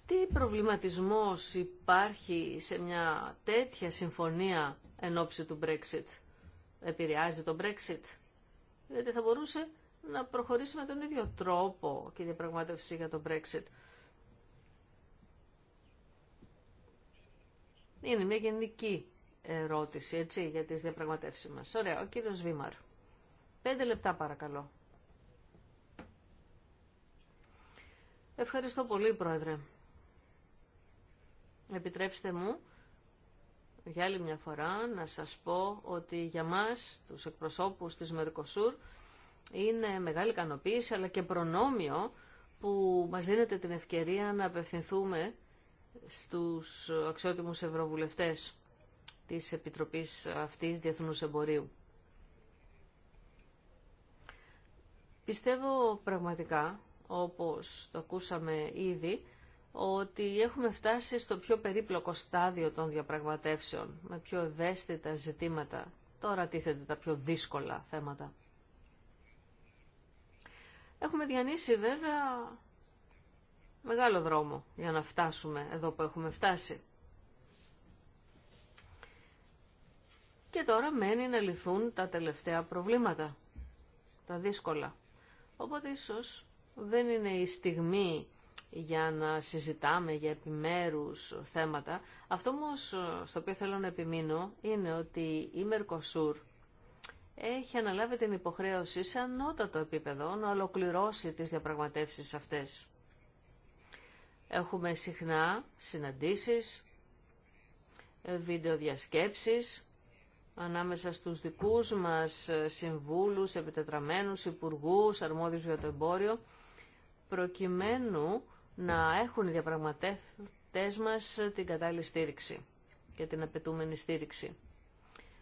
Τι προβληματισμός υπάρχει σε μια τέτοια συμφωνία εν ώψη του Brexit. Επηρεάζει το Brexit. Δηλαδή θα μπορούσε να προχωρήσει με τον ίδιο τρόπο και η διαπραγμάτευση για το Brexit. Είναι μια γενική ερώτηση, έτσι, για τις διαπραγματεύσεις μας. Ωραία, ο κύριος Βήμαρ. Πέντε λεπτά παρακαλώ. Ευχαριστώ πολύ, Πρόεδρε. Επιτρέψτε μου για άλλη μια φορά να σας πω ότι για μας, τους εκπροσώπους της Μερικοσούρ, είναι μεγάλη ικανοποίηση αλλά και προνόμιο που μας δίνεται την ευκαιρία να απευθυνθούμε στους αξιότιμους ευρωβουλευτές της Επιτροπής αυτής Διεθνούς Εμπορίου. Πιστεύω πραγματικά, όπως το ακούσαμε ήδη, ότι έχουμε φτάσει στο πιο περίπλοκο στάδιο των διαπραγματεύσεων, με πιο ευαίσθητα ζητήματα. Τώρα τίθεται τα πιο δύσκολα θέματα. Έχουμε διανύσει βέβαια μεγάλο δρόμο για να φτάσουμε εδώ που έχουμε φτάσει. Και τώρα μένει να λυθούν τα τελευταία προβλήματα, τα δύσκολα. Οπότε ίσως δεν είναι η στιγμή για να συζητάμε για επιμέρους θέματα. Αυτό όμω στο οποίο θέλω να επιμείνω είναι ότι η Μερκοσούρ έχει αναλάβει την υποχρέωση σε ανώτατο επίπεδο να ολοκληρώσει τις διαπραγματεύσεις αυτές. Έχουμε συχνά συναντήσεις, βίντεο διασκέψεις ανάμεσα στους δικούς μας συμβούλους, επιτετραμένους, υπουργούς, αρμόδιους για το εμπόριο, προκειμένου να έχουν οι διαπραγματεύτες μας την κατάλληλη στήριξη και την απαιτούμενη στήριξη.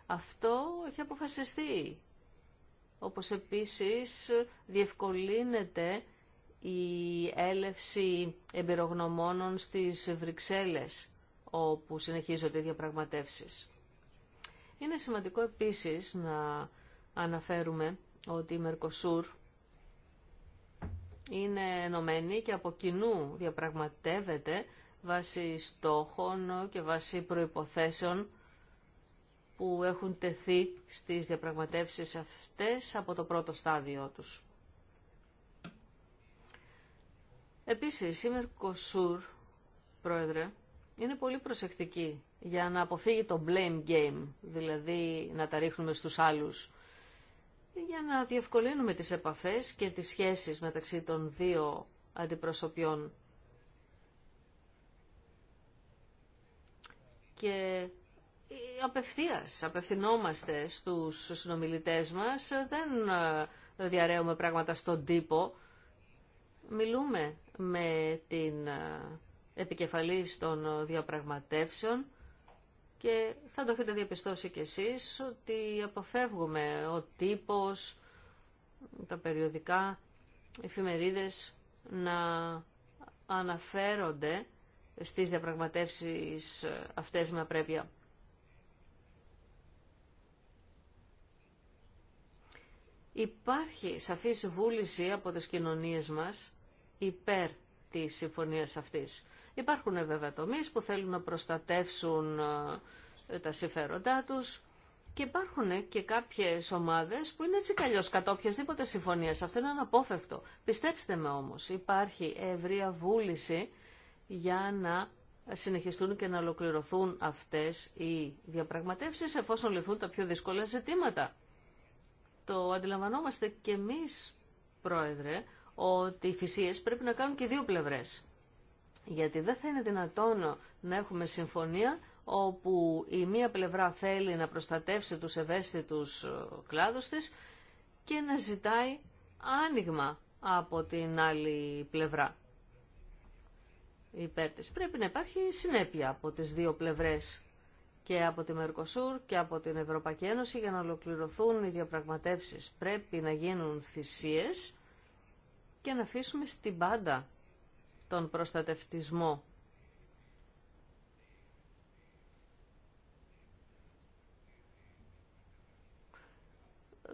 Αυτό έχει αποφασιστεί. Όπως επίσης διευκολύνεται η έλευση εμπειρογνωμόνων στις Βρυξέλλες, όπου συνεχίζονται οι διαπραγματεύσεις. Είναι σημαντικό επίσης να αναφέρουμε ότι η Μερκοσούρ είναι ενωμένη και από κοινού διαπραγματεύεται βάσει στόχων και βάσει προϋποθέσεων που έχουν τεθεί στις διαπραγματεύσεις αυτές από το πρώτο στάδιο τους. Επίσης, η Μερκοσούρ, πρόεδρε, είναι πολύ προσεκτική για να αποφύγει το blame game, δηλαδή να τα ρίχνουμε στους άλλους, για να διευκολύνουμε τις επαφές και τις σχέσεις μεταξύ των δύο αντιπροσωπιών. Και απευθείας απευθυνόμαστε στους συνομιλητές μας, δεν ε, διαραίουμε πράγματα στον τύπο, μιλούμε με την επικεφαλής των διαπραγματεύσεων και θα το έχετε διαπιστώσει κι εσείς ότι αποφεύγουμε ο τύπος, τα περιοδικά, εφημερίδες να αναφέρονται στις διαπραγματεύσεις αυτές με απρέπεια. Υπάρχει σαφής βούληση από τις κοινωνίες μας υπέρ της συμφωνίας αυτής. Υπάρχουν ε, βέβαια τομείς που θέλουν να προστατεύσουν ε, τα συμφέροντά τους και υπάρχουν ε, και κάποιες ομάδες που είναι έτσι καλλιώς κατά οποιασδήποτε συμφωνίας. Αυτό είναι αναπόφευκτο. Πιστέψτε με όμως, υπάρχει ευρία βούληση για να συνεχιστούν και να ολοκληρωθούν αυτές οι διαπραγματεύσεις εφόσον λυθούν τα πιο δύσκολα ζητήματα. Το αντιλαμβανόμαστε και εμείς, Πρόεδρε, ότι οι θυσίε πρέπει να κάνουν και δύο πλευρές. Γιατί δεν θα είναι δυνατόν να έχουμε συμφωνία όπου η μία πλευρά θέλει να προστατεύσει τους ευαίσθητους ε, κλάδους της και να ζητάει άνοιγμα από την άλλη πλευρά υπέρ της. Πρέπει να υπάρχει συνέπεια από τις δύο πλευρές και από τη Μερκοσούρ και από την Ευρωπαϊκή Ένωση για να ολοκληρωθούν οι διαπραγματεύσεις. Πρέπει να γίνουν θυσίες και να αφήσουμε στην πάντα τον προστατευτισμό.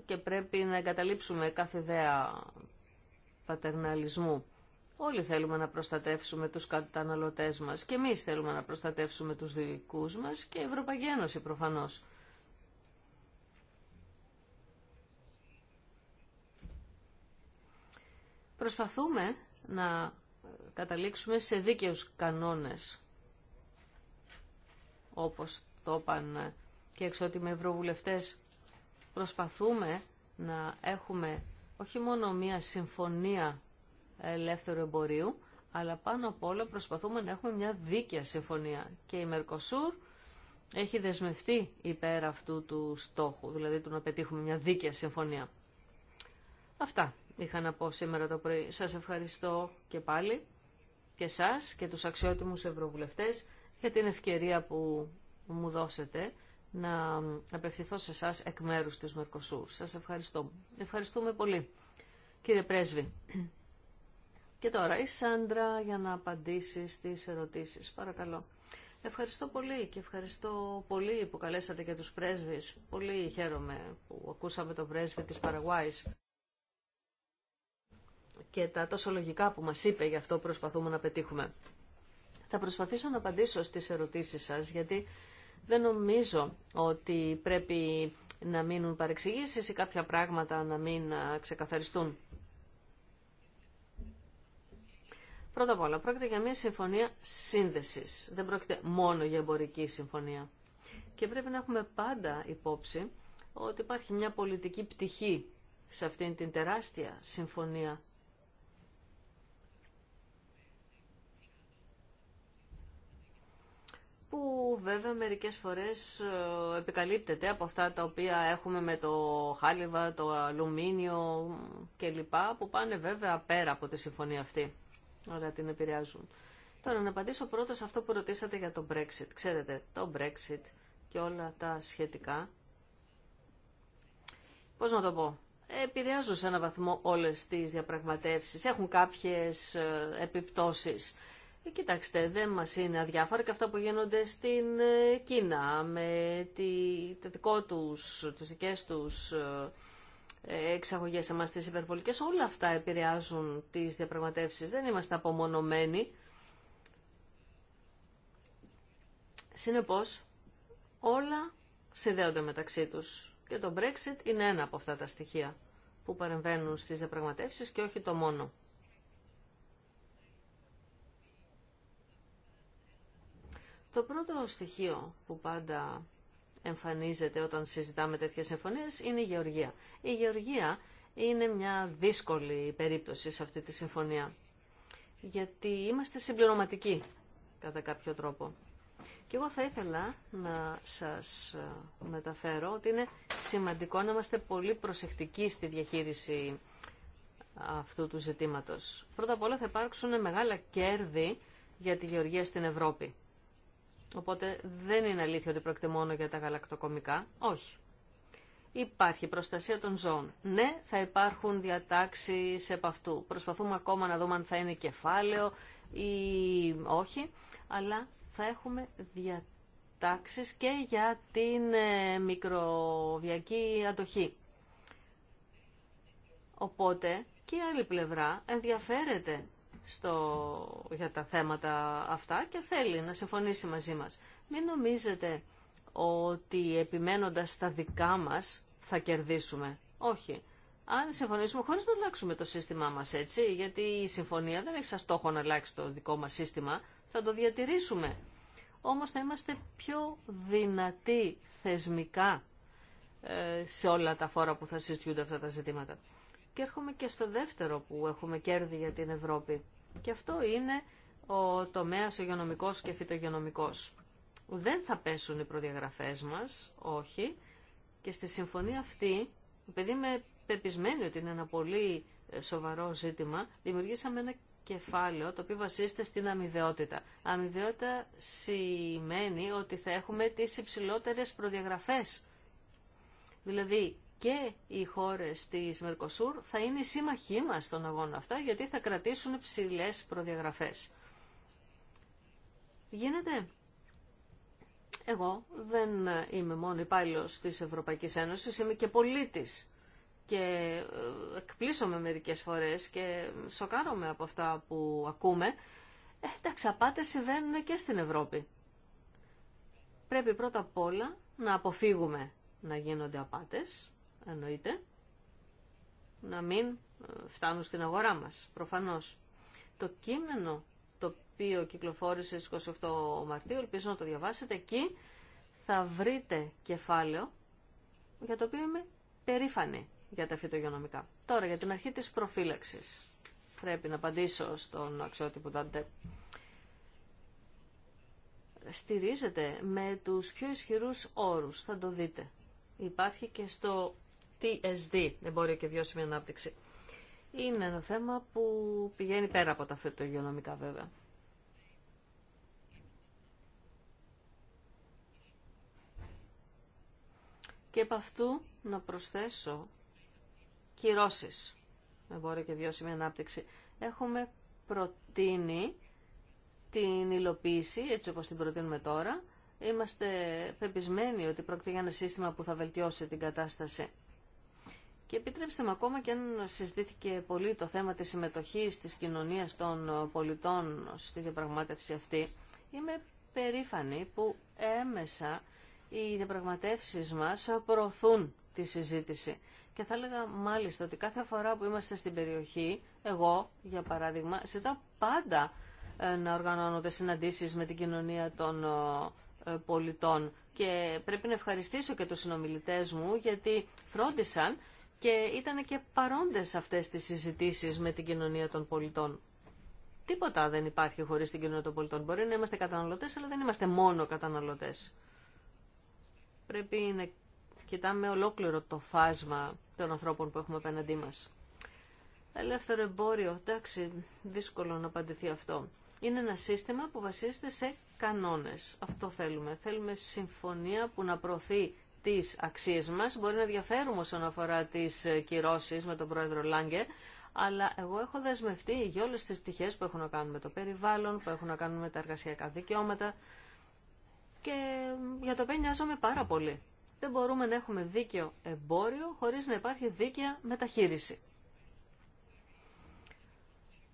Και πρέπει να εγκαταλείψουμε κάθε ιδέα πατερναλισμού. Όλοι θέλουμε να προστατεύσουμε τους καταναλωτές μας και εμείς θέλουμε να προστατεύσουμε τους δικούς μας και η Ευρωπαϊκή Ένωση προφανώς. Προσπαθούμε να καταλήξουμε σε δίκαιους κανόνες, όπως το είπαν και εξότιμοι ευρωβουλευτές. Προσπαθούμε να έχουμε όχι μόνο μία συμφωνία ελεύθερου εμπορίου, αλλά πάνω απ' όλα προσπαθούμε να έχουμε μια δίκαια συμφωνία. Και η Μερκοσούρ έχει δεσμευτεί υπέρ αυτού του στόχου, δηλαδή του να πετύχουμε μια δίκαια συμφωνία. Αυτά είχα να πω σήμερα το πρωί. Σας ευχαριστώ και πάλι και σας και τους αξιότιμους ευρωβουλευτές για την ευκαιρία που μου δώσετε να απευθυνθώ σε εσά εκ μέρους της Μερκοσούρ. Σας ευχαριστώ. Ευχαριστούμε πολύ. Κύριε Πρέσβη. Και τώρα η Σάντρα για να απαντήσει στις ερωτήσεις. Παρακαλώ. Ευχαριστώ πολύ και ευχαριστώ πολύ που καλέσατε και τους πρέσβεις. Πολύ χαίρομαι που ακούσαμε τον πρέσβη της Παραγουάης και τα τόσο λογικά που μας είπε, γι' αυτό προσπαθούμε να πετύχουμε. Θα προσπαθήσω να απαντήσω στις ερωτήσεις σας, γιατί δεν νομίζω ότι πρέπει να μείνουν παρεξηγήσεις ή κάποια πράγματα να μην ξεκαθαριστούν. Πρώτα απ' όλα, πρόκειται για μια συμφωνία σύνδεσης. Δεν πρόκειται μόνο για εμπορική συμφωνία. Και πρέπει να έχουμε πάντα υπόψη ότι υπάρχει μια πολιτική πτυχή σε αυτήν την τεράστια συμφωνία που βέβαια μερικές φορές ε, επικαλύπτεται από αυτά τα οποία έχουμε με το χάλιβα, το αλουμίνιο κλπ. που πάνε βέβαια πέρα από τη συμφωνία αυτή, Ωραία, την επηρεάζουν. Τώρα να απαντήσω πρώτα σε αυτό που ρωτήσατε για το Brexit. Ξέρετε, το Brexit και όλα τα σχετικά, πώς να το πω, επηρεάζουν σε ένα βαθμό όλες τις διαπραγματεύσεις, έχουν κάποιες ε, επιπτώσεις. Ε, κοιτάξτε, δεν μας είναι αδιάφορα και αυτά που γίνονται στην ε, Κίνα με τη, το δικό τους, τις δικές τους ε, εξαγωγές σε εμάς τις υπερβολικές. Όλα αυτά επηρεάζουν τις διαπραγματεύσεις. Δεν είμαστε απομονωμένοι. Συνεπώς, όλα συνδέονται μεταξύ τους. Και το Brexit είναι ένα από αυτά τα στοιχεία που παρεμβαίνουν στις διαπραγματεύσεις και όχι το μόνο. Το πρώτο στοιχείο που πάντα εμφανίζεται όταν συζητάμε τέτοιες συμφωνίες είναι η γεωργία. Η γεωργία είναι μια δύσκολη περίπτωση σε αυτή τη συμφωνία, γιατί είμαστε συμπληρωματικοί κατά κάποιο τρόπο. Και εγώ θα ήθελα να σας ε, μεταφέρω ότι είναι σημαντικό να είμαστε πολύ προσεκτικοί στη διαχείριση ε, αυτού του ζητήματος. Πρώτα απ' όλα θα υπάρξουν μεγάλα κέρδη για τη γεωργία στην Ευρώπη. Οπότε δεν είναι αλήθεια ότι πρόκειται μόνο για τα γαλακτοκομικά. Όχι. Υπάρχει προστασία των ζώων. Ναι, θα υπάρχουν διατάξεις επ' αυτού. Προσπαθούμε ακόμα να δούμε αν θα είναι κεφάλαιο ή όχι, αλλά θα έχουμε διατάξεις και για την ε, μικροβιακή αντοχή. Οπότε και η άλλη πλευρά ενδιαφέρεται στο, για τα θέματα αυτά και θέλει να συμφωνήσει μαζί μας. Μην νομίζετε ότι επιμένοντας στα δικά μας θα κερδίσουμε. Όχι. Αν συμφωνήσουμε χωρίς να αλλάξουμε το σύστημά μας έτσι, γιατί η συμφωνία δεν έχει σαν στόχο να αλλάξει το δικό μας σύστημα, θα το διατηρήσουμε. Όμως θα είμαστε πιο δυνατοί θεσμικά ε, σε όλα τα φόρα που θα συζητιούνται αυτά τα ζητήματα. Και έρχομαι και στο δεύτερο που έχουμε κέρδη για την Ευρώπη. Και αυτό είναι ο τομέας υγειονομικός και φυτογειονομικός. Δεν θα πέσουν οι προδιαγραφές μας, όχι. Και στη συμφωνία αυτή, επειδή είμαι πεπισμένη ότι είναι ένα πολύ ε, σοβαρό ζήτημα, δημιουργήσαμε ένα κεφάλαιο το οποίο βασίζεται στην αμοιβαιότητα. Αμοιβαιότητα σημαίνει ότι θα έχουμε τις υψηλότερες προδιαγραφές. Δηλαδή, και οι χώρες της Μερκοσούρ θα είναι οι σύμμαχοί μας στον αγώνα αυτά γιατί θα κρατήσουν ψηλές προδιαγραφές. Γίνεται. Εγώ δεν είμαι μόνο υπάλληλο της Ευρωπαϊκής Ένωσης, είμαι και πολίτης και ε, εκπλήσωμαι μερικές φορές και σοκάρομαι από αυτά που ακούμε. Ε, τα ξαπάτε συμβαίνουν και στην Ευρώπη. Πρέπει πρώτα απ' όλα να αποφύγουμε να γίνονται απάτες, εννοείται, να μην ε, φτάνουν στην αγορά μας, προφανώς. Το κείμενο το οποίο κυκλοφόρησε στις 28 Μαρτίου, ελπίζω να το διαβάσετε, εκεί θα βρείτε κεφάλαιο για το οποίο είμαι περήφανη για τα φυτογειονομικά. Τώρα για την αρχή της προφύλαξης. Πρέπει να απαντήσω στον αξιότυπο Νταντέ. Στηρίζεται με τους πιο ισχυρούς όρους, θα το δείτε. Υπάρχει και στο TSD, εμπόριο και βιώσιμη ανάπτυξη. Είναι ένα θέμα που πηγαίνει πέρα από τα φετογειονομικά βέβαια. Και από αυτού να προσθέσω κυρώσεις, εμπόριο και βιώσιμη ανάπτυξη. Έχουμε προτείνει την υλοποίηση, έτσι όπως την προτείνουμε τώρα. Είμαστε πεπισμένοι ότι πρόκειται για ένα σύστημα που θα βελτιώσει την κατάσταση. Και επιτρέψτε μου, ακόμα και αν συζητήθηκε πολύ το θέμα της συμμετοχής της κοινωνίας των πολιτών στη διαπραγμάτευση αυτή, είμαι περήφανη που έμεσα οι διαπραγματεύσεις μας προωθούν τη συζήτηση. Και θα έλεγα μάλιστα ότι κάθε φορά που είμαστε στην περιοχή, εγώ για παράδειγμα, ζητάω πάντα ε, να οργανώνονται συναντήσεις με την κοινωνία των ε, ε, πολιτών. Και πρέπει να ευχαριστήσω και τους συνομιλητές μου γιατί φρόντισαν και ήταν και παρόντες αυτές τις συζητήσεις με την κοινωνία των πολιτών. Τίποτα δεν υπάρχει χωρίς την κοινωνία των πολιτών. Μπορεί να είμαστε καταναλωτές, αλλά δεν είμαστε μόνο καταναλωτές. Πρέπει να κοιτάμε ολόκληρο το φάσμα των ανθρώπων που έχουμε απέναντί μας. Ελεύθερο εμπόριο, εντάξει, δύσκολο να απαντηθεί αυτό. Είναι ένα σύστημα που βασίζεται σε κανόνες. Αυτό θέλουμε. Θέλουμε συμφωνία που να προωθεί τις αξίες μας. Μπορεί να διαφέρουμε όσον αφορά τις κυρώσεις με τον πρόεδρο Λάγκε, αλλά εγώ έχω δεσμευτεί για όλες τις πτυχές που έχουν να κάνουν με το περιβάλλον, που έχουν να κάνουν με τα εργασιακά δικαιώματα και για το οποίο νοιάζομαι πάρα πολύ. Δεν μπορούμε να έχουμε δίκαιο εμπόριο χωρίς να υπάρχει δίκαια μεταχείριση.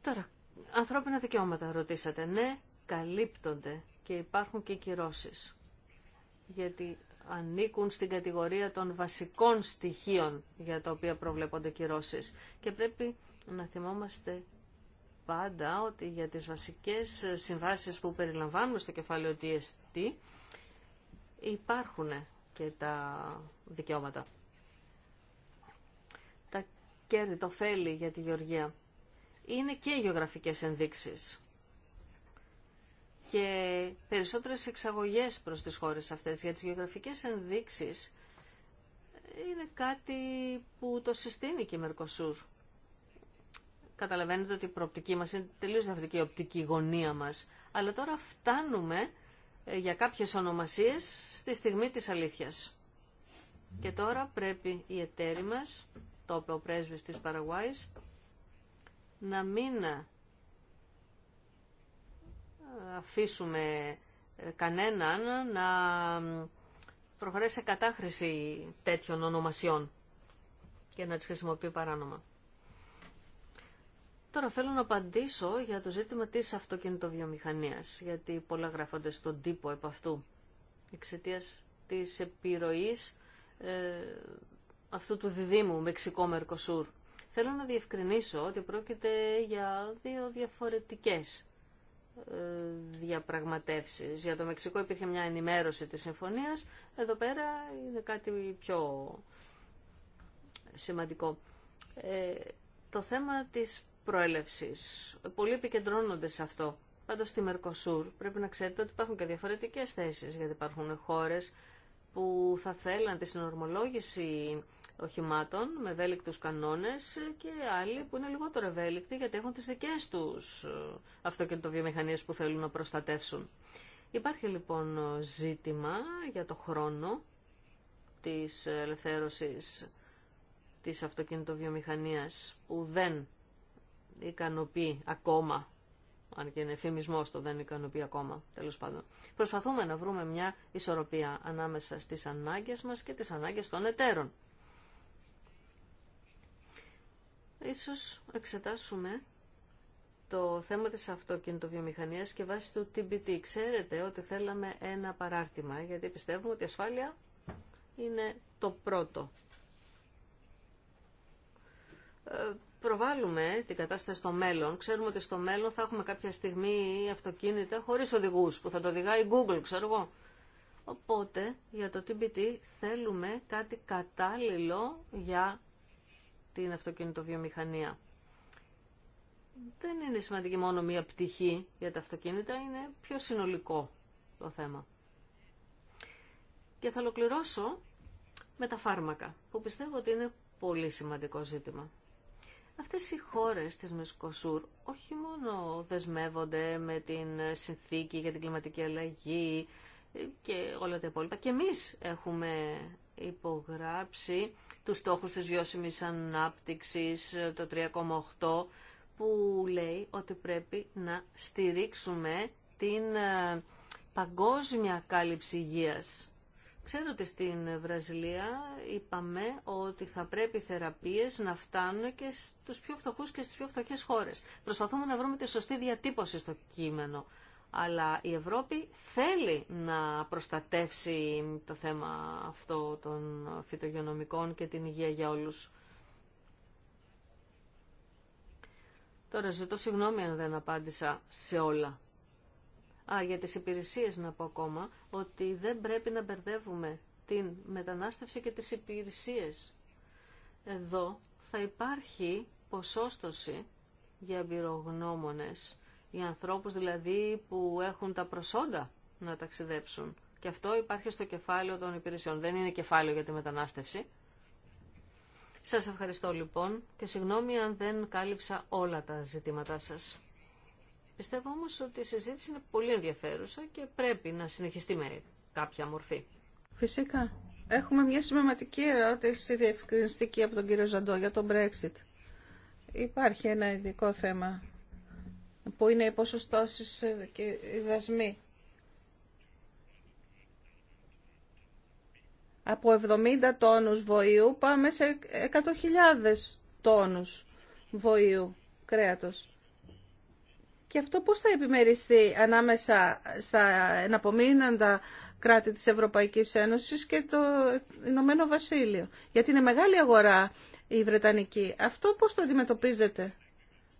Τώρα, ανθρώπινα δικαιώματα ρωτήσατε. Ναι, καλύπτονται και υπάρχουν και κυρώσεις. Γιατί ανήκουν στην κατηγορία των βασικών στοιχείων για τα οποία προβλέπονται κυρώσεις. Και πρέπει να θυμόμαστε πάντα ότι για τις βασικές συμβάσεις που περιλαμβάνουμε στο κεφάλαιο TST υπάρχουν και τα δικαιώματα. Τα κέρδη, το φέλη για τη Γεωργία είναι και οι γεωγραφικές ενδείξεις και περισσότερες εξαγωγές προς τις χώρες αυτές. Για τις γεωγραφικές ενδείξεις είναι κάτι που το συστήνει και η Μερκοσούρ. Καταλαβαίνετε ότι η προοπτική μας είναι τελείως διαφορετική η οπτική γωνία μας. Αλλά τώρα φτάνουμε ε, για κάποιες ονομασίες στη στιγμή της αλήθειας. Και τώρα πρέπει η εταίροι μας, το οποίο πρέσβης της Παραγουάης, να μην αφήσουμε ε, κανέναν να προχωρήσει σε κατάχρηση τέτοιων ονομασιών και να τις χρησιμοποιεί παράνομα. Τώρα θέλω να απαντήσω για το ζήτημα της αυτοκινητοβιομηχανίας, γιατί πολλά γράφονται στον τύπο επ' αυτού, εξαιτία της επιρροής ε, αυτού του διδήμου Μεξικό-Μερκοσούρ. Θέλω να διευκρινίσω ότι πρόκειται για δύο διαφορετικές διαπραγματεύσεις. Για το Μεξικό υπήρχε μια ενημέρωση της συμφωνίας, εδώ πέρα είναι κάτι πιο σημαντικό. Ε, το θέμα της προέλευσης. Πολλοί επικεντρώνονται σε αυτό. Πάντως στη Μερκοσούρ πρέπει να ξέρετε ότι υπάρχουν και διαφορετικές θέσεις, γιατί υπάρχουν χώρες που θα θέλαν τη συνορμολόγηση οχημάτων με ευέλικτους κανόνες και άλλοι που είναι λιγότερο ευέλικτοι γιατί έχουν τις δικές τους ε, αυτοκινητοβιομηχανίες που θέλουν να προστατεύσουν. Υπάρχει λοιπόν ζήτημα για το χρόνο της ελευθέρωσης της αυτοκινητοβιομηχανίας που δεν ικανοποιεί ακόμα αν και είναι φημισμό το δεν ικανοποιεί ακόμα, τέλο πάντων. Προσπαθούμε να βρούμε μια ισορροπία ανάμεσα στι ανάγκε μα και τι ανάγκε των εταίρων. Ίσως εξετάσουμε το θέμα της αυτοκινητοβιομηχανίας και βάσει του TBT. Ξέρετε ότι θέλαμε ένα παράρτημα, γιατί πιστεύουμε ότι η ασφάλεια είναι το πρώτο. Ε, προβάλλουμε την κατάσταση στο μέλλον. Ξέρουμε ότι στο μέλλον θα έχουμε κάποια στιγμή αυτοκίνητα χωρίς οδηγούς, που θα το οδηγάει η Google, ξέρω εγώ. Οπότε, για το TBT θέλουμε κάτι κατάλληλο για την αυτοκινητοβιομηχανία. Δεν είναι σημαντική μόνο μία πτυχή για τα αυτοκίνητα, είναι πιο συνολικό το θέμα. Και θα ολοκληρώσω με τα φάρμακα, που πιστεύω ότι είναι πολύ σημαντικό ζήτημα. Αυτές οι χώρες της Μεσκοσούρ όχι μόνο δεσμεύονται με την συνθήκη για την κλιματική αλλαγή και όλα τα υπόλοιπα. Και εμείς έχουμε υπογράψει τους στόχους της βιώσιμης ανάπτυξης, το 3,8, που λέει ότι πρέπει να στηρίξουμε την ε, παγκόσμια κάλυψη υγείας. Ξέρω ότι στην Βραζιλία είπαμε ότι θα πρέπει οι θεραπείες να φτάνουν και στους πιο φτωχούς και στις πιο φτωχές χώρες. Προσπαθούμε να βρούμε τη σωστή διατύπωση στο κείμενο αλλά η Ευρώπη θέλει να προστατεύσει το θέμα αυτό των φυτογειονομικών και την υγεία για όλους. Τώρα ζητώ συγγνώμη αν δεν απάντησα σε όλα. Α, για τις υπηρεσίες να πω ακόμα ότι δεν πρέπει να μπερδεύουμε την μετανάστευση και τις υπηρεσίες. Εδώ θα υπάρχει ποσόστοση για εμπειρογνώμονες οι ανθρώπους δηλαδή που έχουν τα προσόντα να ταξιδέψουν. Και αυτό υπάρχει στο κεφάλαιο των υπηρεσιών. Δεν είναι κεφάλαιο για τη μετανάστευση. Σας ευχαριστώ λοιπόν και συγγνώμη αν δεν κάλυψα όλα τα ζητήματά σας. Πιστεύω όμως ότι η συζήτηση είναι πολύ ενδιαφέρουσα και πρέπει να συνεχιστεί με κάποια μορφή. Φυσικά. Έχουμε μια σημαντική ερώτηση διευκρινιστική από τον κύριο Ζαντό για τον Brexit. Υπάρχει ένα ειδικό θέμα που είναι οι ποσοστώσεις ε, και οι δασμοί. Από 70 τόνους βοηού πάμε σε 100.000 τόνους βοηού κρέατος. Και αυτό πώς θα επιμεριστεί ανάμεσα στα εναπομείναντα κράτη της Ευρωπαϊκής Ένωσης και το Ηνωμένο Βασίλειο. Γιατί είναι μεγάλη αγορά η Βρετανική. Αυτό πώς το αντιμετωπίζετε.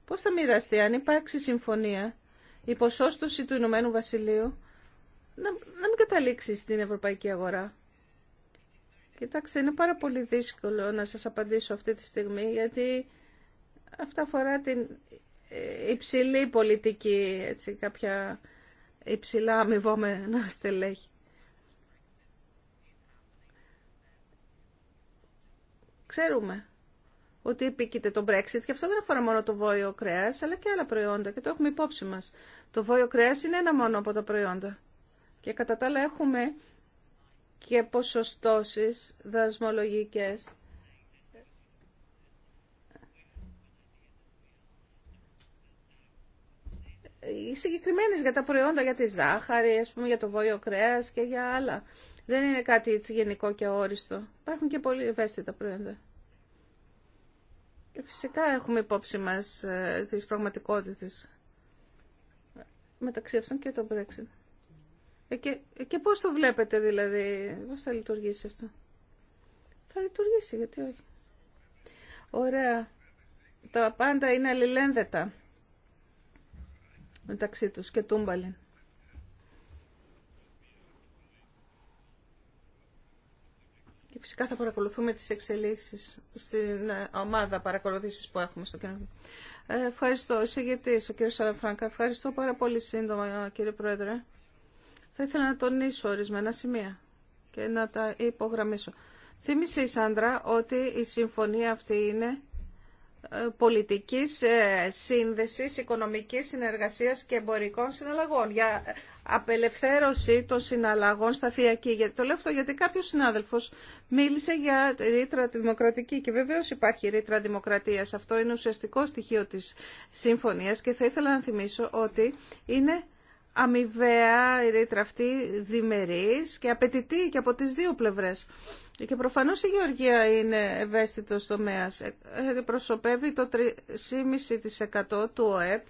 Πώς θα μοιραστεί αν υπάρξει συμφωνία η ποσόστοση του Ηνωμένου Βασιλείου να, να μην καταλήξει στην ευρωπαϊκή αγορά. Κοιτάξτε, είναι πάρα πολύ δύσκολο να σας απαντήσω αυτή τη στιγμή, γιατί αυτά αφορά την ε, υψηλή πολιτική, έτσι, κάποια υψηλά αμοιβόμενα στελέχη. Ξέρουμε ότι επίκειται το Brexit και αυτό δεν αφορά μόνο το βόλιο κρέα, αλλά και άλλα προϊόντα και το έχουμε υπόψη μα. Το βόλιο κρέα είναι ένα μόνο από τα προϊόντα και κατά τα άλλα έχουμε και ποσοστώσεις δασμολογικές. συγκεκριμένες για τα προϊόντα, για τη ζάχαρη, ας πούμε, για το βόλιο κρέας και για άλλα. Δεν είναι κάτι έτσι γενικό και όριστο. Υπάρχουν και πολύ ευαίσθητα προϊόντα φυσικά έχουμε υπόψη μας ε, τις πραγματικότητες μεταξύ αυτών και το Brexit. Ε, και, ε, και πώς το βλέπετε δηλαδή, πώς θα λειτουργήσει αυτό. Θα λειτουργήσει, γιατί όχι. Ωραία. Τα πάντα είναι αλληλένδετα μεταξύ τους και τούμπαλιν. Και φυσικά θα παρακολουθούμε τις εξελίξεις στην ε, ομάδα παρακολουθήσεις που έχουμε στο κοινό. Ε, ευχαριστώ. Εισηγητή, ο κύριο Σαλαφράγκα. Ευχαριστώ πάρα πολύ σύντομα, κύριε Πρόεδρε. Θα ήθελα να τονίσω ορισμένα σημεία και να τα υπογραμμίσω. Θύμησε η Σάντρα ότι η συμφωνία αυτή είναι ε, πολιτικής σύνδεσης, οικονομικής συνεργασίας και εμπορικών συναλλαγών για απελευθέρωση των συναλλαγών στα θειακή. Γιατί το λέω αυτό γιατί κάποιο συνάδελφο μίλησε για ρήτρα δημοκρατική και βεβαίω υπάρχει ρήτρα δημοκρατία. Αυτό είναι ουσιαστικό στοιχείο τη συμφωνία και θα ήθελα να θυμίσω ότι είναι αμοιβαία η ρήτρα αυτή διμερής και απαιτητή και από τις δύο πλευρές. Και προφανώς η Γεωργία είναι ευαίσθητος τομέας. Ε, ε, προσωπεύει το 3,5% του ΟΕΠ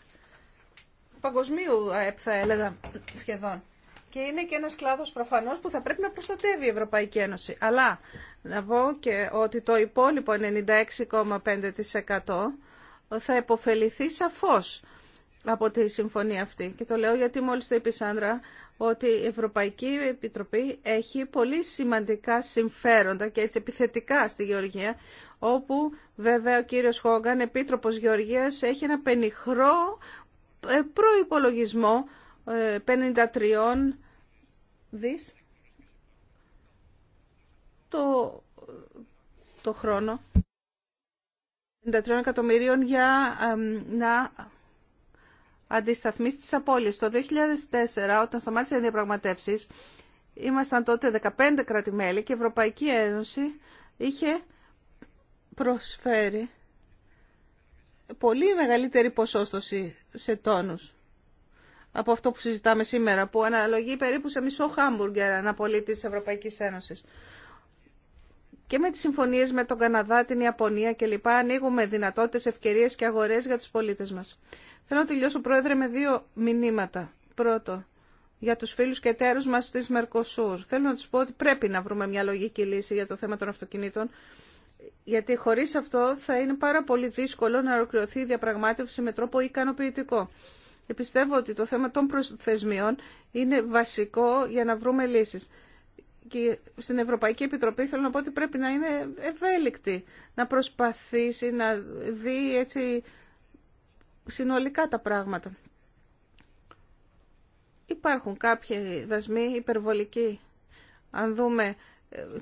παγκοσμίου ΑΕΠ θα έλεγα σχεδόν. Και είναι και ένας κλάδος προφανώς που θα πρέπει να προστατεύει η Ευρωπαϊκή Ένωση. Αλλά να πω και ότι το υπόλοιπο 96,5% θα υποφεληθεί σαφώς από τη συμφωνία αυτή. Και το λέω γιατί μόλις το είπε η Σάντρα, ότι η Ευρωπαϊκή Επιτροπή έχει πολύ σημαντικά συμφέροντα και έτσι επιθετικά στη Γεωργία, όπου βέβαια ο κύριος Χόγκαν, Επίτροπος Γεωργίας, έχει ένα πενιχρό ε, προϋπολογισμό 53 ε, δις το, το χρόνο 53 εκατομμυρίων για να αντισταθμίσει τις απώλειες. Το 2004 όταν σταμάτησαν οι διαπραγματεύσεις ήμασταν τότε 15 κράτη-μέλη και η Ευρωπαϊκή Ένωση είχε προσφέρει πολύ μεγαλύτερη ποσόστοση σε τόνους από αυτό που συζητάμε σήμερα, που αναλογεί περίπου σε μισό χάμπουργκερ αναπολίτη της Ευρωπαϊκής Ένωσης. Και με τις συμφωνίες με τον Καναδά, την Ιαπωνία κλπ. ανοίγουμε δυνατότητες, ευκαιρίες και αγορές για τους πολίτες μας. Θέλω να τελειώσω, Πρόεδρε, με δύο μηνύματα. Πρώτο, για τους φίλους και εταίρους μας της Μερκοσούρ. Θέλω να τους πω ότι πρέπει να βρούμε μια λογική λύση για το θέμα των αυτοκινήτων γιατί χωρίς αυτό θα είναι πάρα πολύ δύσκολο να ολοκληρωθεί η διαπραγμάτευση με τρόπο ικανοποιητικό. Επιστεύω ότι το θέμα των προσθεσμίων είναι βασικό για να βρούμε λύσεις. Και στην Ευρωπαϊκή Επιτροπή θέλω να πω ότι πρέπει να είναι ευέλικτη, να προσπαθήσει να δει έτσι συνολικά τα πράγματα. Υπάρχουν κάποιοι δασμοί υπερβολικοί. Αν δούμε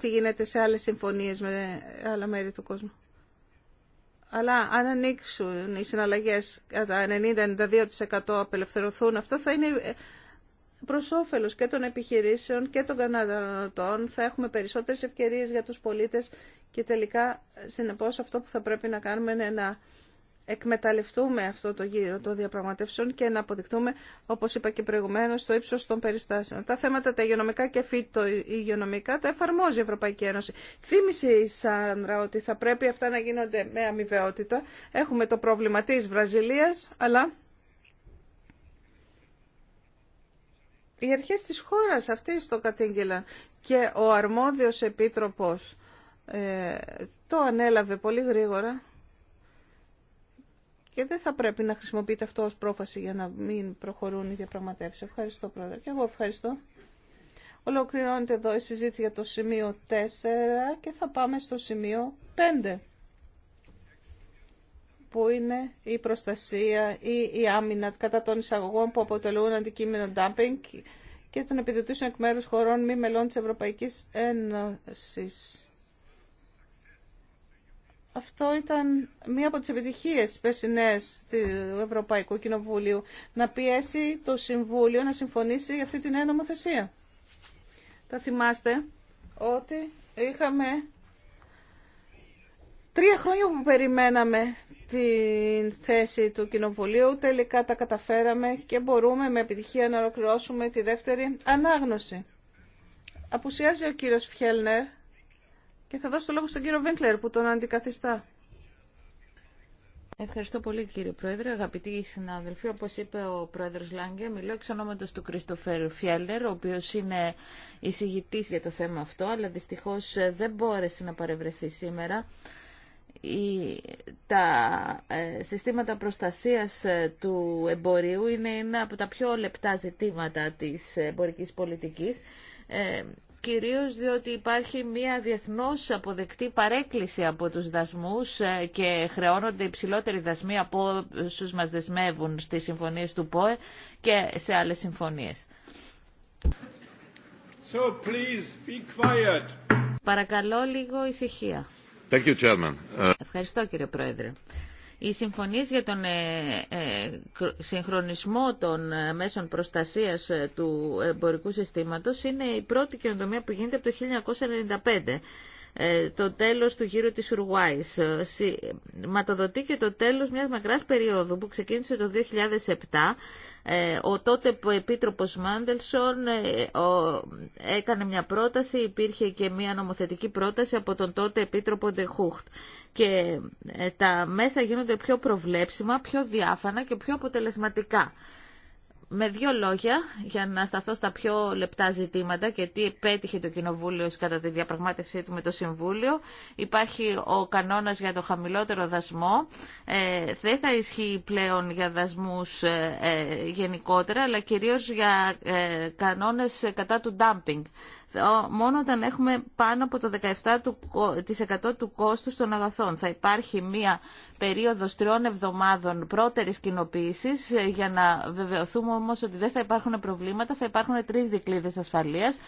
τι γίνεται σε άλλες συμφωνίες με άλλα μέρη του κόσμου. Αλλά αν ανοίξουν οι συναλλαγές κατά 90-92% απελευθερωθούν, αυτό θα είναι προς όφελος και των επιχειρήσεων και των καταναλωτών. Θα έχουμε περισσότερες ευκαιρίες για τους πολίτες και τελικά, συνεπώς, αυτό που θα πρέπει να κάνουμε είναι να εκμεταλλευτούμε αυτό το γύρο των διαπραγματεύσεων και να αποδειχτούμε, όπως είπα και προηγουμένως, το ύψος των περιστάσεων. Τα θέματα τα υγειονομικά και φύτο υγειονομικά τα εφαρμόζει η Ευρωπαϊκή Ένωση. Θύμησε η Σανδρά ότι θα πρέπει αυτά να γίνονται με αμοιβαιότητα. Έχουμε το πρόβλημα της Βραζιλίας, αλλά οι αρχές της χώρας αυτής το κατήγγελαν και ο αρμόδιος επίτροπος ε, το ανέλαβε πολύ γρήγορα και δεν θα πρέπει να χρησιμοποιείται αυτό ως πρόφαση για να μην προχωρούν οι διαπραγματεύσεις. Ευχαριστώ πρόεδρε και εγώ ευχαριστώ. Ολοκληρώνεται εδώ η συζήτηση για το σημείο 4 και θα πάμε στο σημείο 5 που είναι η προστασία ή η άμυνα κατά των εισαγωγών που αποτελούν αντικείμενο dumping και των επιδοτήσεων εκ μέρους χωρών μη μελών της Ευρωπαϊκής Ένωσης αυτό ήταν μία από τις επιτυχίες πεσινές του Ευρωπαϊκού Κοινοβουλίου να πιέσει το Συμβούλιο να συμφωνήσει για αυτή την νέα νομοθεσία. Θα θυμάστε ότι είχαμε τρία χρόνια που περιμέναμε την θέση του Κοινοβουλίου, τελικά τα καταφέραμε και μπορούμε με επιτυχία να ολοκληρώσουμε τη δεύτερη ανάγνωση. Αποουσιάζει ο κύριος Φιέλνερ, και θα δώσω το λόγο στον κύριο Βίνκλερ που τον αντικαθιστά. Ευχαριστώ πολύ κύριε Πρόεδρε. Αγαπητοί συνάδελφοι, όπως είπε ο Πρόεδρος Λάγκε, μιλώ εξ ονόματος του Κριστοφέρ Φιέλλερ, ο οποίος είναι εισηγητής για το θέμα αυτό, αλλά δυστυχώς ε, δεν μπόρεσε να παρευρεθεί σήμερα. Η, τα ε, συστήματα προστασίας ε, του εμπορίου είναι ένα από τα πιο λεπτά ζητήματα της εμπορικής πολιτικής κυρίως διότι υπάρχει μια διεθνώς αποδεκτή παρέκκληση από τους δασμούς ε, και χρεώνονται υψηλότεροι δασμοί από όσους μας δεσμεύουν στις συμφωνίες του ΠΟΕ και σε άλλες συμφωνίες. So, please, be quiet. Παρακαλώ λίγο ησυχία. Thank you, ε, Ευχαριστώ κύριε Πρόεδρε. Οι συμφωνίες για τον ε, ε, συγχρονισμό των ε, μέσων προστασίας του εμπορικού συστήματος είναι η πρώτη καινοτομία που γίνεται από το 1995 το τέλος του γύρου της Ουρουάης. Ματοδοτεί και το τέλος μιας μακράς περίοδου που ξεκίνησε το 2007 ε, ο τότε ο Επίτροπος Μάντελσον ε, έκανε μια πρόταση, υπήρχε και μια νομοθετική πρόταση από τον τότε Επίτροπο Ντεχούχτ. Και ε, τα μέσα γίνονται πιο προβλέψιμα, πιο διάφανα και πιο αποτελεσματικά με δύο λόγια, για να σταθώ στα πιο λεπτά ζητήματα και τι επέτυχε το Κοινοβούλιο κατά τη διαπραγμάτευσή του με το Συμβούλιο. Υπάρχει ο κανόνας για το χαμηλότερο δασμό. Ε, δεν θα ισχύει πλέον για δασμούς ε, ε, γενικότερα, αλλά κυρίως για ε, κανόνες κατά του ντάμπινγκ μόνο όταν έχουμε πάνω από το 17% του κόστου των αγαθών. Θα υπάρχει μία περίοδος τριών εβδομάδων πρώτερης κοινοποίηση ε, για να βεβαιωθούμε όμως ότι δεν θα υπάρχουν προβλήματα, θα υπάρχουν τρεις δικλείδες ασφαλείας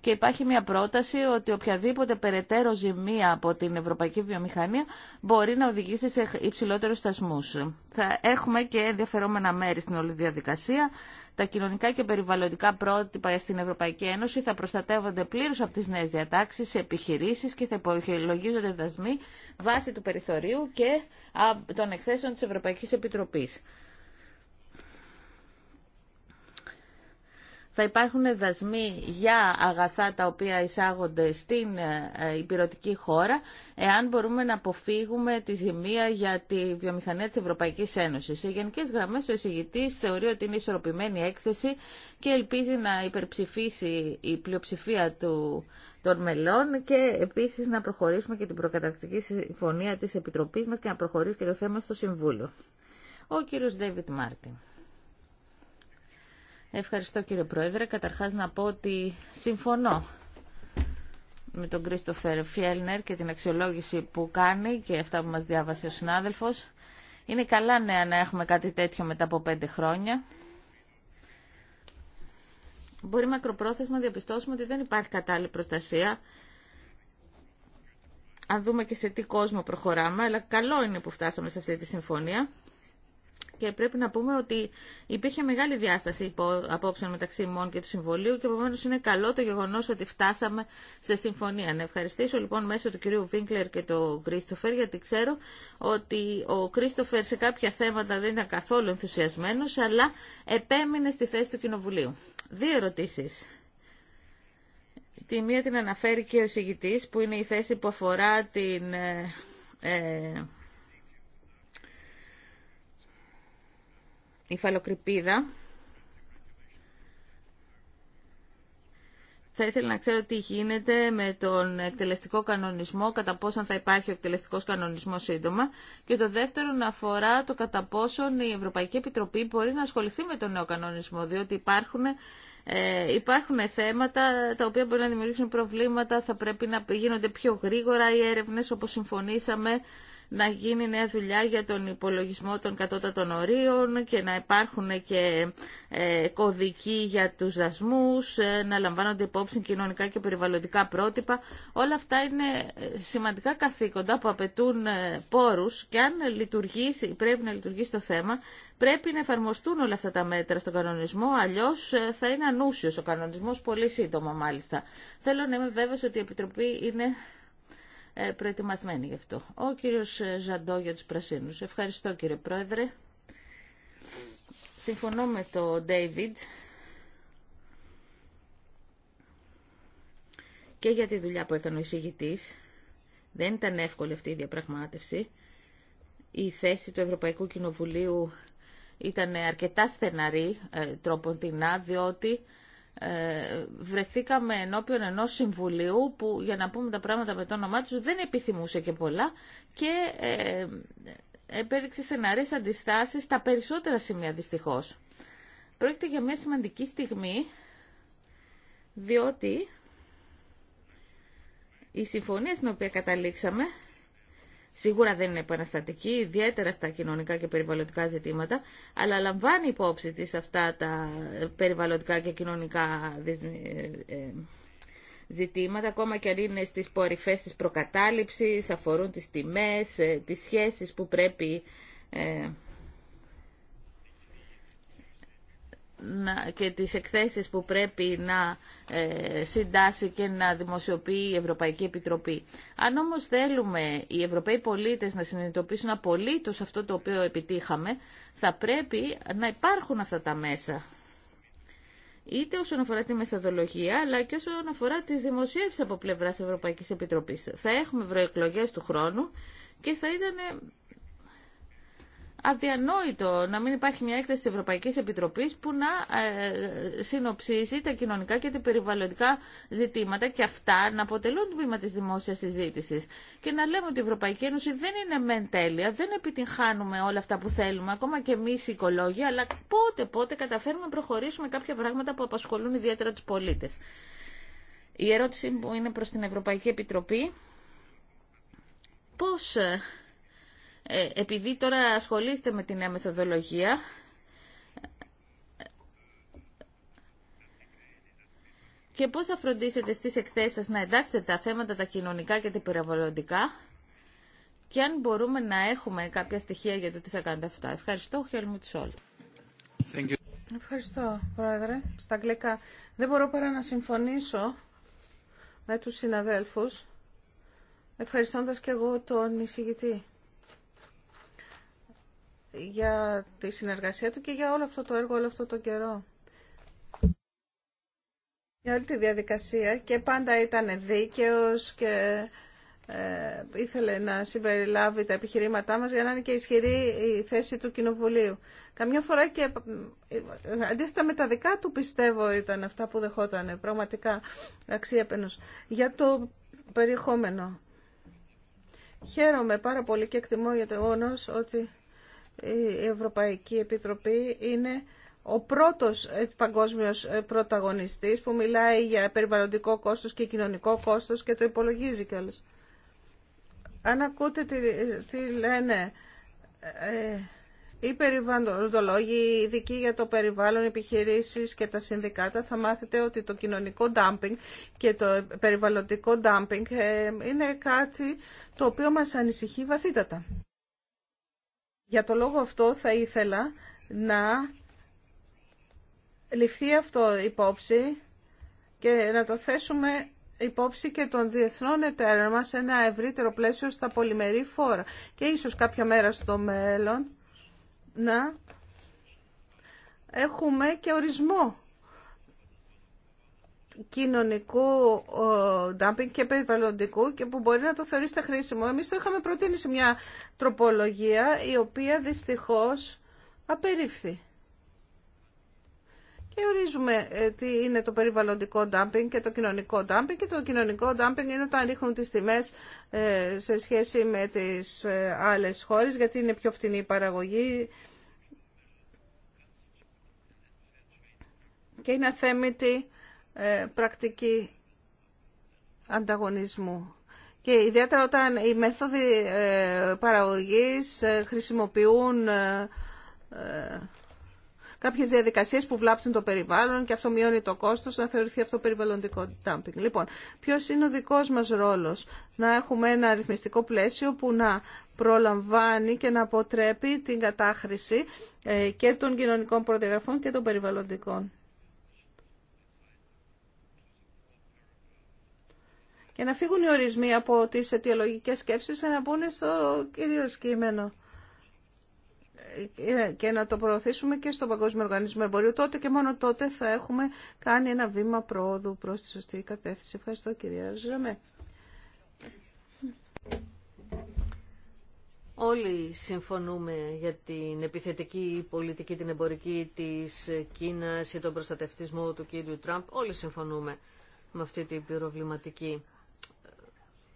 και υπάρχει μια πρόταση ότι οποιαδήποτε περαιτέρω ζημία από την ευρωπαϊκή βιομηχανία μπορεί να οδηγήσει σε υψηλότερους στασμούς. Θα έχουμε και ενδιαφερόμενα μέρη στην όλη διαδικασία τα κοινωνικά και περιβαλλοντικά πρότυπα στην Ευρωπαϊκή Ένωση θα προστατεύονται πλήρως από τι νέε διατάξεις σε και θα υπολογίζονται δασμοί βάσει του περιθωρίου και των εκθέσεων της Ευρωπαϊκής Επιτροπής. θα υπάρχουν δασμοί για αγαθά τα οποία εισάγονται στην ε, ε, υπηρετική χώρα, εάν μπορούμε να αποφύγουμε τη ζημία για τη βιομηχανία της Ευρωπαϊκής Ένωσης. Σε γενικές γραμμές ο εισηγητής θεωρεί ότι είναι ισορροπημένη έκθεση και ελπίζει να υπερψηφίσει η πλειοψηφία του των μελών και επίσης να προχωρήσουμε και την προκατακτική συμφωνία της Επιτροπής μας και να προχωρήσει και το θέμα στο Συμβούλιο. Ο κύριος Ντέιβιτ Μάρτιν. Ευχαριστώ κύριε Πρόεδρε. Καταρχάς να πω ότι συμφωνώ με τον Κρίστοφερ Φιέλνερ και την αξιολόγηση που κάνει και αυτά που μας διάβασε ο συνάδελφος. Είναι καλά νέα να έχουμε κάτι τέτοιο μετά από πέντε χρόνια. Μπορεί μακροπρόθεσμα να διαπιστώσουμε ότι δεν υπάρχει κατάλληλη προστασία. Αν δούμε και σε τι κόσμο προχωράμε, αλλά καλό είναι που φτάσαμε σε αυτή τη συμφωνία και πρέπει να πούμε ότι υπήρχε μεγάλη διάσταση απόψεων μεταξύ ημών και του Συμβολίου και επομένω είναι καλό το γεγονό ότι φτάσαμε σε συμφωνία. Να ευχαριστήσω λοιπόν μέσω του κυρίου Βίνκλερ και του Κρίστοφερ γιατί ξέρω ότι ο Κρίστοφερ σε κάποια θέματα δεν ήταν καθόλου ενθουσιασμένο αλλά επέμεινε στη θέση του Κοινοβουλίου. Δύο ερωτήσει. Τη μία την αναφέρει και ο εισηγητής που είναι η θέση που αφορά την ε, ε Η Φαλοκρηπίδα Θα ήθελα να ξέρω τι γίνεται με τον εκτελεστικό κανονισμό, κατά πόσον θα υπάρχει ο εκτελεστικός κανονισμός σύντομα. Και το δεύτερο να αφορά το κατά πόσον η Ευρωπαϊκή Επιτροπή μπορεί να ασχοληθεί με τον νέο κανονισμό, διότι υπάρχουν, ε, υπάρχουν θέματα τα οποία μπορεί να δημιουργήσουν προβλήματα, θα πρέπει να γίνονται πιο γρήγορα οι έρευνες όπως συμφωνήσαμε να γίνει νέα δουλειά για τον υπολογισμό των κατώτατων ορίων και να υπάρχουν και ε, κωδικοί για τους δασμούς, ε, να λαμβάνονται υπόψη κοινωνικά και περιβαλλοντικά πρότυπα. Όλα αυτά είναι ε, σημαντικά καθήκοντα που απαιτούν πόρους και αν λειτουργήσει, πρέπει να λειτουργήσει το θέμα, πρέπει να εφαρμοστούν όλα αυτά τα μέτρα στον κανονισμό, αλλιώς θα είναι ανούσιος ο κανονισμός πολύ σύντομα μάλιστα. Θέλω να είμαι βέβαιος ότι η Επιτροπή είναι ε, προετοιμασμένοι γι' αυτό. Ο κύριος ε, Ζαντό για τους Πρασίνους. Ευχαριστώ κύριε Πρόεδρε. Συμφωνώ με τον Ντέιβιντ και για τη δουλειά που έκανε ο εισηγητής. Δεν ήταν εύκολη αυτή η διαπραγμάτευση. Η θέση του Ευρωπαϊκού Κοινοβουλίου ήταν αρκετά στεναρή ε, τρόπον την διότι ε, βρεθήκαμε ενώπιον ενός συμβουλίου που για να πούμε τα πράγματα με το όνομά του δεν επιθυμούσε και πολλά και ε, επέδειξε στεναρές αντιστάσεις στα περισσότερα σημεία Δυστυχώ. Πρόκειται για μια σημαντική στιγμή διότι η συμφωνία στην οποία καταλήξαμε Σίγουρα δεν είναι επαναστατική, ιδιαίτερα στα κοινωνικά και περιβαλλοντικά ζητήματα, αλλά λαμβάνει υπόψη της αυτά τα περιβαλλοντικά και κοινωνικά ε, ε, ζητήματα, ακόμα και αν είναι στις πορυφές της προκατάληψης, αφορούν τις τιμές, ε, τις σχέσεις που πρέπει και τις εκθέσεις που πρέπει να ε, συντάσει και να δημοσιοποιεί η Ευρωπαϊκή Επιτροπή. Αν όμως θέλουμε οι Ευρωπαίοι πολίτες να συνειδητοποιήσουν απολύτως αυτό το οποίο επιτύχαμε, θα πρέπει να υπάρχουν αυτά τα μέσα. Είτε όσον αφορά τη μεθοδολογία, αλλά και όσον αφορά τις δημοσίευσεις από πλευράς Ευρωπαϊκής Επιτροπής. Θα έχουμε ευρωεκλογέ του χρόνου και θα ήταν αδιανόητο να μην υπάρχει μια έκθεση της Ευρωπαϊκής Επιτροπής που να ε, συνοψίζει τα κοινωνικά και τα περιβαλλοντικά ζητήματα και αυτά να αποτελούν βήμα της δημόσιας συζήτησης. Και να λέμε ότι η Ευρωπαϊκή Ένωση δεν είναι μεν τέλεια, δεν επιτυγχάνουμε όλα αυτά που θέλουμε, ακόμα και εμείς οι οικολόγοι, αλλά πότε πότε καταφέρουμε να προχωρήσουμε κάποια πράγματα που απασχολούν ιδιαίτερα τους πολίτες. Η ερώτηση που είναι προς την Ευρωπαϊκή Επιτροπή, πώς ε, ε, επειδή τώρα ασχολείστε με την νέα μεθοδολογία, και πώς θα φροντίσετε στις εκθέσεις σας να εντάξετε τα θέματα τα κοινωνικά και τα περιβαλλοντικά και αν μπορούμε να έχουμε κάποια στοιχεία για το τι θα κάνετε αυτά. Ευχαριστώ, Χέλμουτ Σόλ. Ευχαριστώ, Πρόεδρε. Στα αγγλικά δεν μπορώ παρά να συμφωνήσω με τους συναδέλφους, ευχαριστώντας και εγώ τον εισηγητή για τη συνεργασία του και για όλο αυτό το έργο, όλο αυτό το καιρό. Για όλη τη διαδικασία και πάντα ήταν δίκαιος και ε, ήθελε να συμπεριλάβει τα επιχειρήματά μας για να είναι και ισχυρή η θέση του Κοινοβουλίου. Καμιά φορά και ε, αντίθετα με τα δικά του πιστεύω ήταν αυτά που δεχόταν πραγματικά αξίεπαινος. Για το περιεχόμενο. Χαίρομαι πάρα πολύ και εκτιμώ για το γεγονό ότι η Ευρωπαϊκή Επιτροπή είναι ο πρώτος ε, παγκόσμιος ε, πρωταγωνιστής που μιλάει για περιβαλλοντικό κόστος και κοινωνικό κόστος και το υπολογίζει κιόλας. Αν ακούτε τι, λένε ε, οι περιβαλλοντολόγοι, οι ειδικοί για το περιβάλλον, οι επιχειρήσεις και τα συνδικάτα, θα μάθετε ότι το κοινωνικό ντάμπινγκ και το περιβαλλοντικό ντάμπινγκ ε, είναι κάτι το οποίο μας ανησυχεί βαθύτατα. Για το λόγο αυτό θα ήθελα να ληφθεί αυτό υπόψη και να το θέσουμε υπόψη και των διεθνών εταίρων μας σε ένα ευρύτερο πλαίσιο στα πολυμερή φόρα και ίσως κάποια μέρα στο μέλλον να έχουμε και ορισμό κοινωνικού ντάμπινγκ και περιβαλλοντικού και που μπορεί να το θεωρήσετε χρήσιμο. Εμείς το είχαμε προτείνει σε μια τροπολογία η οποία δυστυχώς απερίφθη. Και ορίζουμε ε, τι είναι το περιβαλλοντικό ντάμπινγκ και το κοινωνικό ντάμπινγκ και το κοινωνικό ντάμπινγκ είναι όταν ρίχνουν τις τιμές ε, σε σχέση με τις ε, άλλες χώρες γιατί είναι πιο φτηνή η παραγωγή και είναι αθέμητη ε, πρακτική ανταγωνισμού. Και ιδιαίτερα όταν οι μέθοδοι ε, παραγωγής ε, χρησιμοποιούν κάποιες διαδικασίες που βλάπτουν το περιβάλλον και αυτό μειώνει το κόστος, να θεωρηθεί αυτό περιβαλλοντικό dumping. Λοιπόν, ποιος είναι ο δικός μας ρόλος να έχουμε ένα αριθμιστικό πλαίσιο που να προλαμβάνει και να αποτρέπει την κατάχρηση και των κοινωνικών προδιαγραφών και των περιβαλλοντικών. Και να φύγουν οι ορισμοί από τις αιτιολογικές σκέψεις και να μπουν στο κύριο κείμενο ε, και να το προωθήσουμε και στον Παγκόσμιο Οργανισμό Εμπορίου. Τότε και μόνο τότε θα έχουμε κάνει ένα βήμα πρόοδου προς τη σωστή κατεύθυνση. Ευχαριστώ κυρία Ζαμέ. Όλοι συμφωνούμε για την επιθετική πολιτική, την εμπορική της Κίνας ή τον προστατευτισμό του κύριου Τραμπ. Όλοι συμφωνούμε με αυτή την πυροβληματική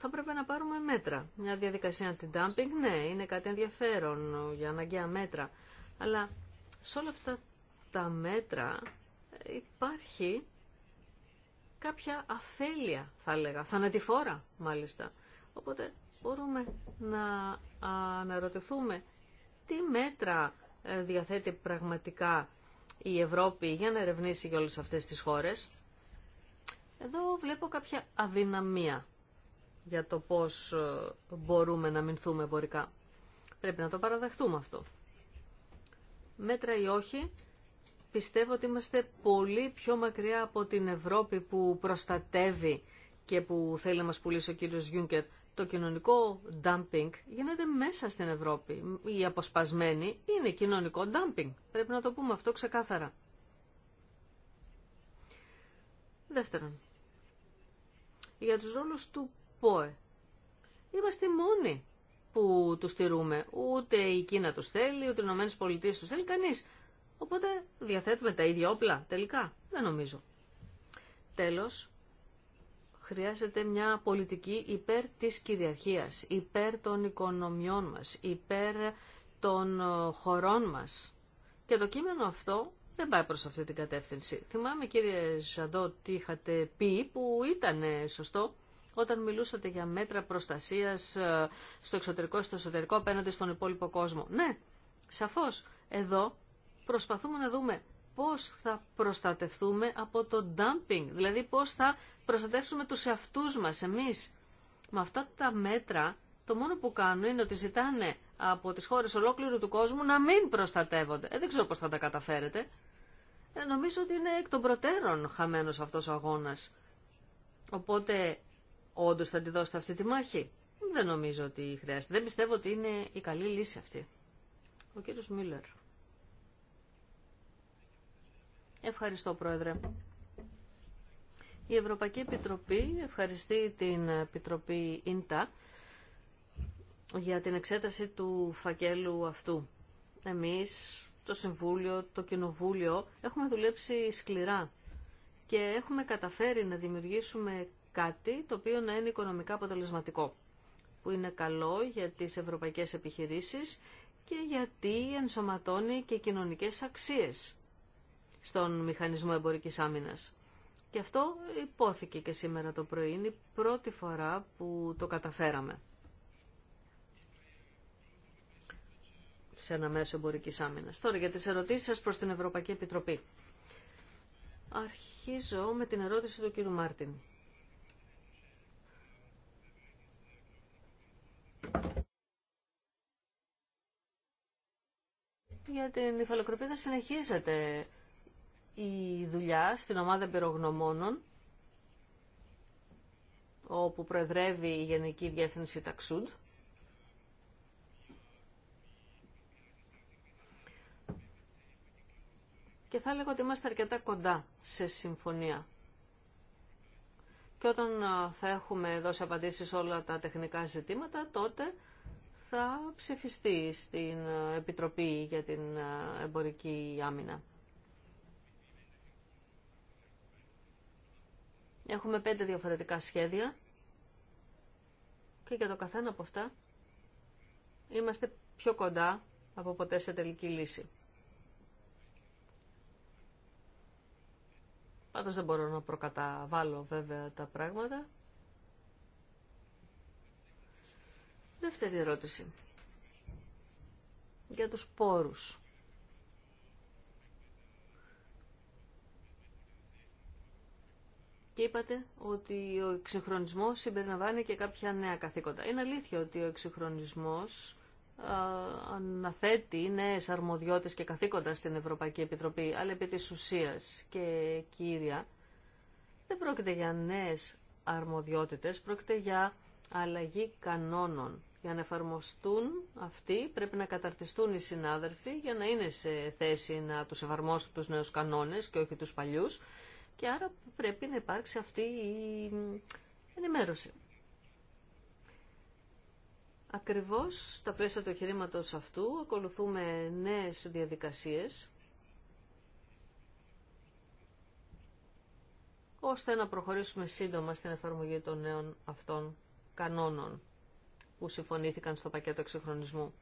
θα πρέπει να πάρουμε μέτρα. Μια διαδικασία αντι-dumping, ναι, είναι κάτι ενδιαφέρον για αναγκαία μέτρα. Αλλά σε όλα αυτά τα μέτρα υπάρχει κάποια αφέλεια, θα έλεγα, θανατηφόρα μάλιστα. Οπότε μπορούμε να αναρωτηθούμε τι μέτρα ε, διαθέτει πραγματικά η Ευρώπη για να ερευνήσει για όλες αυτές τις χώρες. Εδώ βλέπω κάποια αδυναμία για το πώς ε, μπορούμε να μηνθούμε εμπορικά. Πρέπει να το παραδεχτούμε αυτό. Μέτρα ή όχι, πιστεύω ότι είμαστε πολύ πιο μακριά από την Ευρώπη που προστατεύει και που θέλει να μας πουλήσει ο κύριος Γιούνκερ. Το κοινωνικό dumping γίνεται μέσα στην Ευρώπη. Οι αποσπασμένοι είναι κοινωνικό dumping. Πρέπει να το πούμε αυτό ξεκάθαρα. Δεύτερον, για τους ρόλους του ΠΟΕ. Είμαστε οι μόνοι που τους στηρούμε. Ούτε η Κίνα τους θέλει, ούτε οι Ηνωμένες Πολιτείες τους θέλει κανείς. Οπότε διαθέτουμε τα ίδια όπλα τελικά. Δεν νομίζω. Τέλος, χρειάζεται μια πολιτική υπέρ της κυριαρχίας, υπέρ των οικονομιών μας, υπέρ των ε, χωρών μας. Και το κείμενο αυτό δεν πάει προς αυτή την κατεύθυνση. Θυμάμαι κύριε Ζαντό τι είχατε πει που ήταν σωστό όταν μιλούσατε για μέτρα προστασίας ε, στο εξωτερικό, στο εσωτερικό, απέναντι στον υπόλοιπο κόσμο. Ναι, σαφώς, εδώ προσπαθούμε να δούμε πώς θα προστατευτούμε από το dumping, δηλαδή πώς θα προστατεύσουμε τους εαυτούς μας εμείς. Με αυτά τα μέτρα το μόνο που κάνουν είναι ότι ζητάνε από τις χώρες ολόκληρου του κόσμου να μην προστατεύονται. Ε, δεν ξέρω πώς θα τα καταφέρετε. Ε, νομίζω ότι είναι εκ των προτέρων χαμένος αυτός ο αγώνας. Οπότε Όντω θα τη δώσετε αυτή τη μάχη. Δεν νομίζω ότι χρειάζεται. Δεν πιστεύω ότι είναι η καλή λύση αυτή. Ο κύριος Μίλλερ. Ευχαριστώ, Πρόεδρε. Η Ευρωπαϊκή Επιτροπή ευχαριστεί την Επιτροπή ΙΝΤΑ για την εξέταση του φακέλου αυτού. Εμείς, το Συμβούλιο, το Κοινοβούλιο, έχουμε δουλέψει σκληρά και έχουμε καταφέρει να δημιουργήσουμε κάτι το οποίο να είναι οικονομικά αποτελεσματικό, που είναι καλό για τις ευρωπαϊκές επιχειρήσεις και γιατί ενσωματώνει και κοινωνικές αξίες στον μηχανισμό εμπορικής άμυνας. Και αυτό υπόθηκε και σήμερα το πρωί, είναι η πρώτη φορά που το καταφέραμε. σε ένα μέσο εμπορικής άμυνας. Τώρα για τις ερωτήσεις σας προς την Ευρωπαϊκή Επιτροπή. Αρχίζω με την ερώτηση του κύριου Μάρτιν. για την υφαλοκροπίδα συνεχίζεται η δουλειά στην ομάδα εμπειρογνωμόνων όπου προεδρεύει η Γενική Διεύθυνση Ταξούντ. Και θα λέγω ότι είμαστε αρκετά κοντά σε συμφωνία. Και όταν ε, θα έχουμε δώσει απαντήσεις όλα τα τεχνικά ζητήματα, τότε θα ψηφιστεί στην ε, Επιτροπή για την ε, Εμπορική Άμυνα. Έχουμε πέντε διαφορετικά σχέδια και για το καθένα από αυτά είμαστε πιο κοντά από ποτέ σε τελική λύση. Πάντως δεν μπορώ να προκαταβάλω βέβαια τα πράγματα. Δεύτερη ερώτηση. Για τους πόρους. Και είπατε ότι ο εξυγχρονισμός συμπεριλαμβάνει και κάποια νέα καθήκοντα. Είναι αλήθεια ότι ο εξυγχρονισμός αναθέτει νέες αρμοδιότητες και καθήκοντα στην Ευρωπαϊκή Επιτροπή, αλλά επί της ουσίας και κύρια, δεν πρόκειται για νέες αρμοδιότητες, πρόκειται για αλλαγή κανόνων. Για να εφαρμοστούν αυτοί πρέπει να καταρτιστούν οι συνάδελφοι για να είναι σε θέση να τους εφαρμόσουν τους νέους κανόνες και όχι τους παλιούς και άρα πρέπει να υπάρξει αυτή η ενημέρωση. Ακριβώς στα πλαίσια του εγχειρήματο αυτού ακολουθούμε νέες διαδικασίες ώστε να προχωρήσουμε σύντομα στην εφαρμογή των νέων αυτών κανόνων που συμφωνήθηκαν στο πακέτο εξυγχρονισμού.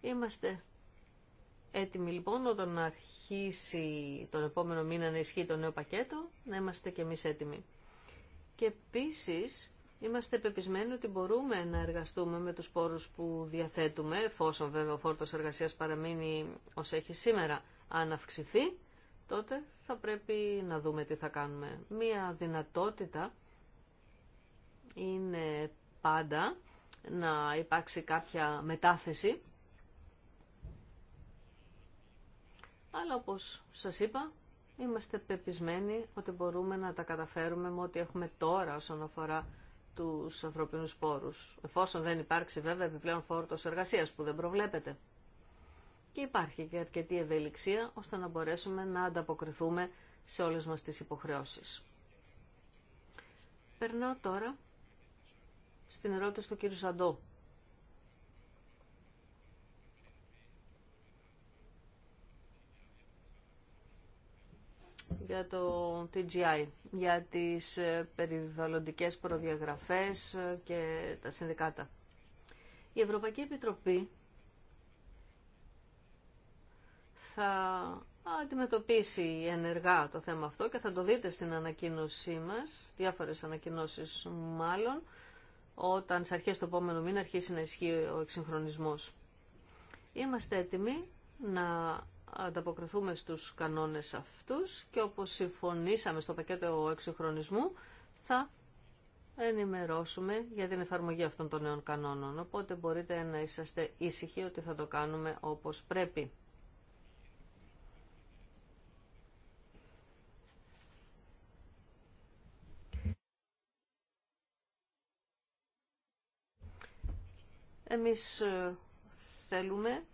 Είμαστε έτοιμοι λοιπόν όταν αρχίσει τον επόμενο μήνα να ισχύει το νέο πακέτο, να είμαστε και εμείς έτοιμοι. Και επίσης είμαστε πεπισμένοι ότι μπορούμε να εργαστούμε με τους πόρους που διαθέτουμε, εφόσον βέβαια ο φόρτος εργασίας παραμείνει ως έχει σήμερα. Αν τότε θα πρέπει να δούμε τι θα κάνουμε. Μία δυνατότητα είναι πάντα να υπάρξει κάποια μετάθεση. Αλλά όπως σας είπα, είμαστε πεπισμένοι ότι μπορούμε να τα καταφέρουμε με ό,τι έχουμε τώρα όσον αφορά τους ανθρωπίνους πόρους. Εφόσον δεν υπάρξει βέβαια επιπλέον φόρτος εργασίας που δεν προβλέπεται. Και υπάρχει και αρκετή ευελιξία ώστε να μπορέσουμε να ανταποκριθούμε σε όλες μας τις υποχρεώσεις. Περνάω τώρα στην ερώτηση του κύριου Σαντό. για το TGI, για τις ε, περιβαλλοντικές προδιαγραφές ε, και τα συνδικάτα. Η Ευρωπαϊκή Επιτροπή θα αντιμετωπίσει ενεργά το θέμα αυτό και θα το δείτε στην ανακοίνωσή μας, διάφορες ανακοινώσεις μάλλον, όταν σε αρχές του επόμενου μήνα αρχίσει να ισχύει ο εξυγχρονισμός. Είμαστε έτοιμοι να ανταποκριθούμε στους κανόνες αυτούς και όπως συμφωνήσαμε στο πακέτο εξυγχρονισμού θα ενημερώσουμε για την εφαρμογή αυτών των νέων κανόνων. Οπότε μπορείτε να είσαστε ήσυχοι ότι θα το κάνουμε όπως πρέπει. Εμείς ε, θέλουμε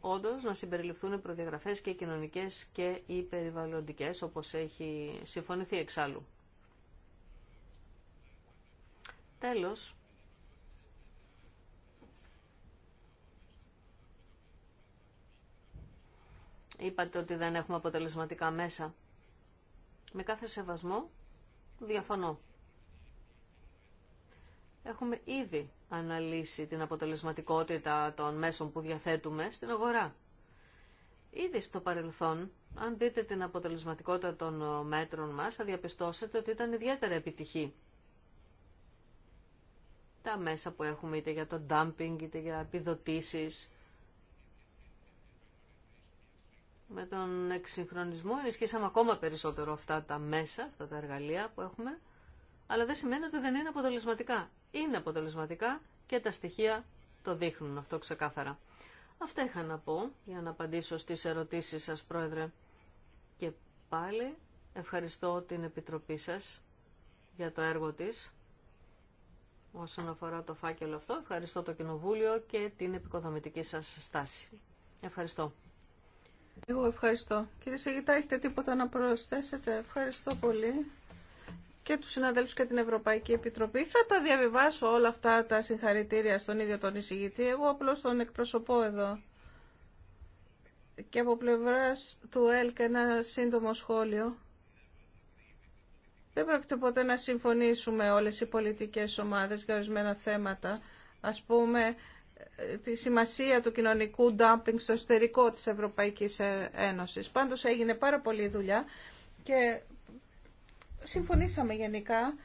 όντω να συμπεριληφθούν οι προδιαγραφές και οι κοινωνικές και οι περιβαλλοντικές, όπως έχει συμφωνηθεί εξάλλου. Τέλος, είπατε ότι δεν έχουμε αποτελεσματικά μέσα. Με κάθε σεβασμό διαφωνώ. Έχουμε ήδη αναλύσει την αποτελεσματικότητα των μέσων που διαθέτουμε στην αγορά. Ήδη στο παρελθόν, αν δείτε την αποτελεσματικότητα των μέτρων μας, θα διαπιστώσετε ότι ήταν ιδιαίτερα επιτυχή. Τα μέσα που έχουμε είτε για το dumping, είτε για επιδοτήσεις, με τον εξυγχρονισμό ενισχύσαμε ακόμα περισσότερο αυτά τα μέσα, αυτά τα εργαλεία που έχουμε, αλλά δεν σημαίνει ότι δεν είναι αποτελεσματικά είναι αποτελεσματικά και τα στοιχεία το δείχνουν αυτό ξεκάθαρα. Αυτά είχα να πω για να απαντήσω στις ερωτήσεις σας, Πρόεδρε. Και πάλι ευχαριστώ την Επιτροπή σας για το έργο της όσον αφορά το φάκελο αυτό. Ευχαριστώ το Κοινοβούλιο και την επικοδομητική σας στάση. Ευχαριστώ. Εγώ ευχαριστώ. Κύριε Σεγητά, έχετε τίποτα να προσθέσετε. Ευχαριστώ πολύ και του συναδέλφου και την Ευρωπαϊκή Επιτροπή. Θα τα διαβιβάσω όλα αυτά τα συγχαρητήρια στον ίδιο τον εισηγητή. Εγώ απλώ τον εκπροσωπώ εδώ. Και από πλευρά του ΕΛΚ ένα σύντομο σχόλιο. Δεν πρόκειται ποτέ να συμφωνήσουμε όλες οι πολιτικές ομάδες για ορισμένα θέματα. Ας πούμε, τη σημασία του κοινωνικού ντάμπινγκ στο εσωτερικό της Ευρωπαϊκής Ένωσης. Πάντως έγινε πάρα πολλή δουλειά και συμφωνήσαμε γενικά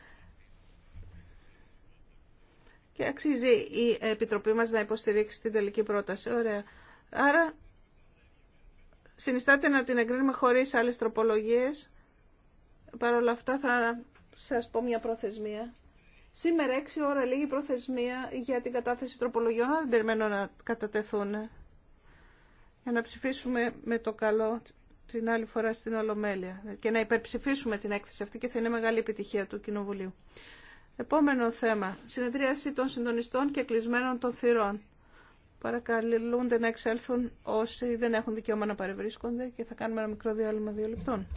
και αξίζει η Επιτροπή μας να υποστηρίξει την τελική πρόταση. Ωραία. Άρα συνιστάτε να την εγκρίνουμε χωρίς άλλες τροπολογίες. Παρ' όλα αυτά θα σας πω μια προθεσμία. Σήμερα 6 ώρα λίγη προθεσμία για την κατάθεση τροπολογιών, δεν περιμένω να κατατεθούν. Για να ψηφίσουμε με το καλό την άλλη φορά στην Ολομέλεια και να υπερψηφίσουμε την έκθεση αυτή και θα είναι μεγάλη επιτυχία του Κοινοβουλίου. Επόμενο θέμα. Συνεδρίαση των συντονιστών και κλεισμένων των θυρών. Παρακαλούνται να εξέλθουν όσοι δεν έχουν δικαίωμα να παρευρίσκονται και θα κάνουμε ένα μικρό διάλειμμα δύο λεπτών.